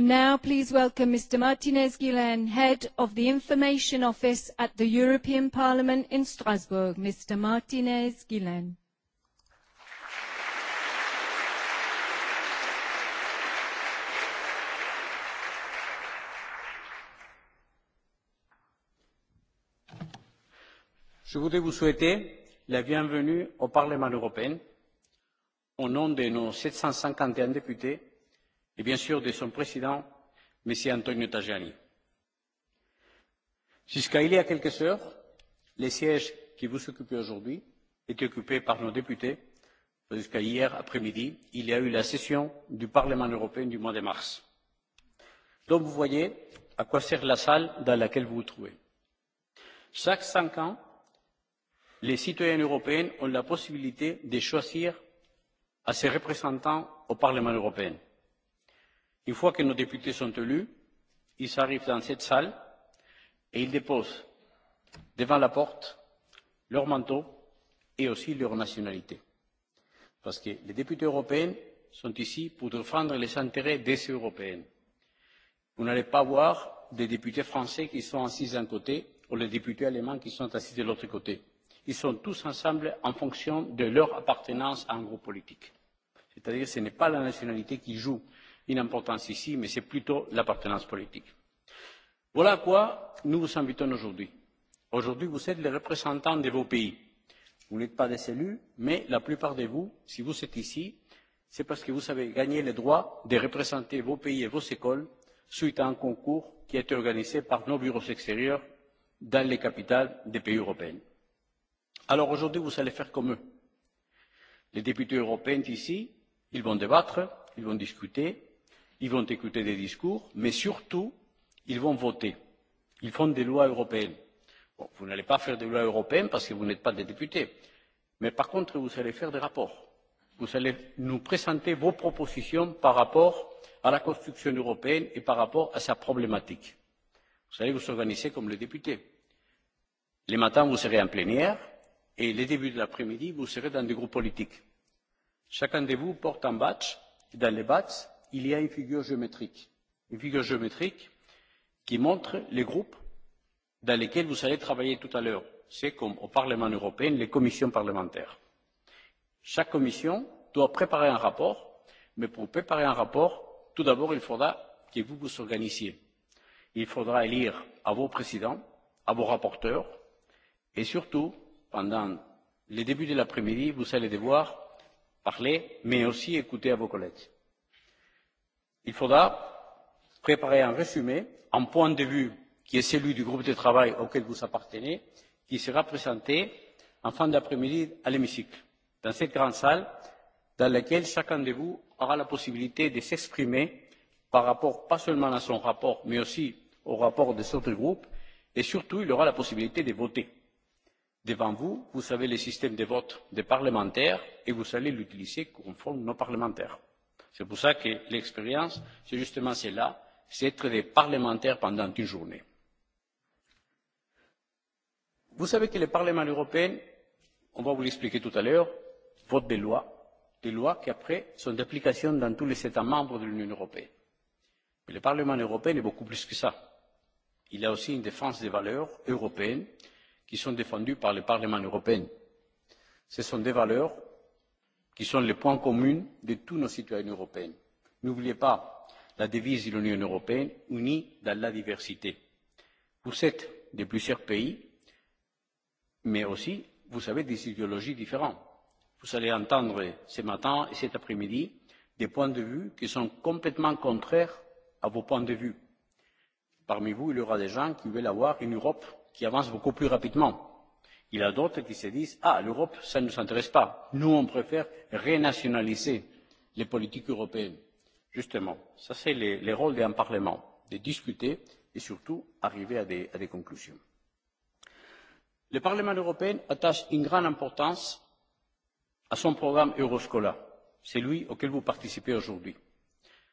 And now please welcome Mr. Martinez Guillain, Head of the Information Office at the European Parliament in Strasbourg. Mr. Martinez Guillain. Je voudrais vous souhaiter la bienvenue au Parlement européen au nom de nos 751 députés et bien sûr de son président, M. Antonio Tajani. Jusqu'à il y a quelques heures, les sièges qui vous occupent aujourd'hui étaient occupés par nos députés. Jusqu'à hier après-midi, il y a eu la session du Parlement européen du mois de mars. Donc vous voyez à quoi sert la salle dans laquelle vous vous trouvez. Chaque cinq ans, les citoyens européens ont la possibilité de choisir à ses représentants au Parlement européen. Une fois que nos députés sont élus, ils arrivent dans cette salle et ils déposent devant la porte leur manteau et aussi leur nationalité. Parce que les députés européens sont ici pour défendre les intérêts des Européens. Vous n'allez pas voir des députés français qui sont assis d'un côté ou les députés allemands qui sont assis de l'autre côté. Ils sont tous ensemble en fonction de leur appartenance à un groupe politique. C'est-à-dire que ce n'est pas la nationalité qui joue une importance ici, mais c'est plutôt l'appartenance politique. Voilà à quoi nous vous invitons aujourd'hui. Aujourd'hui, vous êtes les représentants de vos pays. Vous n'êtes pas des élus, mais la plupart de vous, si vous êtes ici, c'est parce que vous avez gagné le droit de représenter vos pays et vos écoles suite à un concours qui a été organisé par nos bureaux extérieurs dans les capitales des pays européens. Alors aujourd'hui, vous allez faire comme eux. Les députés européens ici, ils vont débattre, ils vont discuter, ils vont écouter des discours, mais surtout, ils vont voter. Ils font des lois européennes. vous n'allez pas faire des lois européennes parce que vous n'êtes pas des députés. Mais par contre, vous allez faire des rapports. Vous allez nous présenter vos propositions par rapport à la construction européenne et par rapport à sa problématique. Vous allez vous organiser comme les députés. Le matin, vous serez en plénière et les débuts de l'après-midi, vous serez dans des groupes politiques. Chacun de vous porte un badge. Dans les badges, il y a une figure géométrique. Une figure géométrique qui montre les groupes dans lesquels vous allez travailler tout à l'heure. C'est comme au Parlement européen, les commissions parlementaires. Chaque commission doit préparer un rapport, mais pour préparer un rapport, tout d'abord, il faudra que vous vous organisiez. Il faudra élire à vos présidents, à vos rapporteurs, et surtout, pendant les débuts de l'après-midi, vous allez devoir parler, mais aussi écouter à vos collègues il faudra préparer un résumé, un point de vue qui est celui du groupe de travail auquel vous appartenez, qui sera présenté en fin d'après-midi à l'hémicycle, dans cette grande salle dans laquelle chacun de vous aura la possibilité de s'exprimer par rapport pas seulement à son rapport, mais aussi au rapport des autres groupes, et surtout, il aura la possibilité de voter. Devant vous, vous avez le système de vote des parlementaires et vous allez l'utiliser conforme nos parlementaires. C'est pour ça que l'expérience, c'est justement cela, c'est être des parlementaires pendant une journée. Vous savez que le Parlement européen, on va vous l'expliquer tout à l'heure, vote des lois, des lois qui après sont d'application dans tous les États membres de l'Union européenne. Mais le Parlement européen est beaucoup plus que ça. Il a aussi une défense des valeurs européennes qui sont défendues par le Parlement européen. Ce sont des valeurs qui sont les points communs de tous nos citoyens européens. N'oubliez pas la devise de l'Union européenne, unie dans la diversité. Vous êtes de plusieurs pays, mais aussi vous avez des idéologies différentes. Vous allez entendre ce matin et cet après-midi des points de vue qui sont complètement contraires à vos points de vue. Parmi vous, il y aura des gens qui veulent avoir une Europe qui avance beaucoup plus rapidement Il y a d'autres qui se disent Ah, l'Europe, ça ne nous intéresse pas. Nous, on préfère renationaliser les politiques européennes. Justement, ça, c'est le rôle d'un Parlement, de discuter et surtout arriver à des, des conclusions. Le Parlement européen attache une grande importance à son programme Euroscola, celui auquel vous participez aujourd'hui.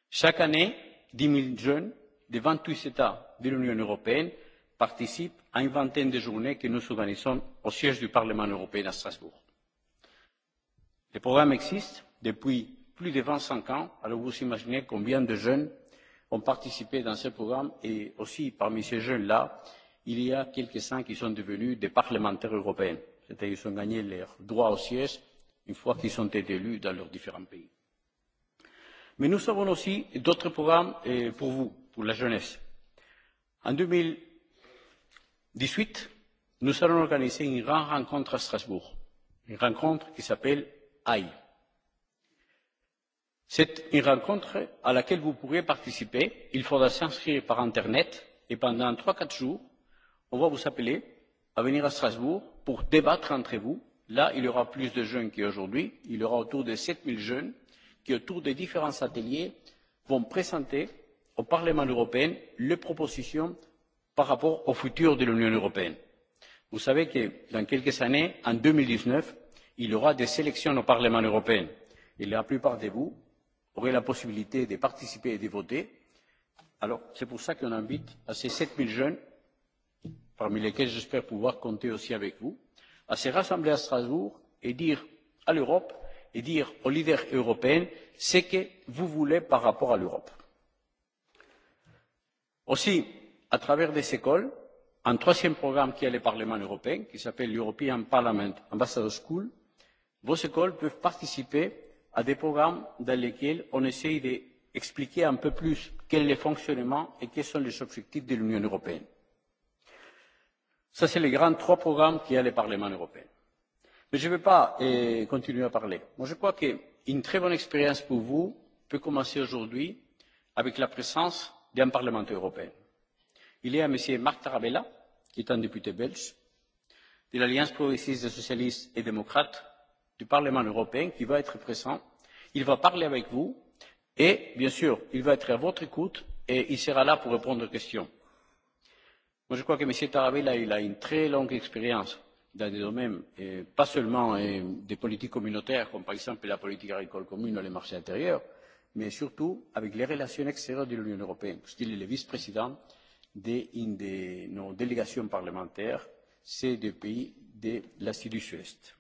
Chaque année, 10 000 jeunes de huit États de l'Union européenne participe à une vingtaine de journées que nous organisons au siège du Parlement européen à Strasbourg. Le programme existe depuis plus de 25 ans, alors vous imaginez combien de jeunes ont participé dans ce programme et aussi parmi ces jeunes-là, il y a quelques-uns qui sont devenus des parlementaires européens. C'est-à-dire qu'ils ont gagné leur droit au siège une fois qu'ils ont été élus dans leurs différents pays. Mais nous avons aussi d'autres programmes pour vous, pour la jeunesse. En 2000, dix nous allons organiser une grande rencontre à strasbourg une rencontre qui s'appelle AI. c'est une rencontre à laquelle vous pourrez participer il faudra s'inscrire par internet et pendant trois 4 jours on va vous appeler à venir à strasbourg pour débattre entre vous là il y aura plus de jeunes qu'aujourd'hui il y aura autour de sept jeunes qui autour de différents ateliers vont présenter au parlement européen leurs propositions par rapport au futur de l'Union européenne. Vous savez que dans quelques années, en deux mille dix-neuf, il y aura des élections au Parlement européen. Et la plupart de vous aurez la possibilité de participer et de voter. Alors, c'est pour cela qu'on invite à ces 7000 jeunes, parmi lesquels j'espère pouvoir compter aussi avec vous, à se rassembler à Strasbourg et dire à l'Europe et dire aux leaders européens ce que vous voulez par rapport à l'Europe. Aussi, à travers des écoles, un troisième programme qui est le Parlement européen, qui s'appelle European Parliament Ambassador School, vos écoles peuvent participer à des programmes dans lesquels on essaye d'expliquer un peu plus quel est le fonctionnement et quels sont les objectifs de l'Union européenne. Ça, c'est les grands trois programmes qu'il y a le Parlement européen. Mais je ne vais pas continuer à parler. Moi, je crois qu'une très bonne expérience pour vous peut commencer aujourd'hui avec la présence d'un Parlement européen il y a M. Marc Tarabella, qui est un député belge, de l'Alliance progressiste des socialistes et démocrates du Parlement européen, qui va être présent. Il va parler avec vous et, bien sûr, il va être à votre écoute et il sera là pour répondre aux questions. Moi, je crois que M. Tarabella, il a une très longue expérience dans des domaines, et pas seulement des politiques communautaires, comme par exemple la politique agricole commune ou les marchés intérieurs, mais surtout avec les relations extérieures de l'Union européenne, puisqu'il est le vice-président in de nos délégations parlementaires c'est des pays de l'Asie du Sud-Est.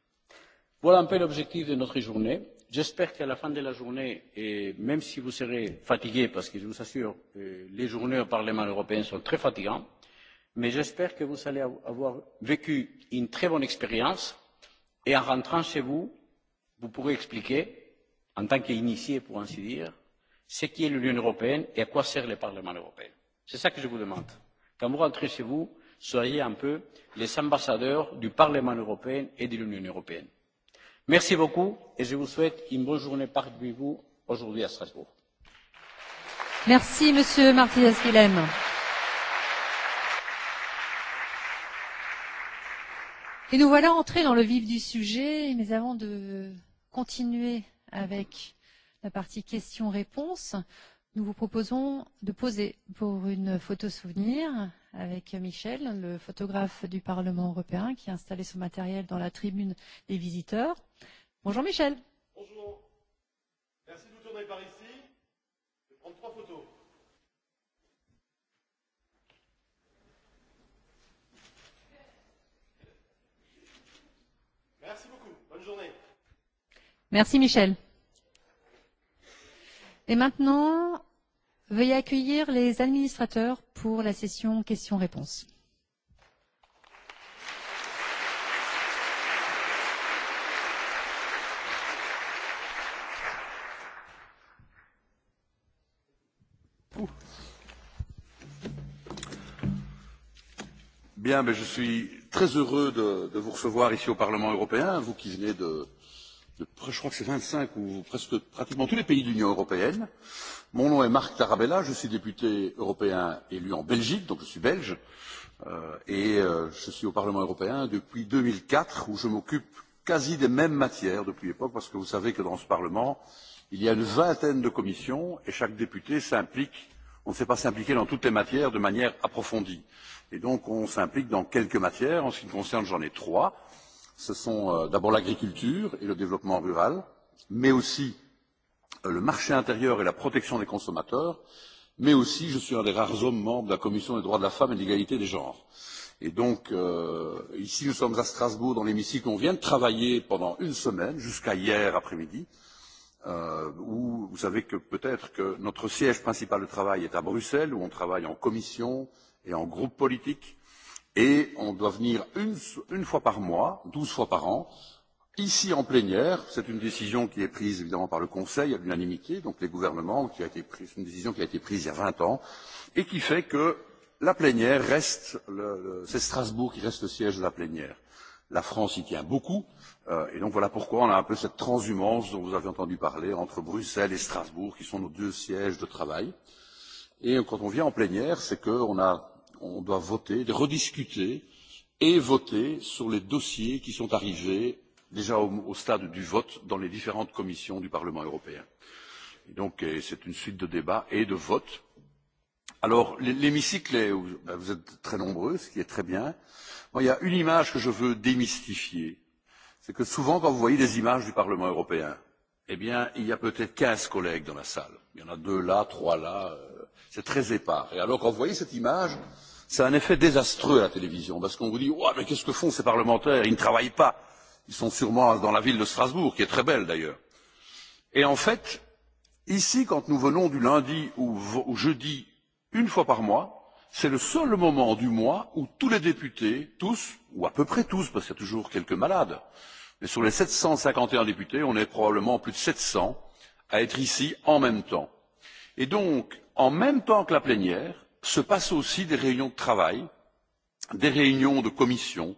Voilà un peu l'objectif de notre journée. J'espère qu'à la fin de la journée, et même si vous serez fatigués, parce que je vous assure, les journées au Parlement européen sont très fatigantes, mais j'espère que vous allez avoir vécu une très bonne expérience et en rentrant chez vous, vous pourrez expliquer, en tant qu'initié pour ainsi dire, ce qu'est l'Union européenne et à quoi sert le Parlement européen. C'est ça que je vous demande. Quand vous rentrez chez vous, soyez un peu les ambassadeurs du Parlement européen et de l'Union européenne. Merci beaucoup et je vous souhaite une bonne journée parmi vous aujourd'hui à Strasbourg. Merci Monsieur Martinez Guilhem. Et nous voilà entrés dans le vif du sujet, mais avant de continuer avec la partie questions-réponses, Nous vous proposons de poser pour une photo souvenir avec Michel, le photographe du Parlement européen qui a installé son matériel dans la tribune des visiteurs. Bonjour Michel. Bonjour. Merci de vous tourner par ici vais prendre trois photos. Merci beaucoup. Bonne journée. Merci Michel. Et maintenant, veuillez accueillir les administrateurs pour la session questions-réponses. Bien, je suis très heureux de vous recevoir ici au Parlement européen, vous qui venez de je crois que c'est 25 ou presque pratiquement tous les pays de l'Union européenne. Mon nom est Marc Tarabella, je suis député européen élu en Belgique, donc je suis belge, et je suis au Parlement européen depuis 2004, où je m'occupe quasi des mêmes matières depuis l'époque, parce que vous savez que dans ce Parlement, il y a une vingtaine de commissions, et chaque député s'implique, on ne sait pas s'impliquer dans toutes les matières de manière approfondie. Et donc on s'implique dans quelques matières, en ce qui me concerne j'en ai trois ce sont d'abord l'agriculture et le développement rural, mais aussi le marché intérieur et la protection des consommateurs, mais aussi, je suis un des rares hommes membres de la Commission des droits de la femme et de l'égalité des genres. Et donc, ici, nous sommes à Strasbourg, dans l'hémicycle, on vient de travailler pendant une semaine, jusqu'à hier après-midi, où vous savez que peut-être que notre siège principal de travail est à Bruxelles, où on travaille en commission et en groupe politique, et on doit venir une fois par mois, douze fois par an, ici en plénière. C'est une décision qui est prise évidemment par le Conseil à l'unanimité, donc les gouvernements, qui a été une décision qui a été prise il y a vingt ans, et qui fait que la plénière reste, c'est Strasbourg qui reste le siège de la plénière. La France y tient beaucoup, et donc voilà pourquoi on a un peu cette transhumance dont vous avez entendu parler entre Bruxelles et Strasbourg, qui sont nos deux sièges de travail. Et quand on vient en plénière, c'est qu'on a on doit voter, rediscuter et voter sur les dossiers qui sont arrivés déjà au stade du vote dans les différentes commissions du Parlement européen. Donc c'est une suite de débats et de votes. Alors l'hémicycle, vous êtes très nombreux, ce qui est très bien. Il y a une image que je veux démystifier. C'est que souvent, quand vous voyez des images du Parlement européen, eh bien, il y a peut-être quinze collègues dans la salle. Il y en a deux là, trois là. C'est très épars. Et alors, quand vous voyez cette image, c'est un effet désastreux à la télévision, parce qu'on vous dit Ouah, mais qu'est-ce que font ces parlementaires Ils ne travaillent pas. Ils sont sûrement dans la ville de Strasbourg, qui est très belle d'ailleurs. Et en fait, ici, quand nous venons du lundi ou jeudi, une fois par mois, c'est le seul moment du mois où tous les députés, tous, ou à peu près tous, parce qu'il y a toujours quelques malades, mais sur les 751 députés, on est probablement plus de 700 à être ici en même temps. Et donc, en même temps que la plénière, se passent aussi des réunions de travail, des réunions de commission,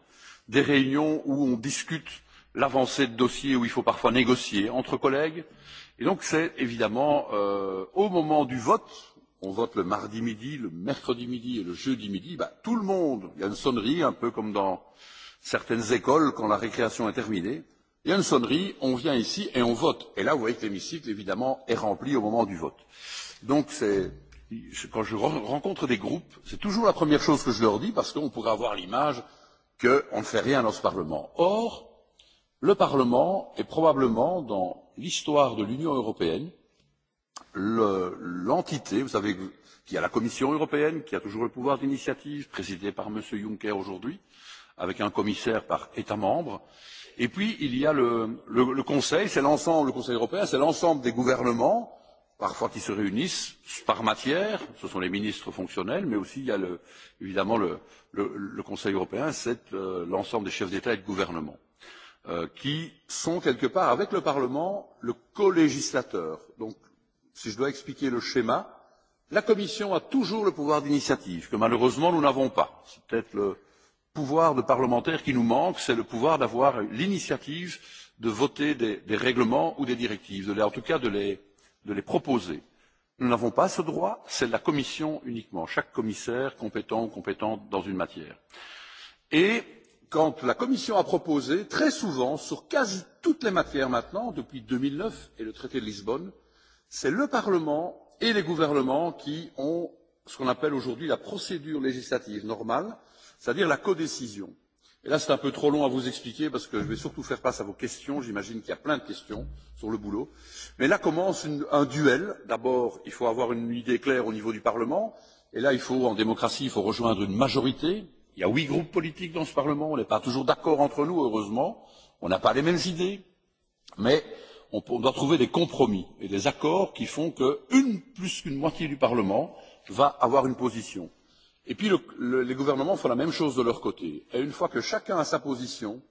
des réunions où on discute l'avancée de dossiers, où il faut parfois négocier entre collègues. Et donc c'est évidemment au moment du vote, on vote le mardi midi, le mercredi midi et le jeudi midi, tout le monde, il y a une sonnerie, un peu comme dans certaines écoles quand la récréation est terminée, il y a une sonnerie, on vient ici et on vote. Et là, vous voyez que l'hémicycle, évidemment, est rempli au moment du vote. Donc c'est quand je rencontre des groupes, c'est toujours la première chose que je leur dis parce qu'on pourrait avoir l'image qu'on ne fait rien dans ce Parlement. Or, le Parlement est probablement, dans l'histoire de l'Union européenne, l'entité, vous savez, qui a la Commission européenne, qui a toujours le pouvoir d'initiative, présidée par M. Juncker aujourd'hui, avec un commissaire par État membre. Et puis, il y a le Conseil, c'est l'ensemble, le Conseil européen, c'est l'ensemble des gouvernements parfois qui se réunissent par matière, ce sont les ministres fonctionnels, mais aussi il y a évidemment le, le, Conseil européen, c'est l'ensemble des chefs d'État et de gouvernement, qui sont quelque part avec le Parlement le co-législateur. Donc, si je dois expliquer le schéma, la Commission a toujours le pouvoir d'initiative, que malheureusement nous n'avons pas. C'est peut-être le pouvoir de parlementaire qui nous manque, c'est le pouvoir d'avoir l'initiative de voter des, des règlements ou des directives, de les, en tout cas de les, de les proposer. Nous n'avons pas ce droit, c'est la Commission uniquement, chaque commissaire compétent ou compétente dans une matière. Et quand la Commission a proposé, très souvent, sur quasi toutes les matières maintenant, depuis 2009 et le traité de Lisbonne, c'est le Parlement et les gouvernements qui ont ce qu'on appelle aujourd'hui la procédure législative normale, c'est-à-dire la codécision. Et là, c'est un peu trop long à vous expliquer parce que je vais surtout faire face à vos questions. J'imagine qu'il y a plein de questions sur le boulot. Mais là commence un duel. D'abord, il faut avoir une idée claire au niveau du Parlement. Et là, il faut, en démocratie, il faut rejoindre une majorité. Il y a huit groupes politiques dans ce Parlement. On n'est pas toujours d'accord entre nous, heureusement. On n'a pas les mêmes idées. Mais on doit trouver des compromis et des accords qui font qu'une plus qu'une moitié du Parlement va avoir une position. Et puis les gouvernements font la même chose de leur côté. Et une fois que chacun a sa position,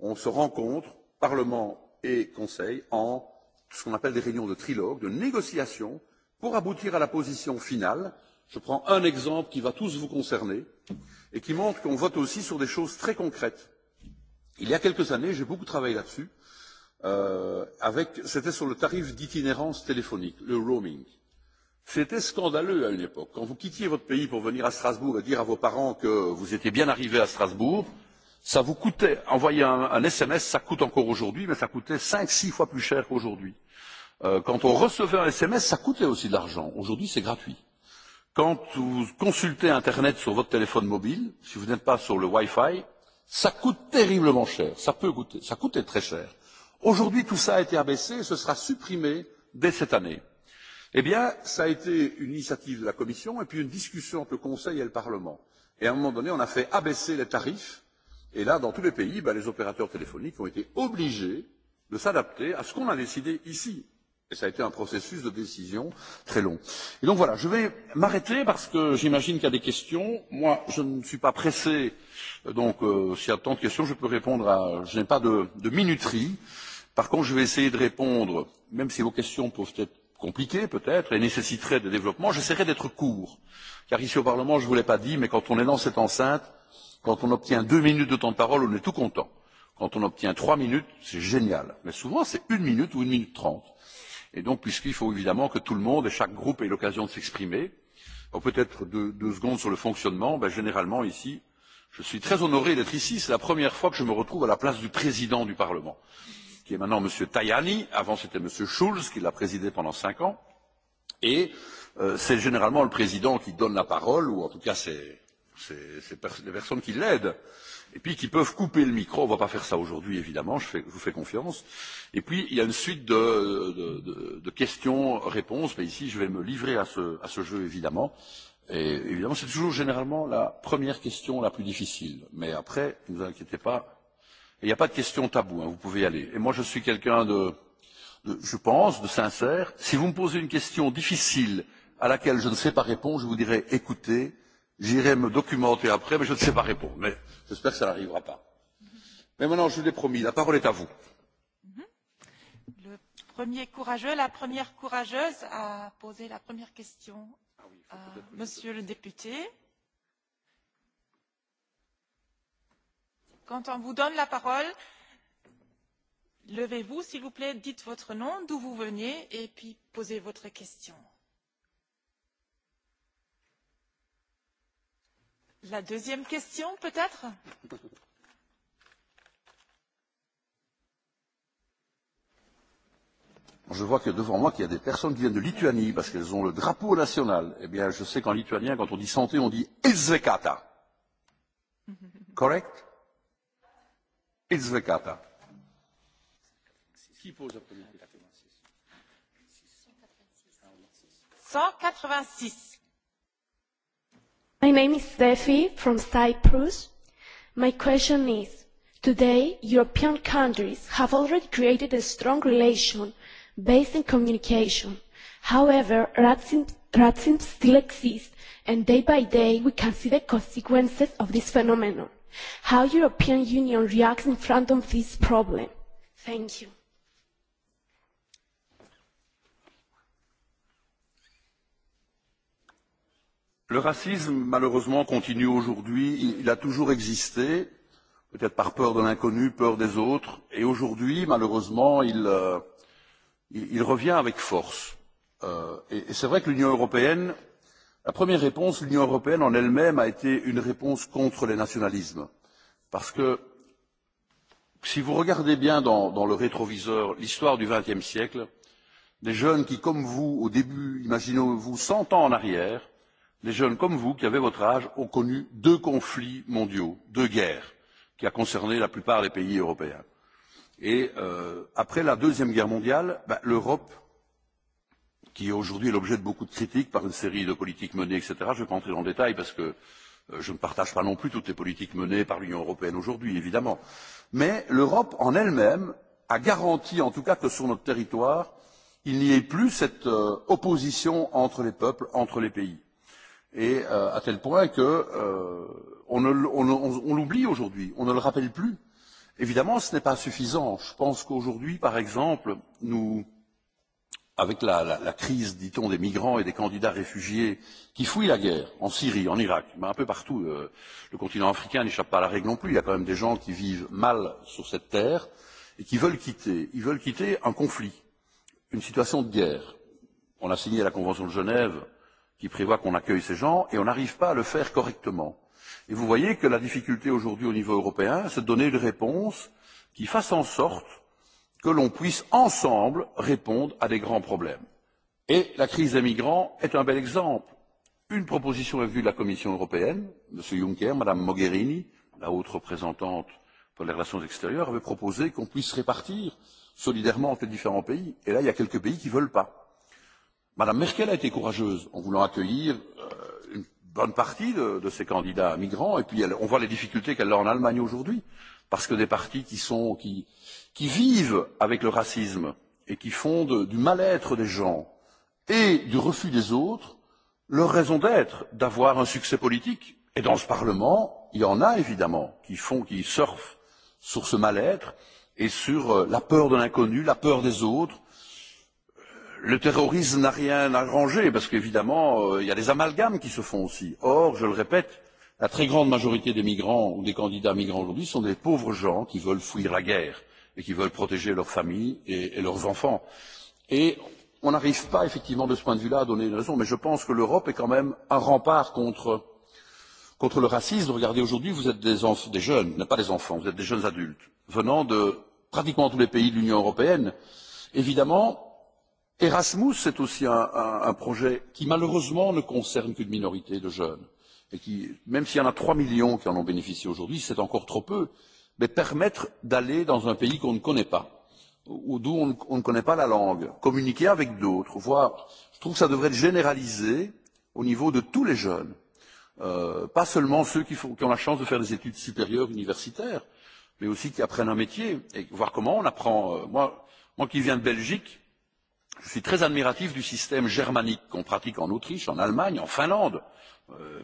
on se rencontre, Parlement et Conseil, en ce qu'on appelle des réunions de trilogue, de négociations, pour aboutir à la position finale. Je prends un exemple qui va tous vous concerner et qui montre qu'on vote aussi sur des choses très concrètes. Il y a quelques années, j'ai beaucoup travaillé là-dessus, c'était sur le tarif d'itinérance téléphonique, le roaming. C'était scandaleux à une époque. Quand vous quittiez votre pays pour venir à Strasbourg et dire à vos parents que vous étiez bien arrivé à Strasbourg, ça vous coûtait, envoyer un SMS, ça coûte encore aujourd'hui, mais ça coûtait 5-6 fois plus cher qu'aujourd'hui. Quand on recevait un SMS, ça coûtait aussi de l'argent. Aujourd'hui, c'est gratuit. Quand vous consultez Internet sur votre téléphone mobile, si vous n'êtes pas sur le Wi-Fi, ça coûte terriblement cher. Ça peut coûter. Ça coûtait très cher. Aujourd'hui, tout ça a été abaissé et ce sera supprimé dès cette année eh bien ça a été une initiative de la commission et puis une discussion entre le conseil et le parlement et à un moment donné on a fait abaisser les tarifs et là dans tous les pays les opérateurs téléphoniques ont été obligés de s'adapter à ce qu'on a décidé ici et ça a été un processus de décision très long. Et donc voilà, je vais m'arrêter parce que j'imagine qu'il y a des questions. Moi, je ne suis pas pressé, donc s'il y a tant de questions, je peux répondre à... Je n'ai pas de, de minuterie. Par contre, je vais essayer de répondre, même si vos questions peuvent être compliqué peut-être et nécessiterait de développement. J'essaierai d'être court, car ici au Parlement, je ne vous l'ai pas dit, mais quand on est dans cette enceinte, quand on obtient deux minutes de temps de parole, on est tout content. Quand on obtient trois minutes, c'est génial. Mais souvent, c'est une minute ou une minute trente. Et donc, puisqu'il faut évidemment que tout le monde et chaque groupe ait l'occasion de s'exprimer, peut-être deux, deux secondes sur le fonctionnement, ben, généralement ici, je suis très honoré d'être ici. C'est la première fois que je me retrouve à la place du président du Parlement qui est maintenant M. Tajani, avant c'était M. Schulz qui l'a présidé pendant cinq ans, et c'est généralement le président qui donne la parole, ou en tout cas c'est les personnes qui l'aident, et puis qui peuvent couper le micro, on ne va pas faire ça aujourd'hui évidemment, je vous fais confiance, et puis il y a une suite de questions-réponses, mais ici je vais me livrer à ce jeu évidemment, et évidemment c'est toujours généralement la première question la plus difficile, mais après, ne vous inquiétez pas Il n'y a pas de question tabou, vous pouvez y aller. Et moi, je suis quelqu'un de, je pense, de sincère. Si vous me posez une question difficile à laquelle je ne sais pas répondre, je vous dirai, écoutez, j'irai me documenter après, mais je ne sais pas répondre. Mais j'espère que ça n'arrivera pas. Mais maintenant, je vous l'ai promis, la parole est à vous. Le premier courageux, la première courageuse a poser la première question à Monsieur le député. Quand on vous donne la parole, levez-vous, s'il vous plaît, dites votre nom, d'où vous venez, et puis posez votre question. La deuxième question, peut-être Je vois que devant moi, qu'il y a des personnes qui viennent de Lituanie, parce qu'elles ont le drapeau national. Eh bien, je sais qu'en lituanien, quand on dit santé, on dit ezekata. Correct My name is Steffi from Cyprus. My question is, today European countries have already created a strong relation based on communication. However, racism still exists and day by day we can see the consequences of this phenomenon. How European Union reacts in front of this problem? Thank you. Le racisme, malheureusement, continue aujourd'hui. Il a toujours existé, peut-être par peur de l'inconnu, peur des autres. Et aujourd'hui, malheureusement, il, il, revient avec force. et c'est vrai que l'Union européenne La première réponse, l'Union européenne en elle-même a été une réponse contre les nationalismes. Parce que si vous regardez bien dans le rétroviseur l'histoire du XXe siècle, des jeunes qui, comme vous, au debut imaginons imaginez-vous, 100 ans en arrière, des jeunes comme vous, qui avez votre âge, ont connu deux conflits mondiaux, deux guerres, qui a concerné la plupart des pays européens. Et après la Deuxième Guerre mondiale, l'Europe qui aujourd'hui est l'objet de beaucoup de critiques par une série de politiques menées, etc. Je ne vais pas entrer dans le détail parce que je ne partage pas non plus toutes les politiques menées par l'Union européenne aujourd'hui, évidemment. Mais l'Europe en elle-même a garanti, en tout cas, que sur notre territoire, il n'y ait plus cette opposition entre les peuples, entre les pays. Et à tel point que on l'oublie aujourd'hui, on ne le rappelle plus. Évidemment, ce n'est pas suffisant. Je pense qu'aujourd'hui, par exemple, nous avec la crise, dit-on, des migrants et des candidats réfugiés qui fuient la guerre en Syrie, en Irak, mais un peu partout. Le continent africain n'échappe pas à la règle non plus. Il y a quand même des gens qui vivent mal sur cette terre et qui veulent quitter. Ils veulent quitter un conflit, une situation de guerre. On a signé la Convention de Genève qui prévoit qu'on accueille ces gens et on n'arrive pas à le faire correctement. Et vous voyez que la difficulté aujourd'hui au niveau européen, c'est de donner une réponse qui fasse en sorte que l'on puisse ensemble répondre à des grands problèmes. Et la crise des migrants est un bel exemple. Une proposition est venue de la Commission européenne, M. Juncker, Mme Mogherini, la haute représentante pour les relations extérieures, avait proposé qu'on puisse répartir solidairement entre les différents pays. Et là, il y a quelques pays qui ne veulent pas. Mme Merkel a été courageuse en voulant accueillir une bonne partie de ces candidats migrants. Et puis, on voit les difficultés qu'elle a en Allemagne aujourd'hui, parce que des partis qui sont qui vivent avec le racisme et qui font du mal-être des gens et du refus des autres leur raison d'être, d'avoir un succès politique. Et dans ce Parlement, il y en a évidemment qui font, qui surfent sur ce mal-être et sur la peur de l'inconnu, la peur des autres. Le terrorisme n'a rien arrangé parce qu'évidemment, il y a des amalgames qui se font aussi. Or, je le répète, la très grande majorité des migrants ou des candidats migrants aujourd'hui sont des pauvres gens qui veulent fuir la guerre et qui veulent protéger leurs familles et leurs enfants. Et on n'arrive pas, effectivement, de ce point de vue-là, à donner une raison, mais je pense que l'Europe est quand même un rempart contre le racisme. Regardez, aujourd'hui, vous êtes des jeunes, pas des enfants, vous êtes des jeunes adultes, venant de pratiquement tous les pays de l'Union européenne. Évidemment, Erasmus, c'est aussi un projet qui, malheureusement, ne concerne qu'une minorité de jeunes. Et qui, même s'il y en a 3 millions qui en ont bénéficié aujourd'hui, c'est encore trop peu mais permettre d'aller dans un pays qu'on ne connaît pas, ou d'où on ne connaît pas la langue, communiquer avec d'autres, voir. Je trouve que ça devrait être généralisé au niveau de tous les jeunes, pas seulement ceux qui ont la chance de faire des études supérieures universitaires, mais aussi qui apprennent un métier, et voir comment on apprend. Moi qui viens de Belgique, je suis très admiratif du système germanique qu'on pratique en Autriche, en Allemagne, en Finlande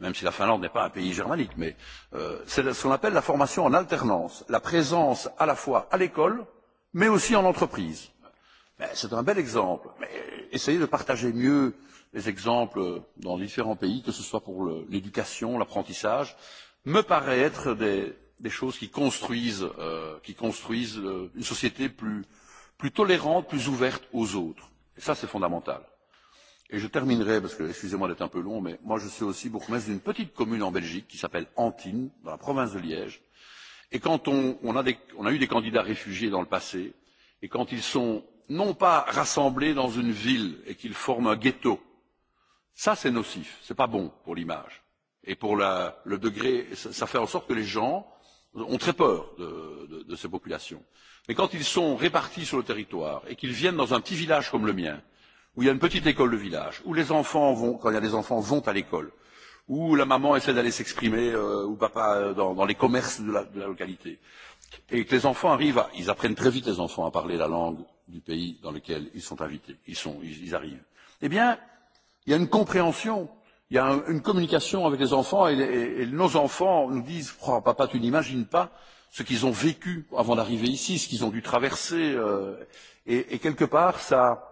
même si la Finlande n'est pas un pays germanique, mais c'est ce qu'on appelle la formation en alternance, la présence à la fois à l'école, mais aussi en entreprise. C'est un bel exemple, mais essayez de partager mieux les exemples dans différents pays, que ce soit pour l'éducation, l'apprentissage, me paraît être des choses qui construisent une société plus tolérante, plus ouverte aux autres. Et ça, c'est fondamental. Et je terminerai, parce que, excusez-moi d'être un peu long, mais moi je suis aussi bourgmestre d'une petite commune en Belgique qui s'appelle Antine, dans la province de Liège. Et quand on, on, a on a eu des candidats réfugiés dans le passé, et quand ils sont non pas rassemblés dans une ville et qu'ils forment un ghetto, ça c'est nocif, c'est pas bon pour l'image. Et pour la, le degré, ça fait en sorte que les gens ont très peur de, de ces populations. Mais quand ils sont répartis sur le territoire et qu'ils viennent dans un petit village comme le mien, où il y a une petite école de village, où les enfants vont, quand il y a des enfants, vont à l'école, où la maman essaie d'aller s'exprimer, ou papa, dans, dans les commerces de la, de la localité, et que les enfants arrivent à, ils apprennent très vite les enfants à parler la langue du pays dans lequel ils sont invités, ils, sont, ils, ils arrivent. Eh bien, il y a une compréhension, il y a une communication avec les enfants, et, et, et nos enfants nous disent, oh, papa, tu n'imagines pas ce qu'ils ont vécu avant d'arriver ici, ce qu'ils ont dû traverser, euh, et, et quelque part, ça,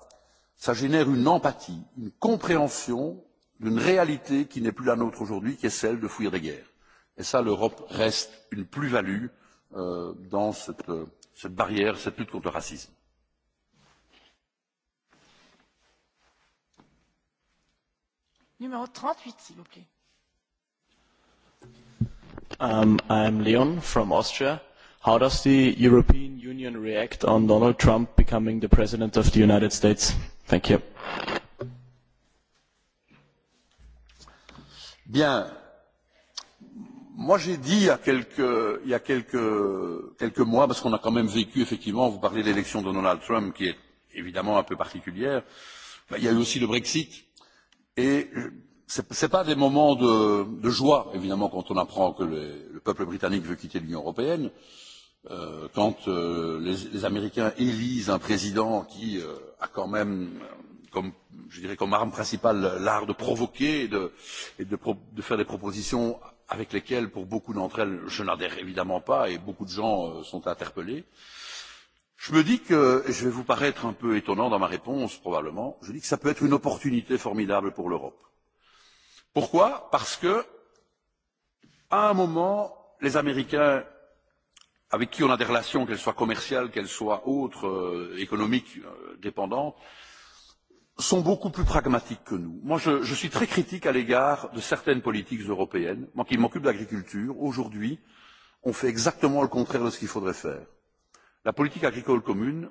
ça génère une empathie, une compréhension d'une réalité qui n'est plus la nôtre aujourd'hui, qui est celle de fuir des guerres. Et ça, l'Europe reste une plus-value dans cette, cette barrière, cette lutte contre le racisme. Numéro 38, s'il vous plaît. Um, I'm Leon from Austria. How does the European Union react on Donald Trump becoming the President of the United States? Thank you. Bien. Moi, j'ai dit il y a quelques, il y a quelques, quelques mois, parce qu'on a quand même vécu, effectivement, vous parlez de l'élection de Donald Trump, qui est évidemment un peu particulière, il y a eu aussi le Brexit. Et ce n'est pas des moments de, de joie, évidemment, quand on apprend que le, peuple britannique veut quitter l'Union européenne quand les Américains élisent un président qui a quand même, comme, je dirais, comme arme principale l'art de provoquer et de, de, faire des propositions avec lesquelles, pour beaucoup d'entre elles, je n'adhère évidemment pas et beaucoup de gens sont interpellés, je me dis que, je vais vous paraître un peu étonnant dans ma réponse probablement, je dis que ça peut être une opportunité formidable pour l'Europe. Pourquoi Parce que, à un moment, les Américains avec qui on a des relations, qu'elles soient commerciales, qu'elles soient autres, économiques, dépendantes, sont beaucoup plus pragmatiques que nous. Moi, je suis très critique à l'égard de certaines politiques européennes. Moi qui m'occupe de l'agriculture, aujourd'hui, on fait exactement le contraire de ce qu'il faudrait faire. La politique agricole commune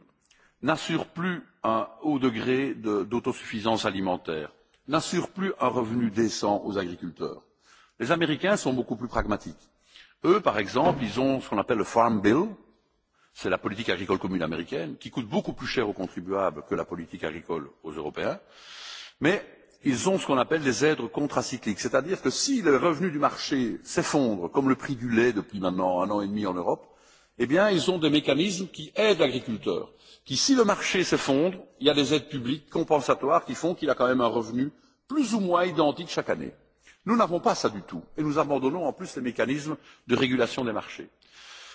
n'assure plus un haut degré d'autosuffisance alimentaire, n'assure plus un revenu décent aux agriculteurs. Les Américains sont beaucoup plus pragmatiques Eux, par exemple, ils ont ce qu'on appelle le Farm Bill, c'est la politique agricole commune américaine, qui coûte beaucoup plus cher aux contribuables que la politique agricole aux Européens, mais ils ont ce qu'on appelle des aides contracycliques, c'est-à-dire que si les revenus du marché s'effondrent, comme le prix du lait depuis maintenant un an et demi en Europe, eh bien, ils ont des mécanismes qui aident l'agriculteur, qui, si le marché s'effondre, il y a des aides publiques compensatoires qui font qu'il a quand même un revenu plus ou moins identique chaque année. Nous n'avons pas ça du tout et nous abandonnons en plus les mécanismes de régulation des marchés.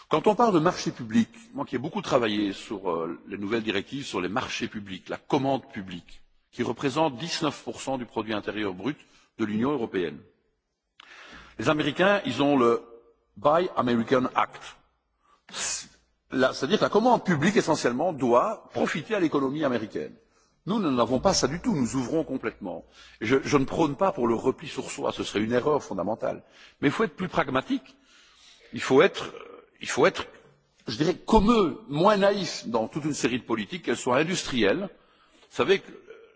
Quand on parle de marché public, moi qui ai beaucoup travaillé sur les nouvelles directives sur les marchés publics, la commande publique, qui représente 19% du produit intérieur brut de l'Union européenne. Les Américains, ils ont le Buy American Act. C'est-à-dire que la commande publique, essentiellement, doit profiter à l'économie américaine. Nous, nous n'avons pas ça du tout, nous ouvrons complètement. Je ne prône pas pour le repli sur soi, ce serait une erreur fondamentale. Mais il faut être plus pragmatique, il faut être, je dirais, comme eux, moins naïf dans toute une série de politiques, qu'elles soient industrielles. Vous savez que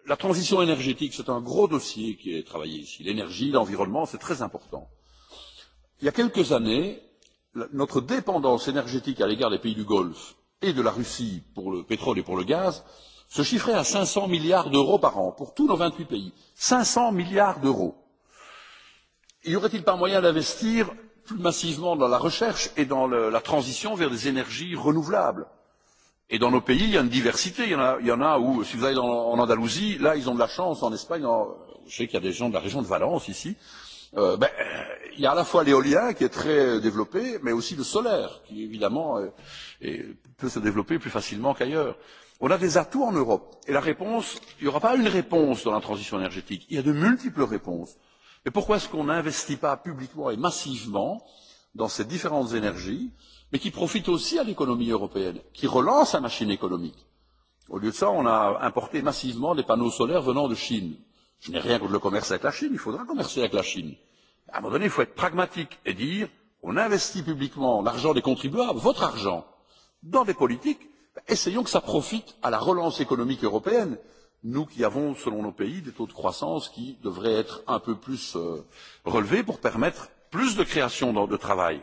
la transition énergétique, c'est un gros dossier qui est travaillé ici. L'énergie, l'environnement, c'est très important. Il y a quelques années, notre dépendance énergétique à l'égard des pays du Golfe et de la Russie pour le pétrole et pour le gaz se chiffrait à 500 milliards d'euros par an pour tous nos 28 pays. 500 milliards d'euros. Y aurait-il pas moyen d'investir plus massivement dans la recherche et dans la transition vers des énergies renouvelables Et dans nos pays, il y a une diversité. Il y en a où, si vous allez en Andalousie, là, ils ont de la chance. En Espagne, je sais qu'il y a des gens de la région de Valence ici. Il y a à la fois l'éolien qui est très développé, mais aussi le solaire, qui évidemment peut se développer plus facilement qu'ailleurs. On a des atouts en Europe. Et la réponse, il n'y aura pas une réponse dans la transition énergétique. Il y a de multiples réponses. Mais pourquoi est-ce qu'on n'investit pas publiquement et massivement dans ces différentes énergies, mais qui profitent aussi à l'économie européenne, qui relance la machine économique Au lieu de ça, on a importé massivement des panneaux solaires venant de Chine. Je n'ai rien contre le commerce avec la Chine, il faudra commercer avec la Chine. À un moment donné, il faut être pragmatique et dire, on investit publiquement l'argent des contribuables, votre argent, dans des politiques Essayons que ça profite à la relance économique européenne, nous qui avons, selon nos pays, des taux de croissance qui devraient être un peu plus relevés pour permettre plus de création de travail.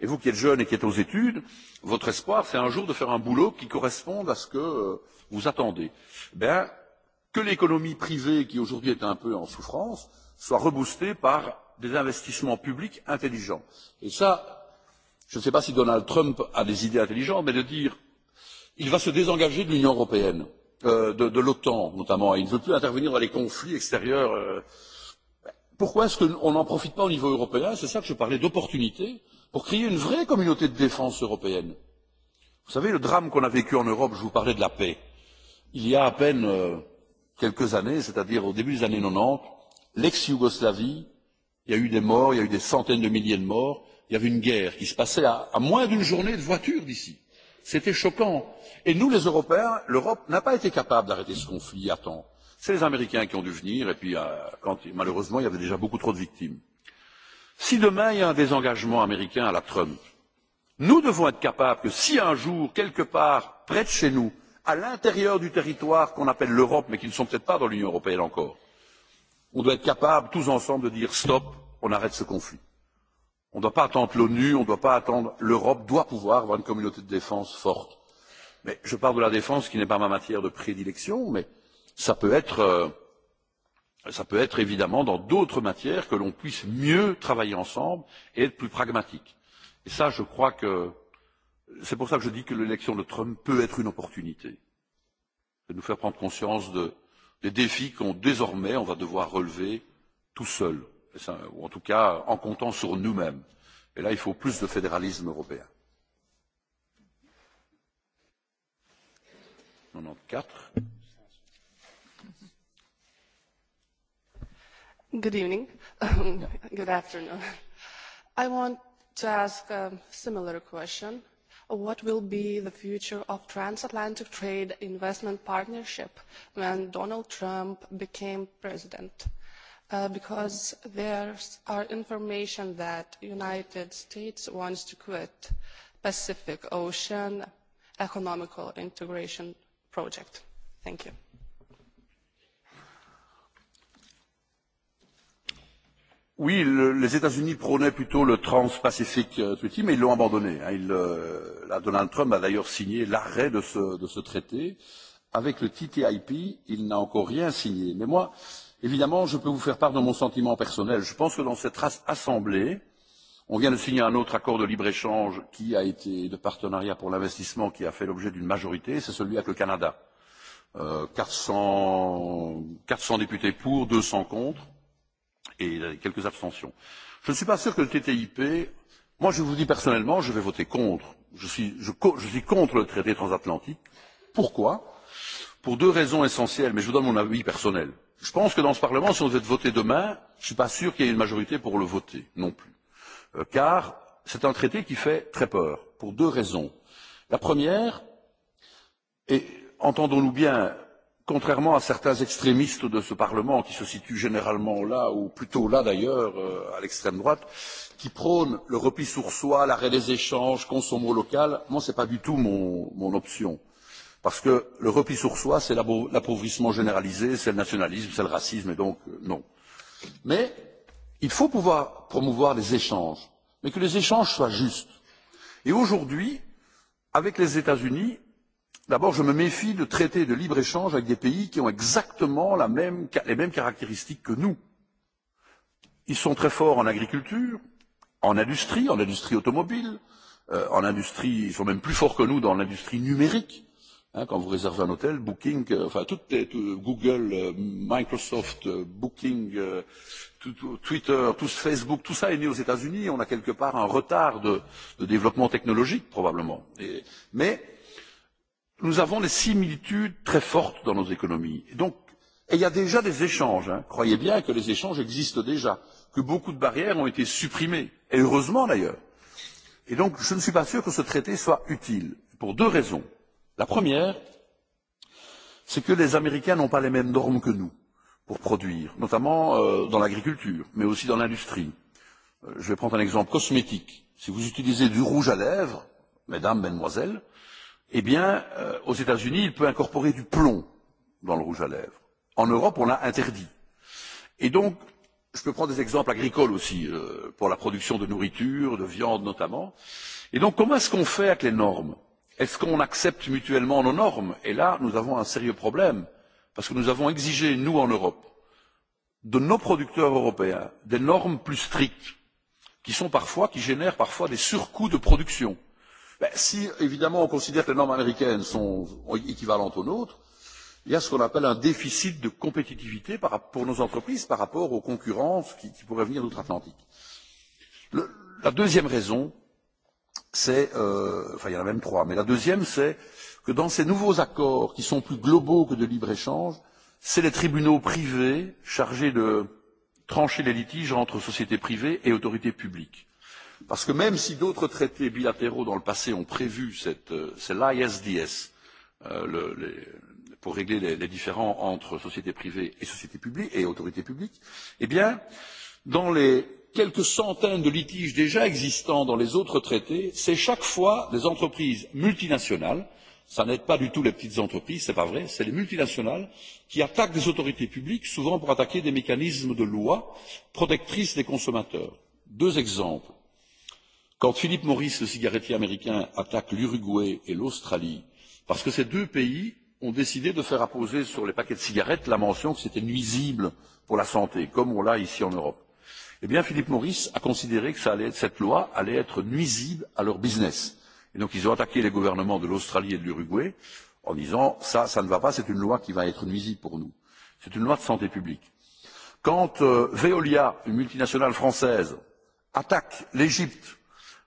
Et vous qui êtes jeune et qui êtes aux études, votre espoir, c'est un jour de faire un boulot qui corresponde à ce que vous attendez. que l'économie privée, qui aujourd'hui est un peu en souffrance, soit reboostée par des investissements publics intelligents. Et ça, je ne sais pas si Donald Trump a des idées intelligentes, mais de dire il va se désengager de l'union européenne de l'otan notamment il ne veut plus intervenir dans les conflits extérieurs. pourquoi est ce qu'on n'en profite pas au niveau européen? c'est ça que je parlais d'opportunité pour créer une vraie communauté de défense européenne. vous savez le drame qu'on a vécu en europe je vous parlais de la paix il y a à peine quelques années c'est à dire au début des années 90, l'ex yougoslavie il y a eu des morts il y a eu des centaines de milliers de morts il y avait une guerre qui se passait à moins d'une journée de voiture d'ici. C'était choquant. Et nous, les Européens, l'Europe n'a pas été capable d'arrêter ce conflit à temps. C'est les Américains qui ont dû venir, et puis quand, malheureusement, il y avait déjà beaucoup trop de victimes. Si demain, il y a un désengagement américain à la Trump, nous devons être capables que si un jour, quelque part, près de chez nous, à l'intérieur du territoire qu'on appelle l'Europe, mais qui ne sont peut-être pas dans l'Union européenne encore, on doit être capable, tous ensemble, de dire stop, on arrête ce conflit. On ne doit pas attendre l'ONU, on ne doit pas attendre l'Europe doit pouvoir avoir une communauté de défense forte. Mais je parle de la défense qui n'est pas ma matière de prédilection, mais ça peut être ça peut être évidemment dans d'autres matières que l'on puisse mieux travailler ensemble et être plus pragmatique. Et ça, je crois que c'est pour ça que je dis que l'élection de Trump peut être une opportunité de nous faire prendre conscience des défis qu'on désormais on va devoir relever tout seul ou en tout cas en comptant sur nous-mêmes. Et là, il faut plus de fédéralisme européen. 94. Good evening. Good afternoon. I want to ask a similar question. What will be the future of transatlantic trade investment partnership when Donald Trump became president? because there are information that United States wants to quit Pacific Ocean Economical Integration Project. Thank you. Oui, les États-Unis prônaient plutôt le Trans-Pacific Treaty, mais ils l'ont abandonné. Donald Trump a d'ailleurs signé l'arrêt de ce traité. Avec le TTIP, il n'a encore rien signé. Mais moi, Évidemment, je peux vous faire part de mon sentiment personnel. Je pense que dans cette assemblée, on vient de signer un autre accord de libre-échange qui a été de partenariat pour l'investissement qui a fait l'objet d'une majorité, c'est celui avec le Canada. 400 députés pour, 200 contre et quelques abstentions. Je ne suis pas sûr que le TTIP, moi je vous dis personnellement, je vais voter contre. Je suis, je, je suis contre le traité transatlantique. Pourquoi Pour deux raisons essentielles, mais je vous donne mon avis personnel. Je pense que dans ce Parlement, si on devait voter demain, je ne suis pas sûr qu'il y ait une majorité pour le voter non plus. Car c'est un traité qui fait très peur, pour deux raisons. La première, et entendons-nous bien, contrairement à certains extrémistes de ce Parlement, qui se situent généralement là, ou plutôt là d'ailleurs, à l'extrême droite, qui prônent le repli sur soi, l'arrêt des échanges, consommons local, moi ce n'est pas du tout mon option Parce que le repli sur soi, c'est l'appauvrissement généralisé, c'est le nationalisme, c'est le racisme, et donc non. Mais il faut pouvoir promouvoir les échanges, mais que les échanges soient justes. Et aujourd'hui, avec les États-Unis, d'abord, je me méfie de traités de libre-échange avec des pays qui ont exactement les mêmes caractéristiques que nous. Ils sont très forts en agriculture, en industrie, en industrie automobile, en industrie, ils sont même plus forts que nous dans l'industrie numérique Quand vous réservez un hôtel, Booking, enfin toutes Google, Microsoft, Booking, Twitter, tout Facebook, tout ça est né aux États-Unis. On a quelque part un retard de développement technologique probablement. Mais nous avons des similitudes très fortes dans nos économies. Donc, et il y a déjà des échanges. Croyez bien que les échanges existent déjà, que beaucoup de barrières ont été supprimées, et heureusement d'ailleurs. Et donc, je ne suis pas sûr que ce traité soit utile pour deux raisons. La première, c'est que les Américains n'ont pas les mêmes normes que nous pour produire, notamment dans l'agriculture, mais aussi dans l'industrie. Je vais prendre un exemple cosmétique. Si vous utilisez du rouge à lèvres, mesdames, mesdemoiselles, eh bien, aux États-Unis, il peut incorporer du plomb dans le rouge à lèvres. En Europe, on l'a interdit. Et donc, je peux prendre des exemples agricoles aussi, pour la production de nourriture, de viande notamment. Et donc, comment est-ce qu'on fait avec les normes Est-ce qu'on accepte mutuellement nos normes Et là, nous avons un sérieux problème, parce que nous avons exigé, nous, en Europe, de nos producteurs européens, des normes plus strictes, qui sont parfois, qui génèrent parfois des surcoûts de production. Si, évidemment, on considère que les normes américaines sont équivalentes aux nôtres, il y a ce qu'on appelle un déficit de compétitivité pour nos entreprises par rapport aux concurrences qui pourraient venir d'outre-Atlantique. La deuxième raison, c'est, enfin il y en a même trois, mais la deuxième c'est que dans ces nouveaux accords qui sont plus globaux que de libre-échange, c'est les tribunaux privés chargés de trancher les litiges entre sociétés privées et autorités publiques. Parce que même si d'autres traités bilatéraux dans le passé ont prévu l'ISDS pour régler les différends entre sociétés privées et sociétés publiques et autorités publiques, eh bien, dans les quelques centaines de litiges déjà existants dans les autres traités, c'est chaque fois des entreprises multinationales, ça n'aide pas du tout les petites entreprises, ce n'est pas vrai, c'est les multinationales qui attaquent des autorités publiques, souvent pour attaquer des mécanismes de loi protectrices des consommateurs. Deux exemples. Quand Philippe Morris, le cigarettier américain, attaque l'Uruguay et l'Australie, parce que ces deux pays ont décidé de faire apposer sur les paquets de cigarettes la mention que c'était nuisible pour la santé, comme on l'a ici en Europe eh bien Philippe Maurice a considéré que allait cette loi allait être nuisible à leur business. Et donc ils ont attaqué les gouvernements de l'Australie et de l'Uruguay en disant ça, ça ne va pas, c'est une loi qui va être nuisible pour nous. C'est une loi de santé publique. Quand Veolia, une multinationale française, attaque l'Égypte,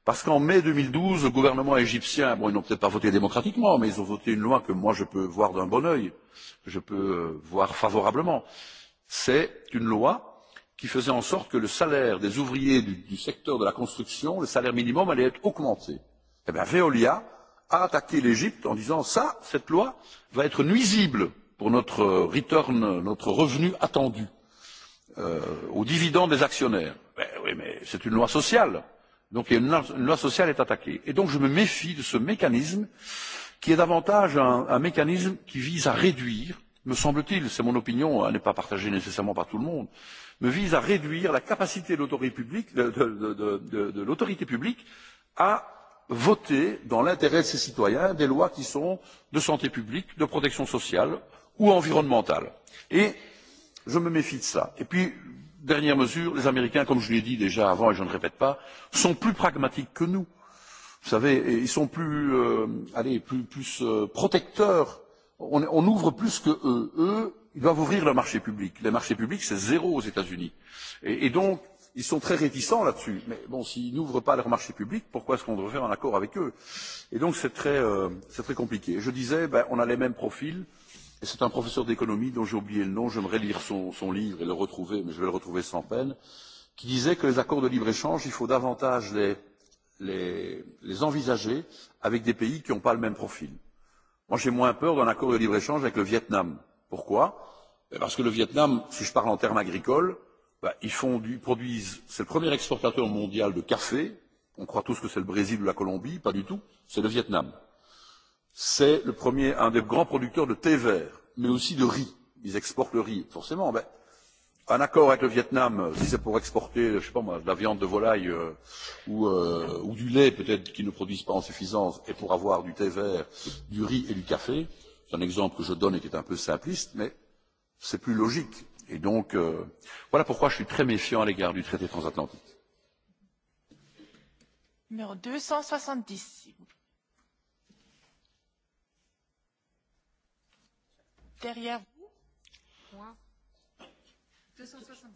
parce qu'en mai 2012, le gouvernement égyptien, bon, ils n'ont peut-être pas voté démocratiquement, mais ils ont voté une loi que moi je peux voir d'un bon œil, que je peux voir favorablement, c'est une loi qui faisait en sorte que le salaire des ouvriers du secteur de la construction, le salaire minimum, allait être augmenté. bien, Veolia a attaqué l'Égypte en disant ça, cette loi va être nuisible pour notre return, notre revenu attendu aux dividendes des actionnaires. Oui, mais c'est une loi sociale. Donc une loi sociale est attaquée. Et donc je me méfie de ce mécanisme qui est davantage un mécanisme qui vise à réduire, me semble-t-il, c'est mon opinion, elle n'est pas partagée nécessairement par tout le monde, me vise à réduire la capacité de l'autorité publique à voter dans l'intérêt de ses citoyens des lois qui sont de santé publique, de protection sociale ou environnementale. Et je me méfie de cela. Et puis, dernière mesure, les Américains, comme je l'ai dit déjà avant et je ne répète pas, sont plus pragmatiques que nous. Vous savez, ils sont plus, allez, plus, plus protecteurs. On, on ouvre plus que eux. Eux, ils doivent ouvrir le marché public. Les marchés publics, c'est zéro aux États-Unis. Et donc, ils sont très réticents là-dessus. Mais bon, s'ils n'ouvrent pas leur marché public, pourquoi est-ce qu'on devrait faire un accord avec eux Et donc, c'est très compliqué. Je disais, on a les mêmes profils. Et c'est un professeur d'économie dont j'ai oublié le nom. J'aimerais lire son livre et le retrouver, mais je vais le retrouver sans peine, qui disait que les accords de libre-échange, il faut davantage les envisager avec des pays qui n'ont pas le même profil. Moi, j'ai moins peur d'un accord de libre-échange avec le Vietnam Pourquoi Parce que le Vietnam, si je parle en termes agricoles, ils font produisent, c'est le premier exportateur mondial de café, on croit tous que c'est le Brésil ou la Colombie, pas du tout, c'est le Vietnam. C'est le premier, un des grands producteurs de thé vert, mais aussi de riz. Ils exportent le riz, forcément. Bah, un accord avec le Vietnam, si c'est pour exporter, je sais pas moi, de la viande de volaille ou, ou du lait peut-être qu'ils ne produisent pas en suffisance, et pour avoir du thé vert, du riz et du café, un exemple que je donne et qui est un peu simpliste, mais c'est plus logique. Et donc, voilà pourquoi je suis très méfiant à l'égard du traité transatlantique. Numéro 270, Derrière vous. 270.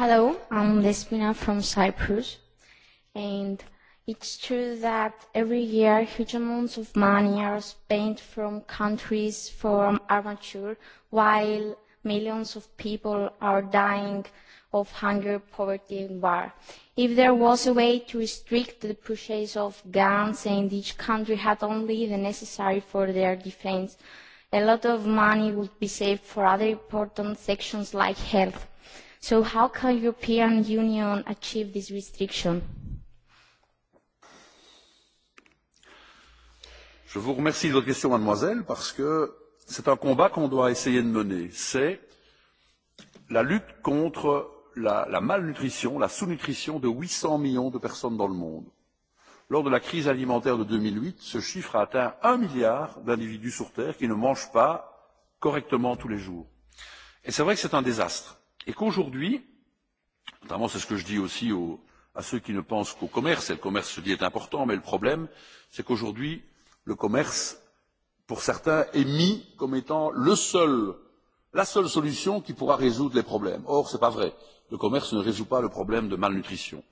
Hello, I'm Despina from Cyprus. And It's true that every year huge amounts of money are spent from countries for armature, while millions of people are dying of hunger, poverty and war. If there was a way to restrict the purchase of guns and each country had only the necessary for their defense, a lot of money would be saved for other important sections like health. So how can the European Union achieve this restriction? Je vous remercie de votre question, mademoiselle, parce que c'est un combat qu'on doit essayer de mener. C'est la lutte contre la malnutrition, la sous-nutrition de 800 millions de personnes dans le monde. Lors de la crise alimentaire de 2008, ce chiffre a atteint un milliard d'individus sur Terre qui ne mangent pas correctement tous les jours. Et c'est vrai que c'est un désastre. Et qu'aujourd'hui, notamment c'est ce que je dis aussi à ceux qui ne pensent qu'au commerce, et le commerce, se dit est important, mais le problème, c'est qu'aujourd'hui, le commerce, pour certains, est mis comme étant la seule solution qui pourra résoudre les problèmes. Or, ce n'est pas vrai. Le commerce ne résout pas le problème de malnutrition.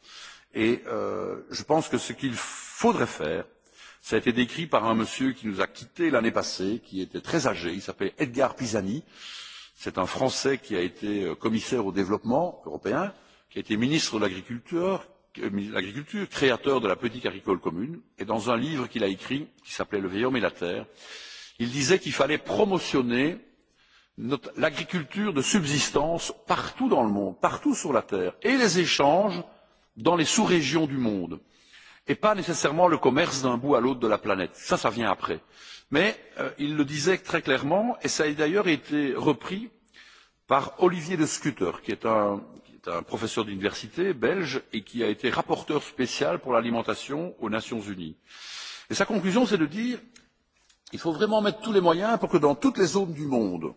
Et je pense que ce qu'il faudrait faire, ça a été décrit par un monsieur qui nous a quittés l'année passée, qui était très âgé, il s'appelait Edgar Pisani. C'est un Français qui a été commissaire au développement européen, qui a été ministre de l'Agriculture, ministre de l'Agriculture, créateur de la politique agricole commune, et dans un livre qu'il a écrit, qui s'appelait Le homme et la Terre, il disait qu'il fallait promotionner l'agriculture de subsistance partout dans le monde, partout sur la Terre, et les échanges dans les sous-régions du monde, et pas nécessairement le commerce d'un bout à l'autre de la planète. Ça, ça vient après. Mais il le disait très clairement, et ça a d'ailleurs été repris par Olivier de Scutter, qui est un est un professeur d'université belge et qui a été rapporteur spécial pour l'alimentation aux Nations Unies. Et sa conclusion, c'est de dire il faut vraiment mettre tous les moyens pour que dans toutes les zones du monde,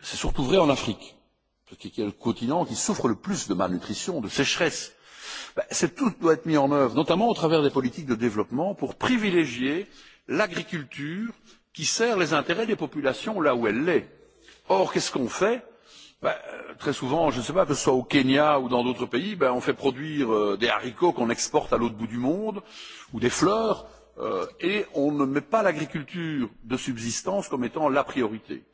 c'est surtout vrai en Afrique, parce est le continent qui souffre le plus de malnutrition, de sécheresse. Tout doit être mis en œuvre, notamment au travers des politiques de développement, pour privilégier l'agriculture qui sert les intérêts des populations là où elle l'est. Or, qu'est-ce qu'on fait Très souvent, je ne sais pas, que ce soit au Kenya ou dans d'autres pays, on fait produire des haricots qu'on exporte à l'autre bout du monde, ou des fleurs, et on ne met pas l'agriculture de subsistance comme étant la priorité.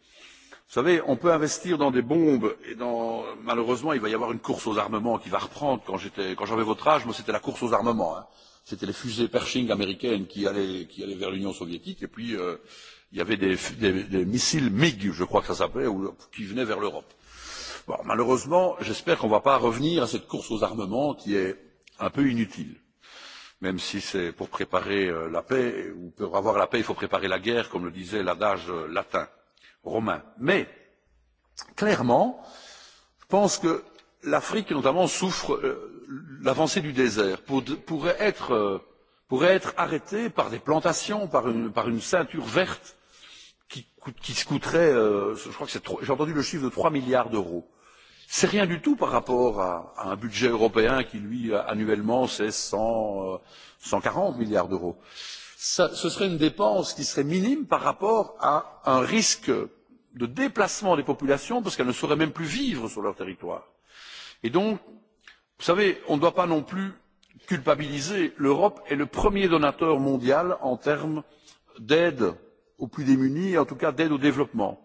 Vous savez, on peut investir dans des bombes, et dans malheureusement, il va y avoir une course aux armements qui va reprendre. Quand j'avais votre âge, moi, c'était la course aux armements. C'était les fusées Pershing américaines qui allaient vers l'Union soviétique, et puis il y avait des missiles MiG, je crois que ça s'appelait, qui venaient vers l'Europe. Bon, malheureusement, j'espère qu'on ne va pas revenir à cette course aux armements qui est un peu inutile. Même si c'est pour préparer la paix, ou pour avoir la paix, il faut préparer la guerre, comme le disait l'adage latin, romain. Mais, clairement, je pense que l'Afrique, notamment, souffre l'avancée du désert, pourrait être arrêtée par des plantations, par une ceinture verte qui se coûterait, je crois que c'est, j'ai entendu le chiffre de 3 milliards d'euros C'est rien du tout par rapport à un budget européen qui, lui, annuellement, c'est 140 milliards d'euros. Ce serait une dépense qui serait minime par rapport à un risque de déplacement des populations parce qu'elles ne sauraient même plus vivre sur leur territoire. Et donc, vous savez, on ne doit pas non plus culpabiliser. L'Europe est le premier donateur mondial en termes d'aide aux plus démunis, en tout cas d'aide au développement.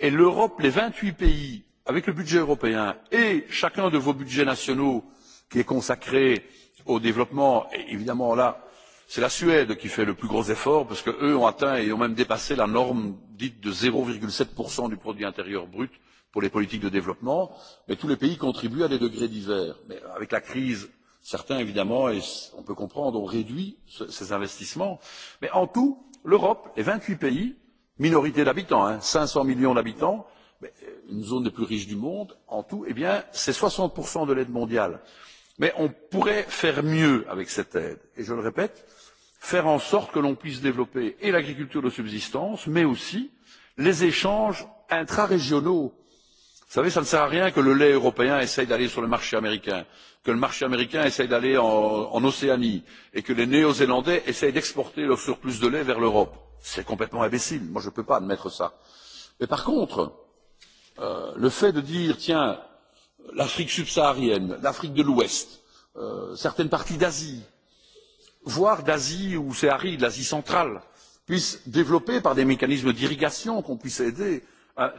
Et l'Europe, les vingt huit pays avec le budget européen et chacun de vos budgets nationaux qui est consacré au développement, évidemment là, c'est la Suède qui fait le plus gros effort, parce qu'eux ont atteint et ont même dépassé la norme dite de 0,7% du produit intérieur brut pour les politiques de développement, mais tous les pays contribuent à des degrés divers. Mais avec la crise, certains, évidemment, et on peut comprendre, ont réduit ces investissements. Mais en tout, l'Europe, vingt huit pays, minorité d'habitants, cinq cents millions d'habitants, une zone des plus riches du monde en tout, eh bien, c'est 60% de l'aide mondiale. Mais on pourrait faire mieux avec cette aide. Et je le répète, faire en sorte que l'on puisse développer et l'agriculture de subsistance, mais aussi les échanges intrarégionaux. Vous savez, ça ne sert à rien que le lait européen essaye d'aller sur le marché américain, que le marché américain essaye d'aller en Océanie, et que les Néo-Zélandais essayent d'exporter leur surplus de lait vers l'Europe. C'est complètement imbécile. Moi, je ne peux pas admettre ça. Mais par contre, le fait de dire tiens l'afrique subsaharienne l'afrique de l'ouest certaines parties d'asie voire d'asie où c'est aride l'asie centrale puissent développer par des mécanismes d'irrigation qu'on puisse aider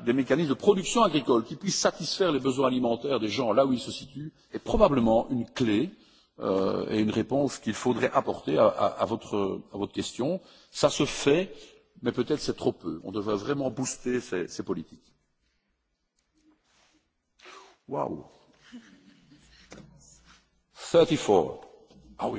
des mécanismes de production agricole qui puissent satisfaire les besoins alimentaires des gens là où ils se situent est probablement une clé et une réponse qu'il faudrait apporter à votre question. ça se fait mais peut être c'est trop peu. on devrait vraiment booster ces politiques thirty 34. a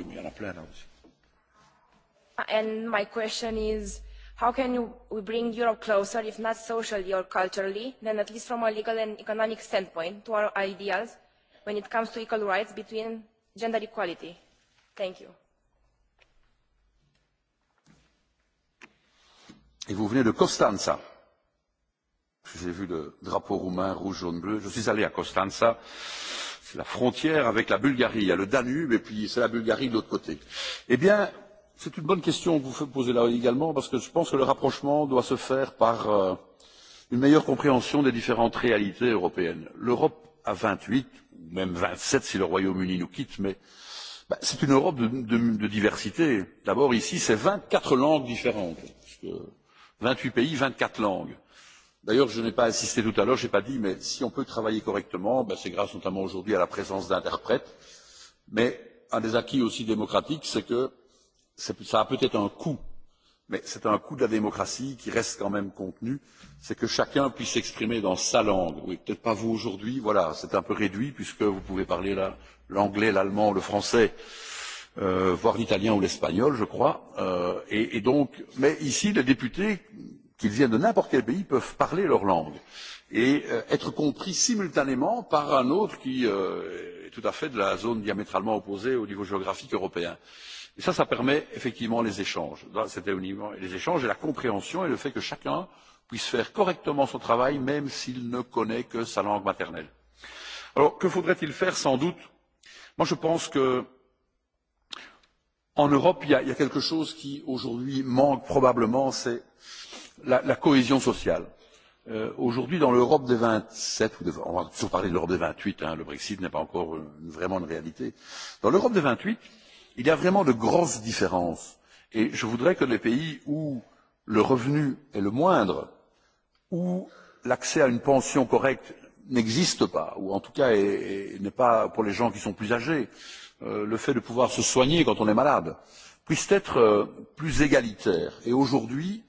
And my question is, how can you, we bring Europe closer, if not socially or culturally, then at least from a legal and economic standpoint, to our ideals when it comes to equal rights between gender equality? Thank you. Et vous venez de J'ai vu le drapeau roumain rouge, jaune, bleu. Je suis allé à Costanza. C'est la frontière avec la Bulgarie. Il y a le Danube et puis c'est la Bulgarie de l'autre côté. Eh bien, c'est une bonne question que vous posez là également parce que je pense que le rapprochement doit se faire par une meilleure compréhension des différentes réalités européennes. L'Europe à 28, ou même 27 si le Royaume-Uni nous quitte, mais c'est une Europe de diversité. D'abord, ici, c'est 24 langues différentes. 28 pays, 24 langues D'ailleurs, je n'ai pas insisté tout à l'heure, je n'ai pas dit, mais si on peut travailler correctement, ben c'est grâce notamment aujourd'hui à la présence d'interprètes. Mais un des acquis aussi démocratiques, c'est que ça a peut-être un coût, mais c'est un coût de la démocratie qui reste quand même contenu, c'est que chacun puisse s'exprimer dans sa langue. Oui, peut-être pas vous aujourd'hui, voilà, c'est un peu réduit puisque vous pouvez parler l'anglais, l'allemand, le français, voire l'italien ou l'espagnol, je crois. Et donc, mais ici, les députés qu'ils viennent de n'importe quel pays, peuvent parler leur langue et être compris simultanément par un autre qui est tout à fait de la zone diamétralement opposée au niveau géographique européen. Et ça, ça permet effectivement les échanges. C'était les échanges et la compréhension et le fait que chacun puisse faire correctement son travail, même s'il ne connaît que sa langue maternelle. Alors, que faudrait-il faire sans doute Moi, je pense que en Europe, il y a quelque chose qui, aujourd'hui, manque probablement, c'est la cohésion sociale. Aujourd'hui, dans l'Europe des 27, on va toujours parler de l'Europe des 28, le Brexit n'est pas encore vraiment une réalité. Dans l'Europe des 28, il y a vraiment de grosses différences. Et je voudrais que les pays où le revenu est le moindre, où l'accès à une pension correcte n'existe pas, ou en tout cas n'est pas pour les gens qui sont plus âgés, le fait de pouvoir se soigner quand on est malade, puissent être plus égalitaires. Et aujourd'hui,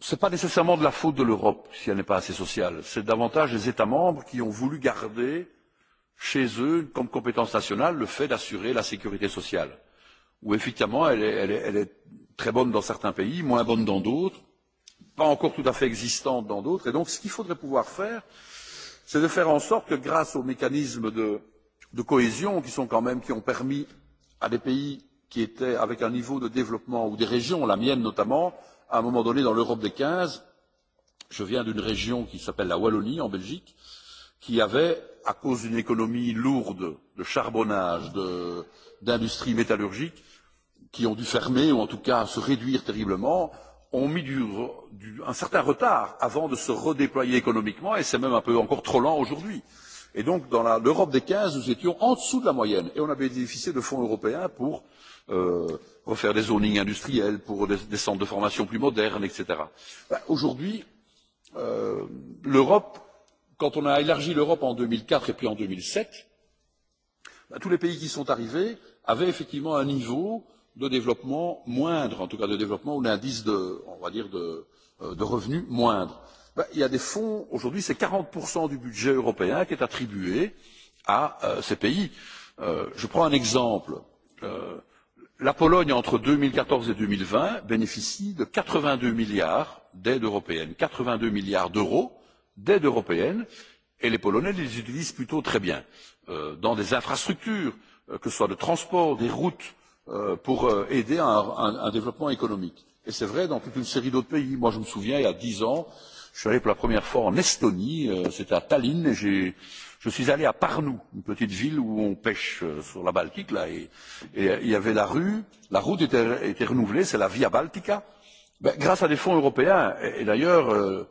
Ce n'est pas nécessairement de la faute de l'Europe si elle n'est pas assez sociale. C'est davantage les États membres qui ont voulu garder chez eux comme compétence nationale le fait d'assurer la sécurité sociale. Où effectivement elle est très bonne dans certains pays, moins bonne dans d'autres, pas encore tout à fait existante dans d'autres. Et donc ce qu'il faudrait pouvoir faire, c'est de faire en sorte que grâce aux mécanismes de cohésion qui sont quand même, qui ont permis à des pays qui étaient avec un niveau de développement, ou des régions, la mienne notamment, à un moment donné dans l'Europe des quinze, je viens d'une région qui s'appelle la Wallonie en Belgique, qui avait, à cause d'une économie lourde de charbonnage, d'industrie métallurgique, qui ont dû fermer ou en tout cas se réduire terriblement, ont mis un certain retard avant de se redéployer économiquement et c'est même un peu encore trop lent aujourd'hui. Et donc dans l'Europe des 15, nous étions en dessous de la moyenne et on avait bénéficié de fonds européens pour refaire des zonings industriels pour des centres de formation plus modernes, etc. Aujourd'hui, l'Europe, quand on a élargi l'Europe en 2004 et puis en 2007, tous les pays qui sont arrivés avaient effectivement un niveau de développement moindre, en tout cas de développement ou d'indice de, on va dire, de, de revenus moindre. Il y a des fonds, aujourd'hui c'est 40% du budget européen qui est attribué à ces pays. Je prends un exemple. Euh, La Pologne, entre 2014 et 2020, bénéficie de 82 milliards d'aides européennes, 82 milliards d'euros d'aides européennes, et les Polonais les utilisent plutôt très bien, dans des infrastructures, que ce soit de transport, des routes, pour aider à un développement économique. Et c'est vrai dans toute une série d'autres pays. Moi, je me souviens, il y a dix ans, Je suis allé pour la première fois en Estonie, c'était à Tallinn, et je suis allé à Parnou, une petite ville où on pêche sur la Baltique, là, et il y avait la rue, la route était, renouvelée, c'est la Via Baltica, ben, grâce à des fonds européens. Et, d'ailleurs,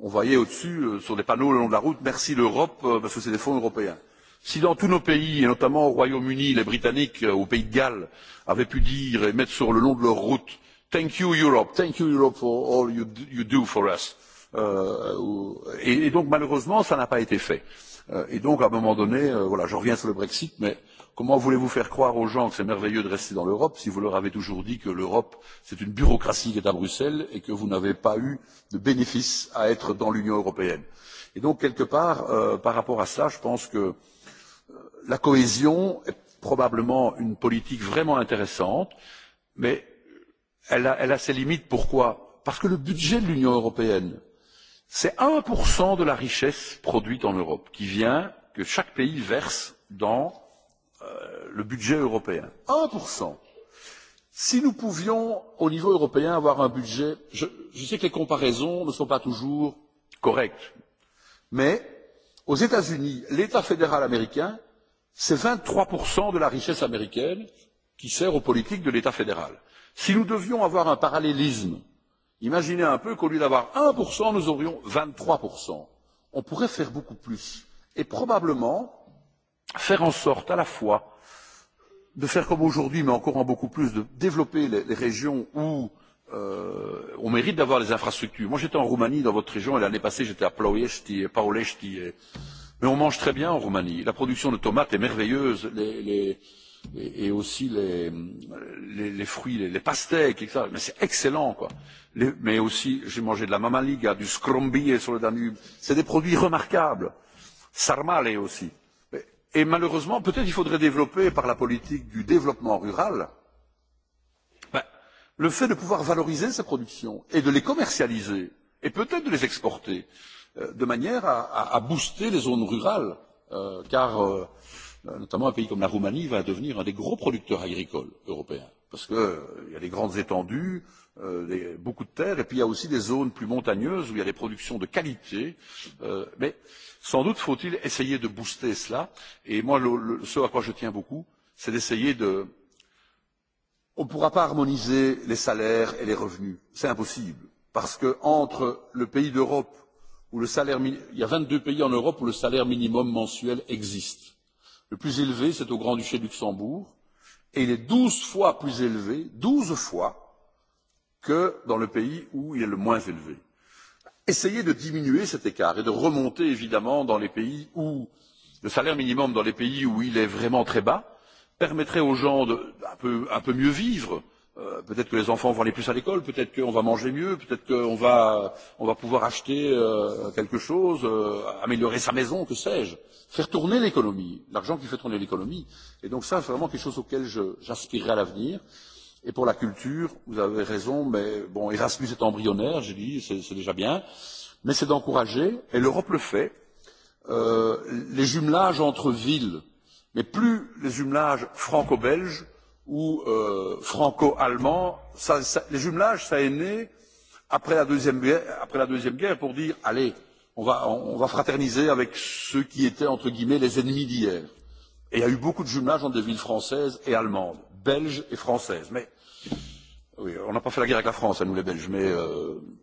on voyait au-dessus, sur des panneaux le long de la route, merci l'Europe, parce que c'est des fonds européens. Si dans tous nos pays, et notamment au Royaume-Uni, les Britanniques, au Pays de Galles, avaient pu dire et mettre sur le long de leur route, Thank you Europe, thank you Europe for all you do for us Et donc, malheureusement, ça n'a pas été fait. Et donc, à un moment donné, voilà, je reviens sur le Brexit, mais comment voulez-vous faire croire aux gens que c'est merveilleux de rester dans l'Europe si vous leur avez toujours dit que l'Europe, c'est une bureaucratie qui est à Bruxelles et que vous n'avez pas eu de bénéfice à être dans l'Union européenne Et donc, quelque part, par rapport à ça, je pense que la cohésion est probablement une politique vraiment intéressante, mais elle a ses limites. Pourquoi Parce que le budget de l'Union européenne C'est un de la richesse produite en Europe qui vient, que chaque pays verse dans le budget européen. 1%. Si nous pouvions, au niveau européen, avoir un budget, je sais que les comparaisons ne sont pas toujours correctes, mais aux États-Unis, l'État fédéral américain, c'est vingt trois de la richesse américaine qui sert aux politiques de l'État fédéral. Si nous devions avoir un parallélisme Imaginez un peu qu'au lieu d'avoir 1%, nous aurions 23%. On pourrait faire beaucoup plus. Et probablement faire en sorte à la fois de faire comme aujourd'hui, mais encore en beaucoup plus, de développer les régions où on mérite d'avoir des infrastructures. Moi, j'étais en Roumanie, dans votre région, et l'année passée, j'étais à Ploiești, Paolești. Mais on mange très bien en Roumanie. La production de tomates est merveilleuse. Les et aussi les, les, les fruits, les, les pastèques, etc. Mais c'est excellent, quoi. mais aussi, j'ai mangé de la mamaliga, du scrombie sur le Danube. C'est des produits remarquables. Sarmale aussi. Et malheureusement, peut-être il faudrait développer par la politique du développement rural le fait de pouvoir valoriser ces productions et de les commercialiser et peut-être de les exporter de manière à, à, à booster les zones rurales, car notamment un pays comme la Roumanie va devenir un des gros producteurs agricoles européens, parce qu'il y a des grandes étendues, beaucoup de terres, et puis il y a aussi des zones plus montagneuses où il y a des productions de qualité. Mais sans doute faut-il essayer de booster cela, et moi, ce à quoi je tiens beaucoup, c'est d'essayer de. On ne pourra pas harmoniser les salaires et les revenus, c'est impossible, parce que, entre le pays d'Europe, où le salaire, il y a 22 pays en Europe où le salaire minimum mensuel existe Le plus élevé, c'est au Grand-Duché de Luxembourg, et il est douze fois plus élevé, douze fois, que dans le pays où il est le moins élevé. Essayez de diminuer cet écart et de remonter, évidemment, dans les pays où le salaire minimum dans les pays où il est vraiment très bas permettrait aux gens de un peu mieux vivre peut-être que les enfants vont aller plus à l'école, peut-être qu'on va manger mieux, peut-être qu'on va, on va pouvoir acheter quelque chose, améliorer sa maison, que sais-je. Faire tourner l'économie, l'argent qui fait tourner l'économie. Et donc ça, c'est vraiment quelque chose auquel j'aspirerai à l'avenir. Et pour la culture, vous avez raison, mais bon, Erasmus est embryonnaire, j'ai dit, c'est déjà bien, mais c'est d'encourager, et l'Europe le fait, les jumelages entre villes, mais plus les jumelages franco-belges, ou franco-allemand. Les jumelages, ça est né après la Deuxième Guerre pour dire, allez, on va fraterniser avec ceux qui étaient, entre guillemets, les ennemis d'hier. Et il y a eu beaucoup de jumelages dans des villes françaises et allemandes, belges et françaises. Mais, oui, on n'a pas fait la guerre avec la France, à nous les Belges, mais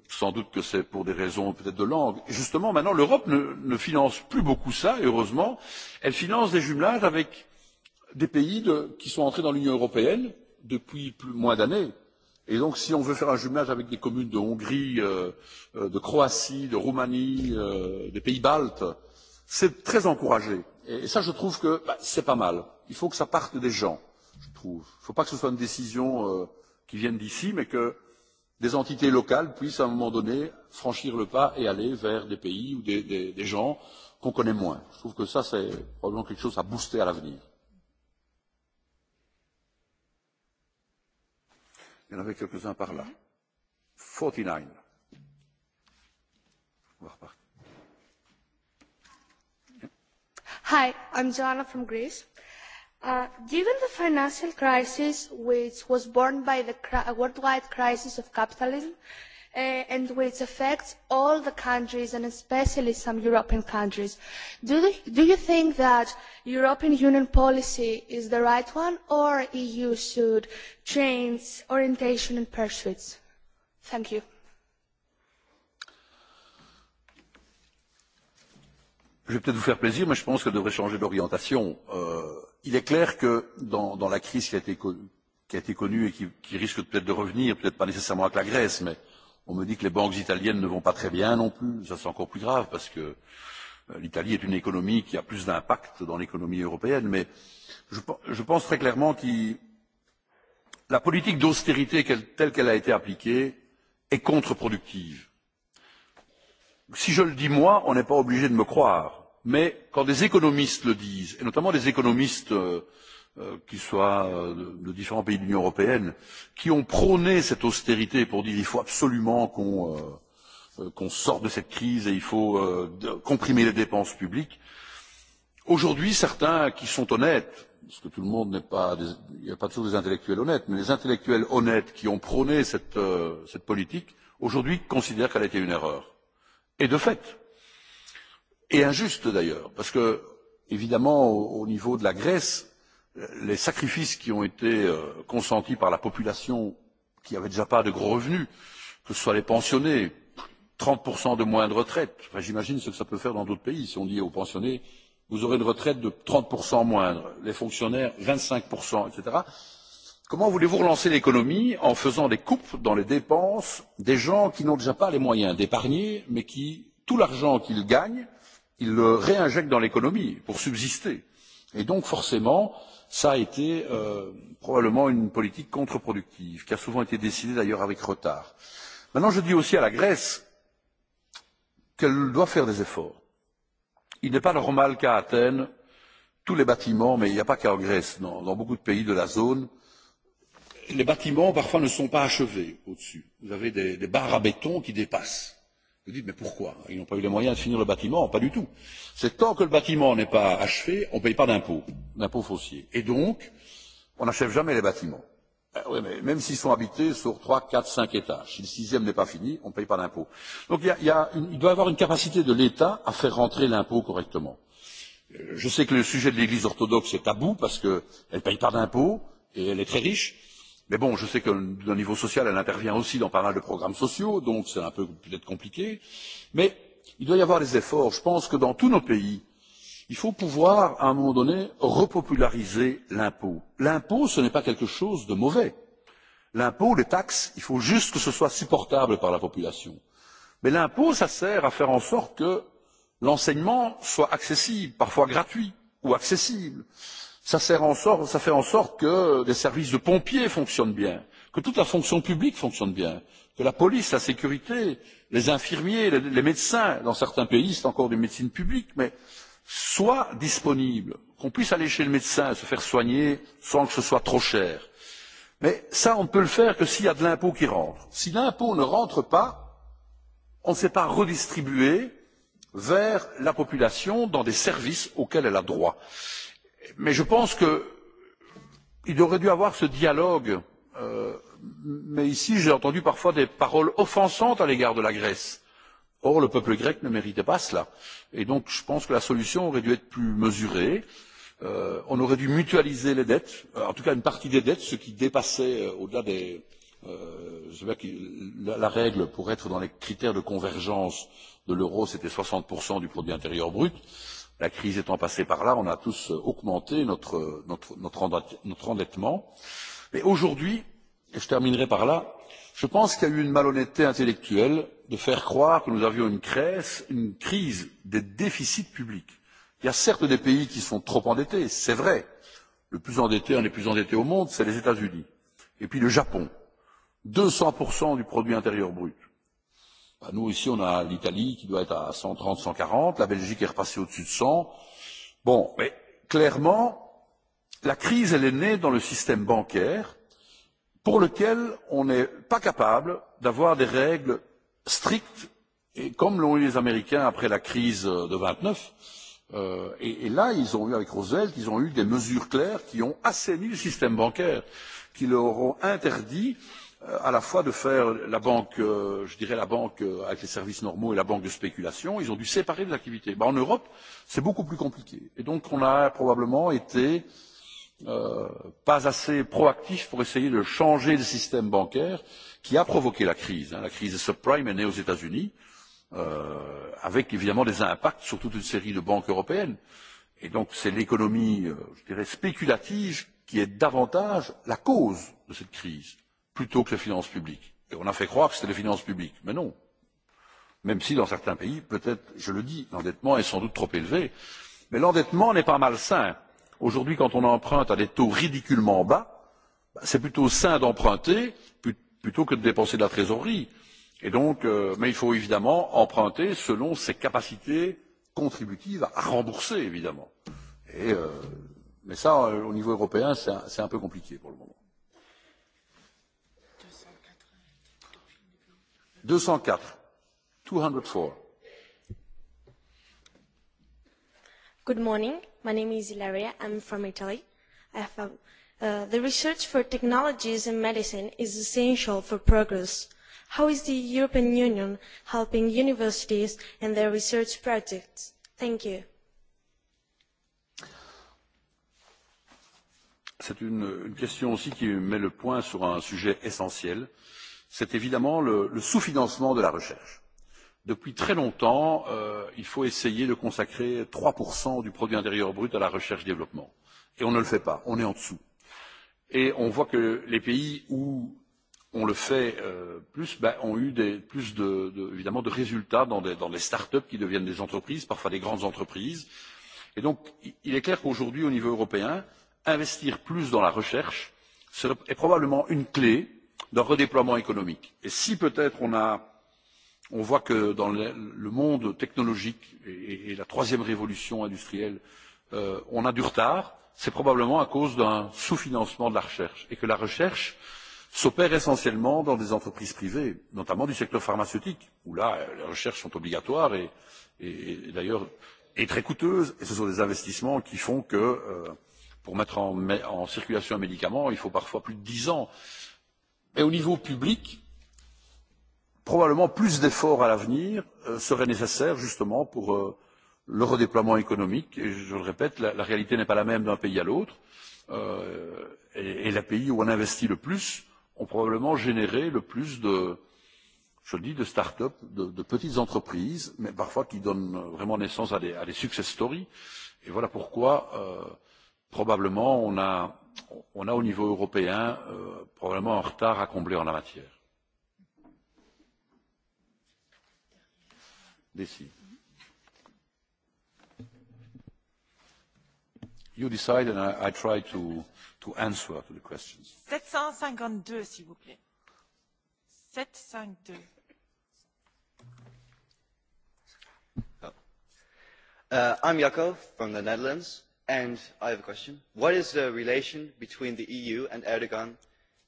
sans doute que c'est pour des raisons peut-être de langue. Et justement, maintenant, l'Europe ne finance plus beaucoup ça, et heureusement, elle finance des jumelages avec des pays qui sont entrés dans l'Union européenne depuis plus moins d'années. Et donc, si on veut faire un jumelage avec des communes de Hongrie, de Croatie, de Roumanie, des pays baltes, c'est très encouragé. Et ça, je trouve que c'est pas mal. Il faut que ça parte des gens, je trouve. Il ne faut pas que ce soit une décision qui vienne d'ici, mais que des entités locales puissent, à un moment donné, franchir le pas et aller vers des pays ou des gens qu'on connaît moins. Je trouve que ça, c'est probablement quelque chose à booster à l'avenir. Il y en avait quelques-uns par là. 49. nine Hi, I'm Joanna from Greece. Given the financial crisis which was born by the worldwide crisis of capitalism, and which affects all the countries and especially some European countries. Do you think that European Union policy is the right one or EU should change orientation and pursuits? Thank you. Je vais peut-être vous faire plaisir, mais je pense qu'elle devrait changer d'orientation. Il est clair que dans la crise qui a été connue et qui risque peut-être de revenir, peut-être pas nécessairement avec la Grèce, mais On me dit que les banques italiennes ne vont pas très bien non plus. Ça, c'est encore plus grave parce que l'Italie est une économie qui a plus d'impact dans l'économie européenne. Mais je pense très clairement que la politique d'austérité telle qu'elle a été appliquée est contre-productive. Si je le dis moi, on n'est pas obligé de me croire. Mais quand des économistes le disent, et notamment des économistes qui soient de différents pays de l'Union européenne, qui ont prôné cette austérité pour dire il faut absolument qu'on sorte de cette crise et il faut comprimer les dépenses publiques. Aujourd'hui, certains qui sont honnêtes, parce que tout le monde n'est pas, il n'y a pas toujours des intellectuels honnêtes, mais les intellectuels honnêtes qui ont prôné cette politique, aujourd'hui considèrent qu'elle a été une erreur. Et de fait. Et injuste d'ailleurs, parce que, évidemment, au niveau de la Grèce, les sacrifices qui ont été consentis par la population qui n'avait déjà pas de gros revenus, que ce soit les pensionnés, 30% de moins de retraite. Enfin, j'imagine ce que ça peut faire dans d'autres pays. Si on dit aux pensionnés, vous aurez une retraite de 30% moindre, les fonctionnaires 25%, etc. Comment voulez-vous relancer l'économie en faisant des coupes dans les dépenses des gens qui n'ont déjà pas les moyens d'épargner, mais qui, tout l'argent qu'ils gagnent, ils le réinjectent dans l'économie pour subsister. Et donc, forcément, Cela a été probablement une politique contre-productive, qui a souvent été décidée d'ailleurs avec retard. Maintenant, je dis aussi à la Grèce qu'elle doit faire des efforts. Il n'est pas normal qu'à Athènes, tous les bâtiments, mais il n'y a pas qu'en Grèce, dans beaucoup de pays de la zone, les bâtiments parfois ne sont pas achevés au-dessus. Vous avez des barres à béton qui dépassent Vous dites, mais pourquoi Ils n'ont pas eu les moyens de finir le bâtiment Pas du tout. C'est tant que le bâtiment n'est pas achevé, on ne paye pas d'impôts, d'impôts fonciers. Et donc, on n'achève jamais les bâtiments. Oui, mais même s'ils sont habités sur 3, 4, 5 étages, si le sixième n'est pas fini, on ne paye pas d'impôts. Donc il, y a il doit y avoir une capacité de l'État à faire rentrer l'impôt correctement. Je sais que le sujet de l'Église orthodoxe est tabou parce qu'elle ne paye pas d'impôts et elle est très riche, Mais bon, je sais que d'un niveau social, elle intervient aussi dans pas mal de programmes sociaux, donc c'est un peu peut-être compliqué. Mais il doit y avoir des efforts. Je pense que dans tous nos pays, il faut pouvoir, à un moment donné, repopulariser l'impôt. L'impôt, ce n'est pas quelque chose de mauvais. L'impôt, les taxes, il faut juste que ce soit supportable par la population. Mais l'impôt, ça sert à faire en sorte que l'enseignement soit accessible, parfois gratuit ou accessible ça fait en sorte que les services de pompiers fonctionnent bien, que toute la fonction publique fonctionne bien, que la police, la sécurité, les infirmiers, les médecins dans certains pays c'est encore des médecines publiques, mais soient disponibles, qu'on puisse aller chez le médecin, se faire soigner sans que ce soit trop cher. Mais ça, on ne peut le faire que s'il y a de l'impôt qui rentre. Si l'impôt ne rentre pas, on ne sait pas redistribuer vers la population dans des services auxquels elle a droit mais je pense qu'il aurait dû avoir ce dialogue mais ici j'ai entendu parfois des paroles offensantes à l'égard de la grèce. or le peuple grec ne méritait pas cela et donc je pense que la solution aurait dû être plus mesurée on aurait dû mutualiser les dettes en tout cas une partie des dettes ce qui dépassait au delà des je la règle pour être dans les critères de convergence de l'euro c'était 60 du produit intérieur brut La crise étant passée par là, on a tous augmenté notre, notre, notre, endettement. Mais aujourd'hui, et je terminerai par là, je pense qu'il y a eu une malhonnêteté intellectuelle de faire croire que nous avions une, crise, une crise des déficits publics. Il y a certes des pays qui sont trop endettés, c'est vrai. Le plus endetté, un des plus endettés au monde, c'est les États-Unis. Et puis le Japon. 200% du produit intérieur brut Nous, ici, on a l'Italie qui doit être à 130, 140. La Belgique est repassée au-dessus de 100. Bon, mais clairement, la crise, elle est née dans le système bancaire pour lequel on n'est pas capable d'avoir des règles strictes, et comme l'ont eu les Américains après la crise de 29. Et là, ils ont eu, avec Roosevelt, ils ont eu des mesures claires qui ont assaini le système bancaire, qui leur ont interdit à la fois de faire la banque, je dirais la banque avec les services normaux et la banque de spéculation, ils ont dû séparer les activités. En Europe, c'est beaucoup plus compliqué. Et donc, on a probablement été pas assez proactif pour essayer de changer le système bancaire qui a provoqué la crise. La crise des subprimes est née aux États-Unis, avec évidemment des impacts sur toute une série de banques européennes. Et donc, c'est l'économie, je dirais, spéculative qui est davantage la cause de cette crise plutôt que les finances publiques. Et on a fait croire que c'était les finances publiques. Mais non. Même si dans certains pays, peut-être, je le dis, l'endettement est sans doute trop élevé. Mais l'endettement n'est pas malsain. Aujourd'hui, quand on emprunte à des taux ridiculement bas, c'est plutôt sain d'emprunter plutôt que de dépenser de la trésorerie. Et donc, mais il faut évidemment emprunter selon ses capacités contributives à rembourser, évidemment. Et, mais ça, au niveau européen, c'est un peu compliqué pour le moment. 204. 204. Good morning. My name is Ilaria. I'm from Italy. I have the research for technologies and medicine is essential for progress. How is the European Union helping universities and their research projects? Thank you. C'est une question aussi qui met le point sur un sujet essentiel c'est évidemment le sous-financement de la recherche. Depuis très longtemps, il faut essayer de consacrer 3% du produit intérieur brut à la recherche-développement. Et on ne le fait pas, on est en dessous. Et on voit que les pays où on le fait plus ont eu plus évidemment de résultats dans des start-up qui deviennent des entreprises, parfois des grandes entreprises. Et donc, il est clair qu'aujourd'hui, au niveau européen, investir plus dans la recherche est probablement une clé d'un redéploiement économique. Et si peut-être on voit que dans le monde technologique et la troisième révolution industrielle, on a du retard, c'est probablement à cause d'un sous-financement de la recherche et que la recherche s'opère essentiellement dans des entreprises privées, notamment du secteur pharmaceutique, où là, les recherches sont obligatoires et, d'ailleurs est très coûteuses, Et ce sont des investissements qui font que, pour mettre en, en circulation un médicament, il faut parfois plus de dix ans et au niveau public probablement plus d'efforts à l'avenir seraient nécessaires justement pour le redéploiement économique et je le répète la réalité n'est pas la même d'un pays à l'autre et les pays où on investit le plus ont probablement généré le plus de je dis de start up de petites entreprises mais parfois qui donnent vraiment naissance à des success stories et voilà pourquoi probablement on a on a au niveau européen euh, probablement un retard à combler en la matière. You decide and I try to to answer to the questions. 752, s'il vous plaît. 752. Uh, I'm Jaco from the Netherlands And I have a question. What is the relation between the EU and Erdogan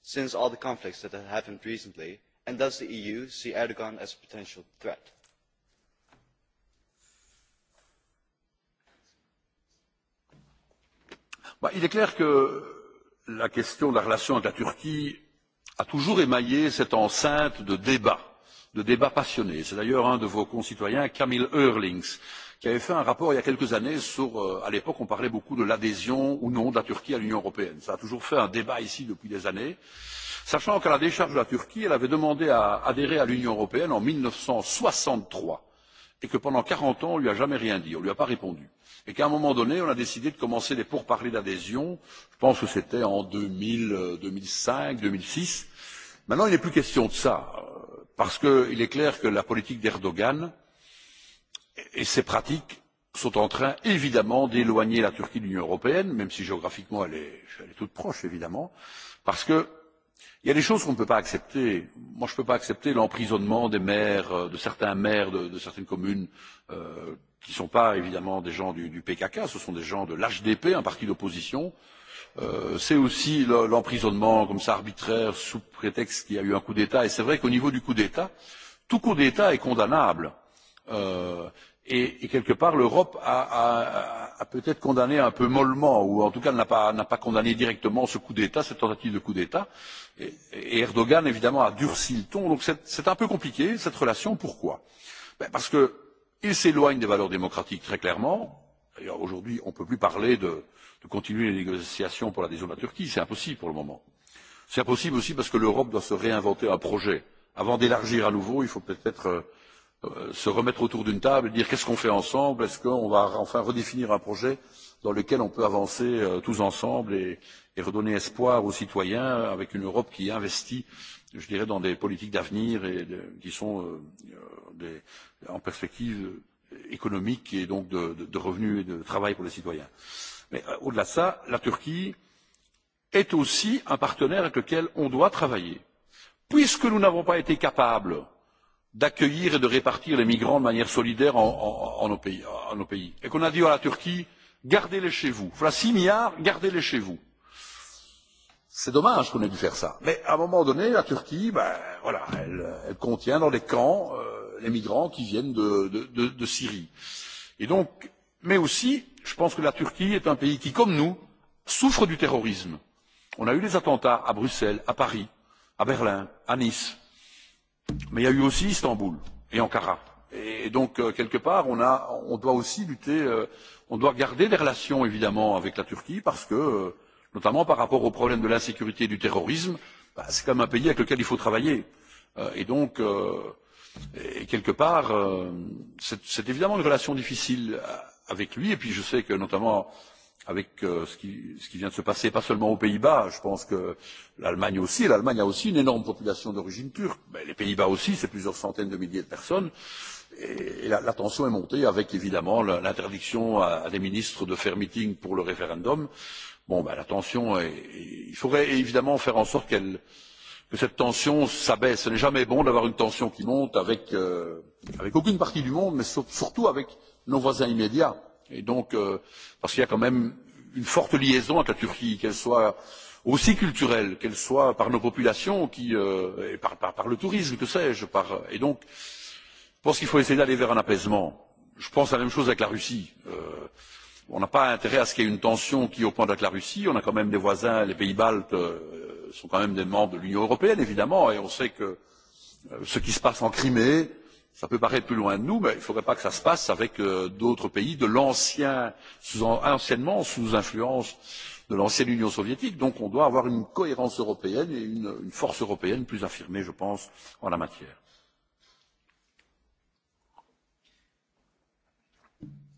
since all the conflicts that have happened recently? And does the EU see Erdogan as a potential threat? Il est clair que la question de la relation avec la Turquie a toujours émaillé cette enceinte de débats, de débats passionnés. C'est d'ailleurs un de vos concitoyens, Camille Eurlings qui avait fait un rapport il y a quelques années sur, à l'époque, on parlait beaucoup de l'adhésion ou non de la Turquie à l'Union européenne. Ça a toujours fait un débat ici depuis des années. Sachant qu'à la décharge de la Turquie, elle avait demandé à adhérer à l'Union européenne en 1963 et que pendant 40 ans, on ne lui a jamais rien dit, on ne lui a pas répondu. Et qu'à un moment donné, on a décidé de commencer des pourparlers d'adhésion. Je pense que c'était en 2000, 2005, 2006. Maintenant, il n'est plus question de ça. Parce qu'il est clair que la politique d'Erdogan, et ces pratiques sont en train évidemment d'éloigner la Turquie de l'Union européenne, même si géographiquement elle est, elle est toute proche évidemment, parce qu'il y a des choses qu'on ne peut pas accepter. Moi, je ne peux pas accepter l'emprisonnement des maires, de certains maires de, de certaines communes qui ne sont pas évidemment des gens du, du PKK, ce sont des gens de l'HDP, un parti d'opposition. Euh, c'est aussi l'emprisonnement comme ça arbitraire sous prétexte qu'il y a eu un coup d'État. Et c'est vrai qu'au niveau du coup d'État, tout coup d'État est condamnable et quelque part l'europe a peut être condamné un peu mollement ou en tout cas n'a pas condamné directement ce coup d'état cette tentative de coup d'état et erdogan évidemment a durci le ton donc c'est un peu compliqué cette relation pourquoi? parce qu'il s'éloigne des valeurs démocratiques très clairement d'ailleurs aujourd'hui on ne peut plus parler de continuer les négociations pour l'adhésion de la turquie c'est impossible pour le moment. c'est impossible aussi parce que l'europe doit se réinventer un projet avant d'élargir à nouveau il faut peut être se remettre autour d'une table et dire qu'est-ce qu'on fait ensemble, est-ce qu'on va enfin redéfinir un projet dans lequel on peut avancer tous ensemble et redonner espoir aux citoyens avec une Europe qui investit, je dirais, dans des politiques d'avenir et qui sont en perspective économique et donc de revenus et de travail pour les citoyens. Mais au-delà de ça, la Turquie est aussi un partenaire avec lequel on doit travailler. Puisque nous n'avons pas été capables d'accueillir et de répartir les migrants de manière solidaire en nos pays. Et qu'on a dit à la Turquie, gardez-les chez vous. Voilà 6 milliards, gardez-les chez vous. C'est dommage qu'on ait dû faire ça. Mais à un moment donné, la Turquie, ben, voilà, elle, elle contient dans les camps les migrants qui viennent de, de, de, Syrie. Et donc, mais aussi, je pense que la Turquie est un pays qui, comme nous, souffre du terrorisme. On a eu des attentats à Bruxelles, à Paris, à Berlin, à Nice Mais il y a eu aussi Istanbul et Ankara. Et donc, quelque part, on, a, on doit aussi lutter, on doit garder des relations, évidemment, avec la Turquie, parce que, notamment par rapport au problème de l'insécurité et du terrorisme, c'est quand même un pays avec lequel il faut travailler. Et donc, quelque part, c'est évidemment une relation difficile avec lui, et puis je sais que, notamment, avec ce qui vient de se passer, pas seulement aux Pays-Bas. Je pense que l'Allemagne aussi, l'Allemagne a aussi une énorme population d'origine turque. Mais les Pays-Bas aussi, c'est plusieurs centaines de milliers de personnes. Et la tension est montée avec, évidemment, l'interdiction à des ministres de faire meeting pour le référendum. Bon, ben, la tension, est il faudrait évidemment faire en sorte que cette tension s'abaisse. Ce n'est jamais bon d'avoir une tension qui monte avec aucune partie du monde, mais surtout avec nos voisins immédiats Et donc, parce qu'il y a quand même une forte liaison avec la Turquie, qu'elle soit aussi culturelle, qu'elle soit par nos populations, qui, et par, par, le tourisme, que sais-je. Par, et donc, je pense qu'il faut essayer d'aller vers un apaisement. Je pense à la même chose avec la Russie. Euh, on n'a pas intérêt à ce qu'il y ait une tension qui au point avec la Russie. On a quand même des voisins, les Pays-Baltes sont quand même des membres de l'Union européenne, évidemment, et on sait que ce qui se passe en Crimée, Ça peut paraître plus loin de nous, mais il ne faudrait pas que ça se passe avec d'autres pays de anciennement sous influence de l'ancienne Union soviétique. Donc on doit avoir une cohérence européenne et une force européenne plus affirmée, je pense, en la matière.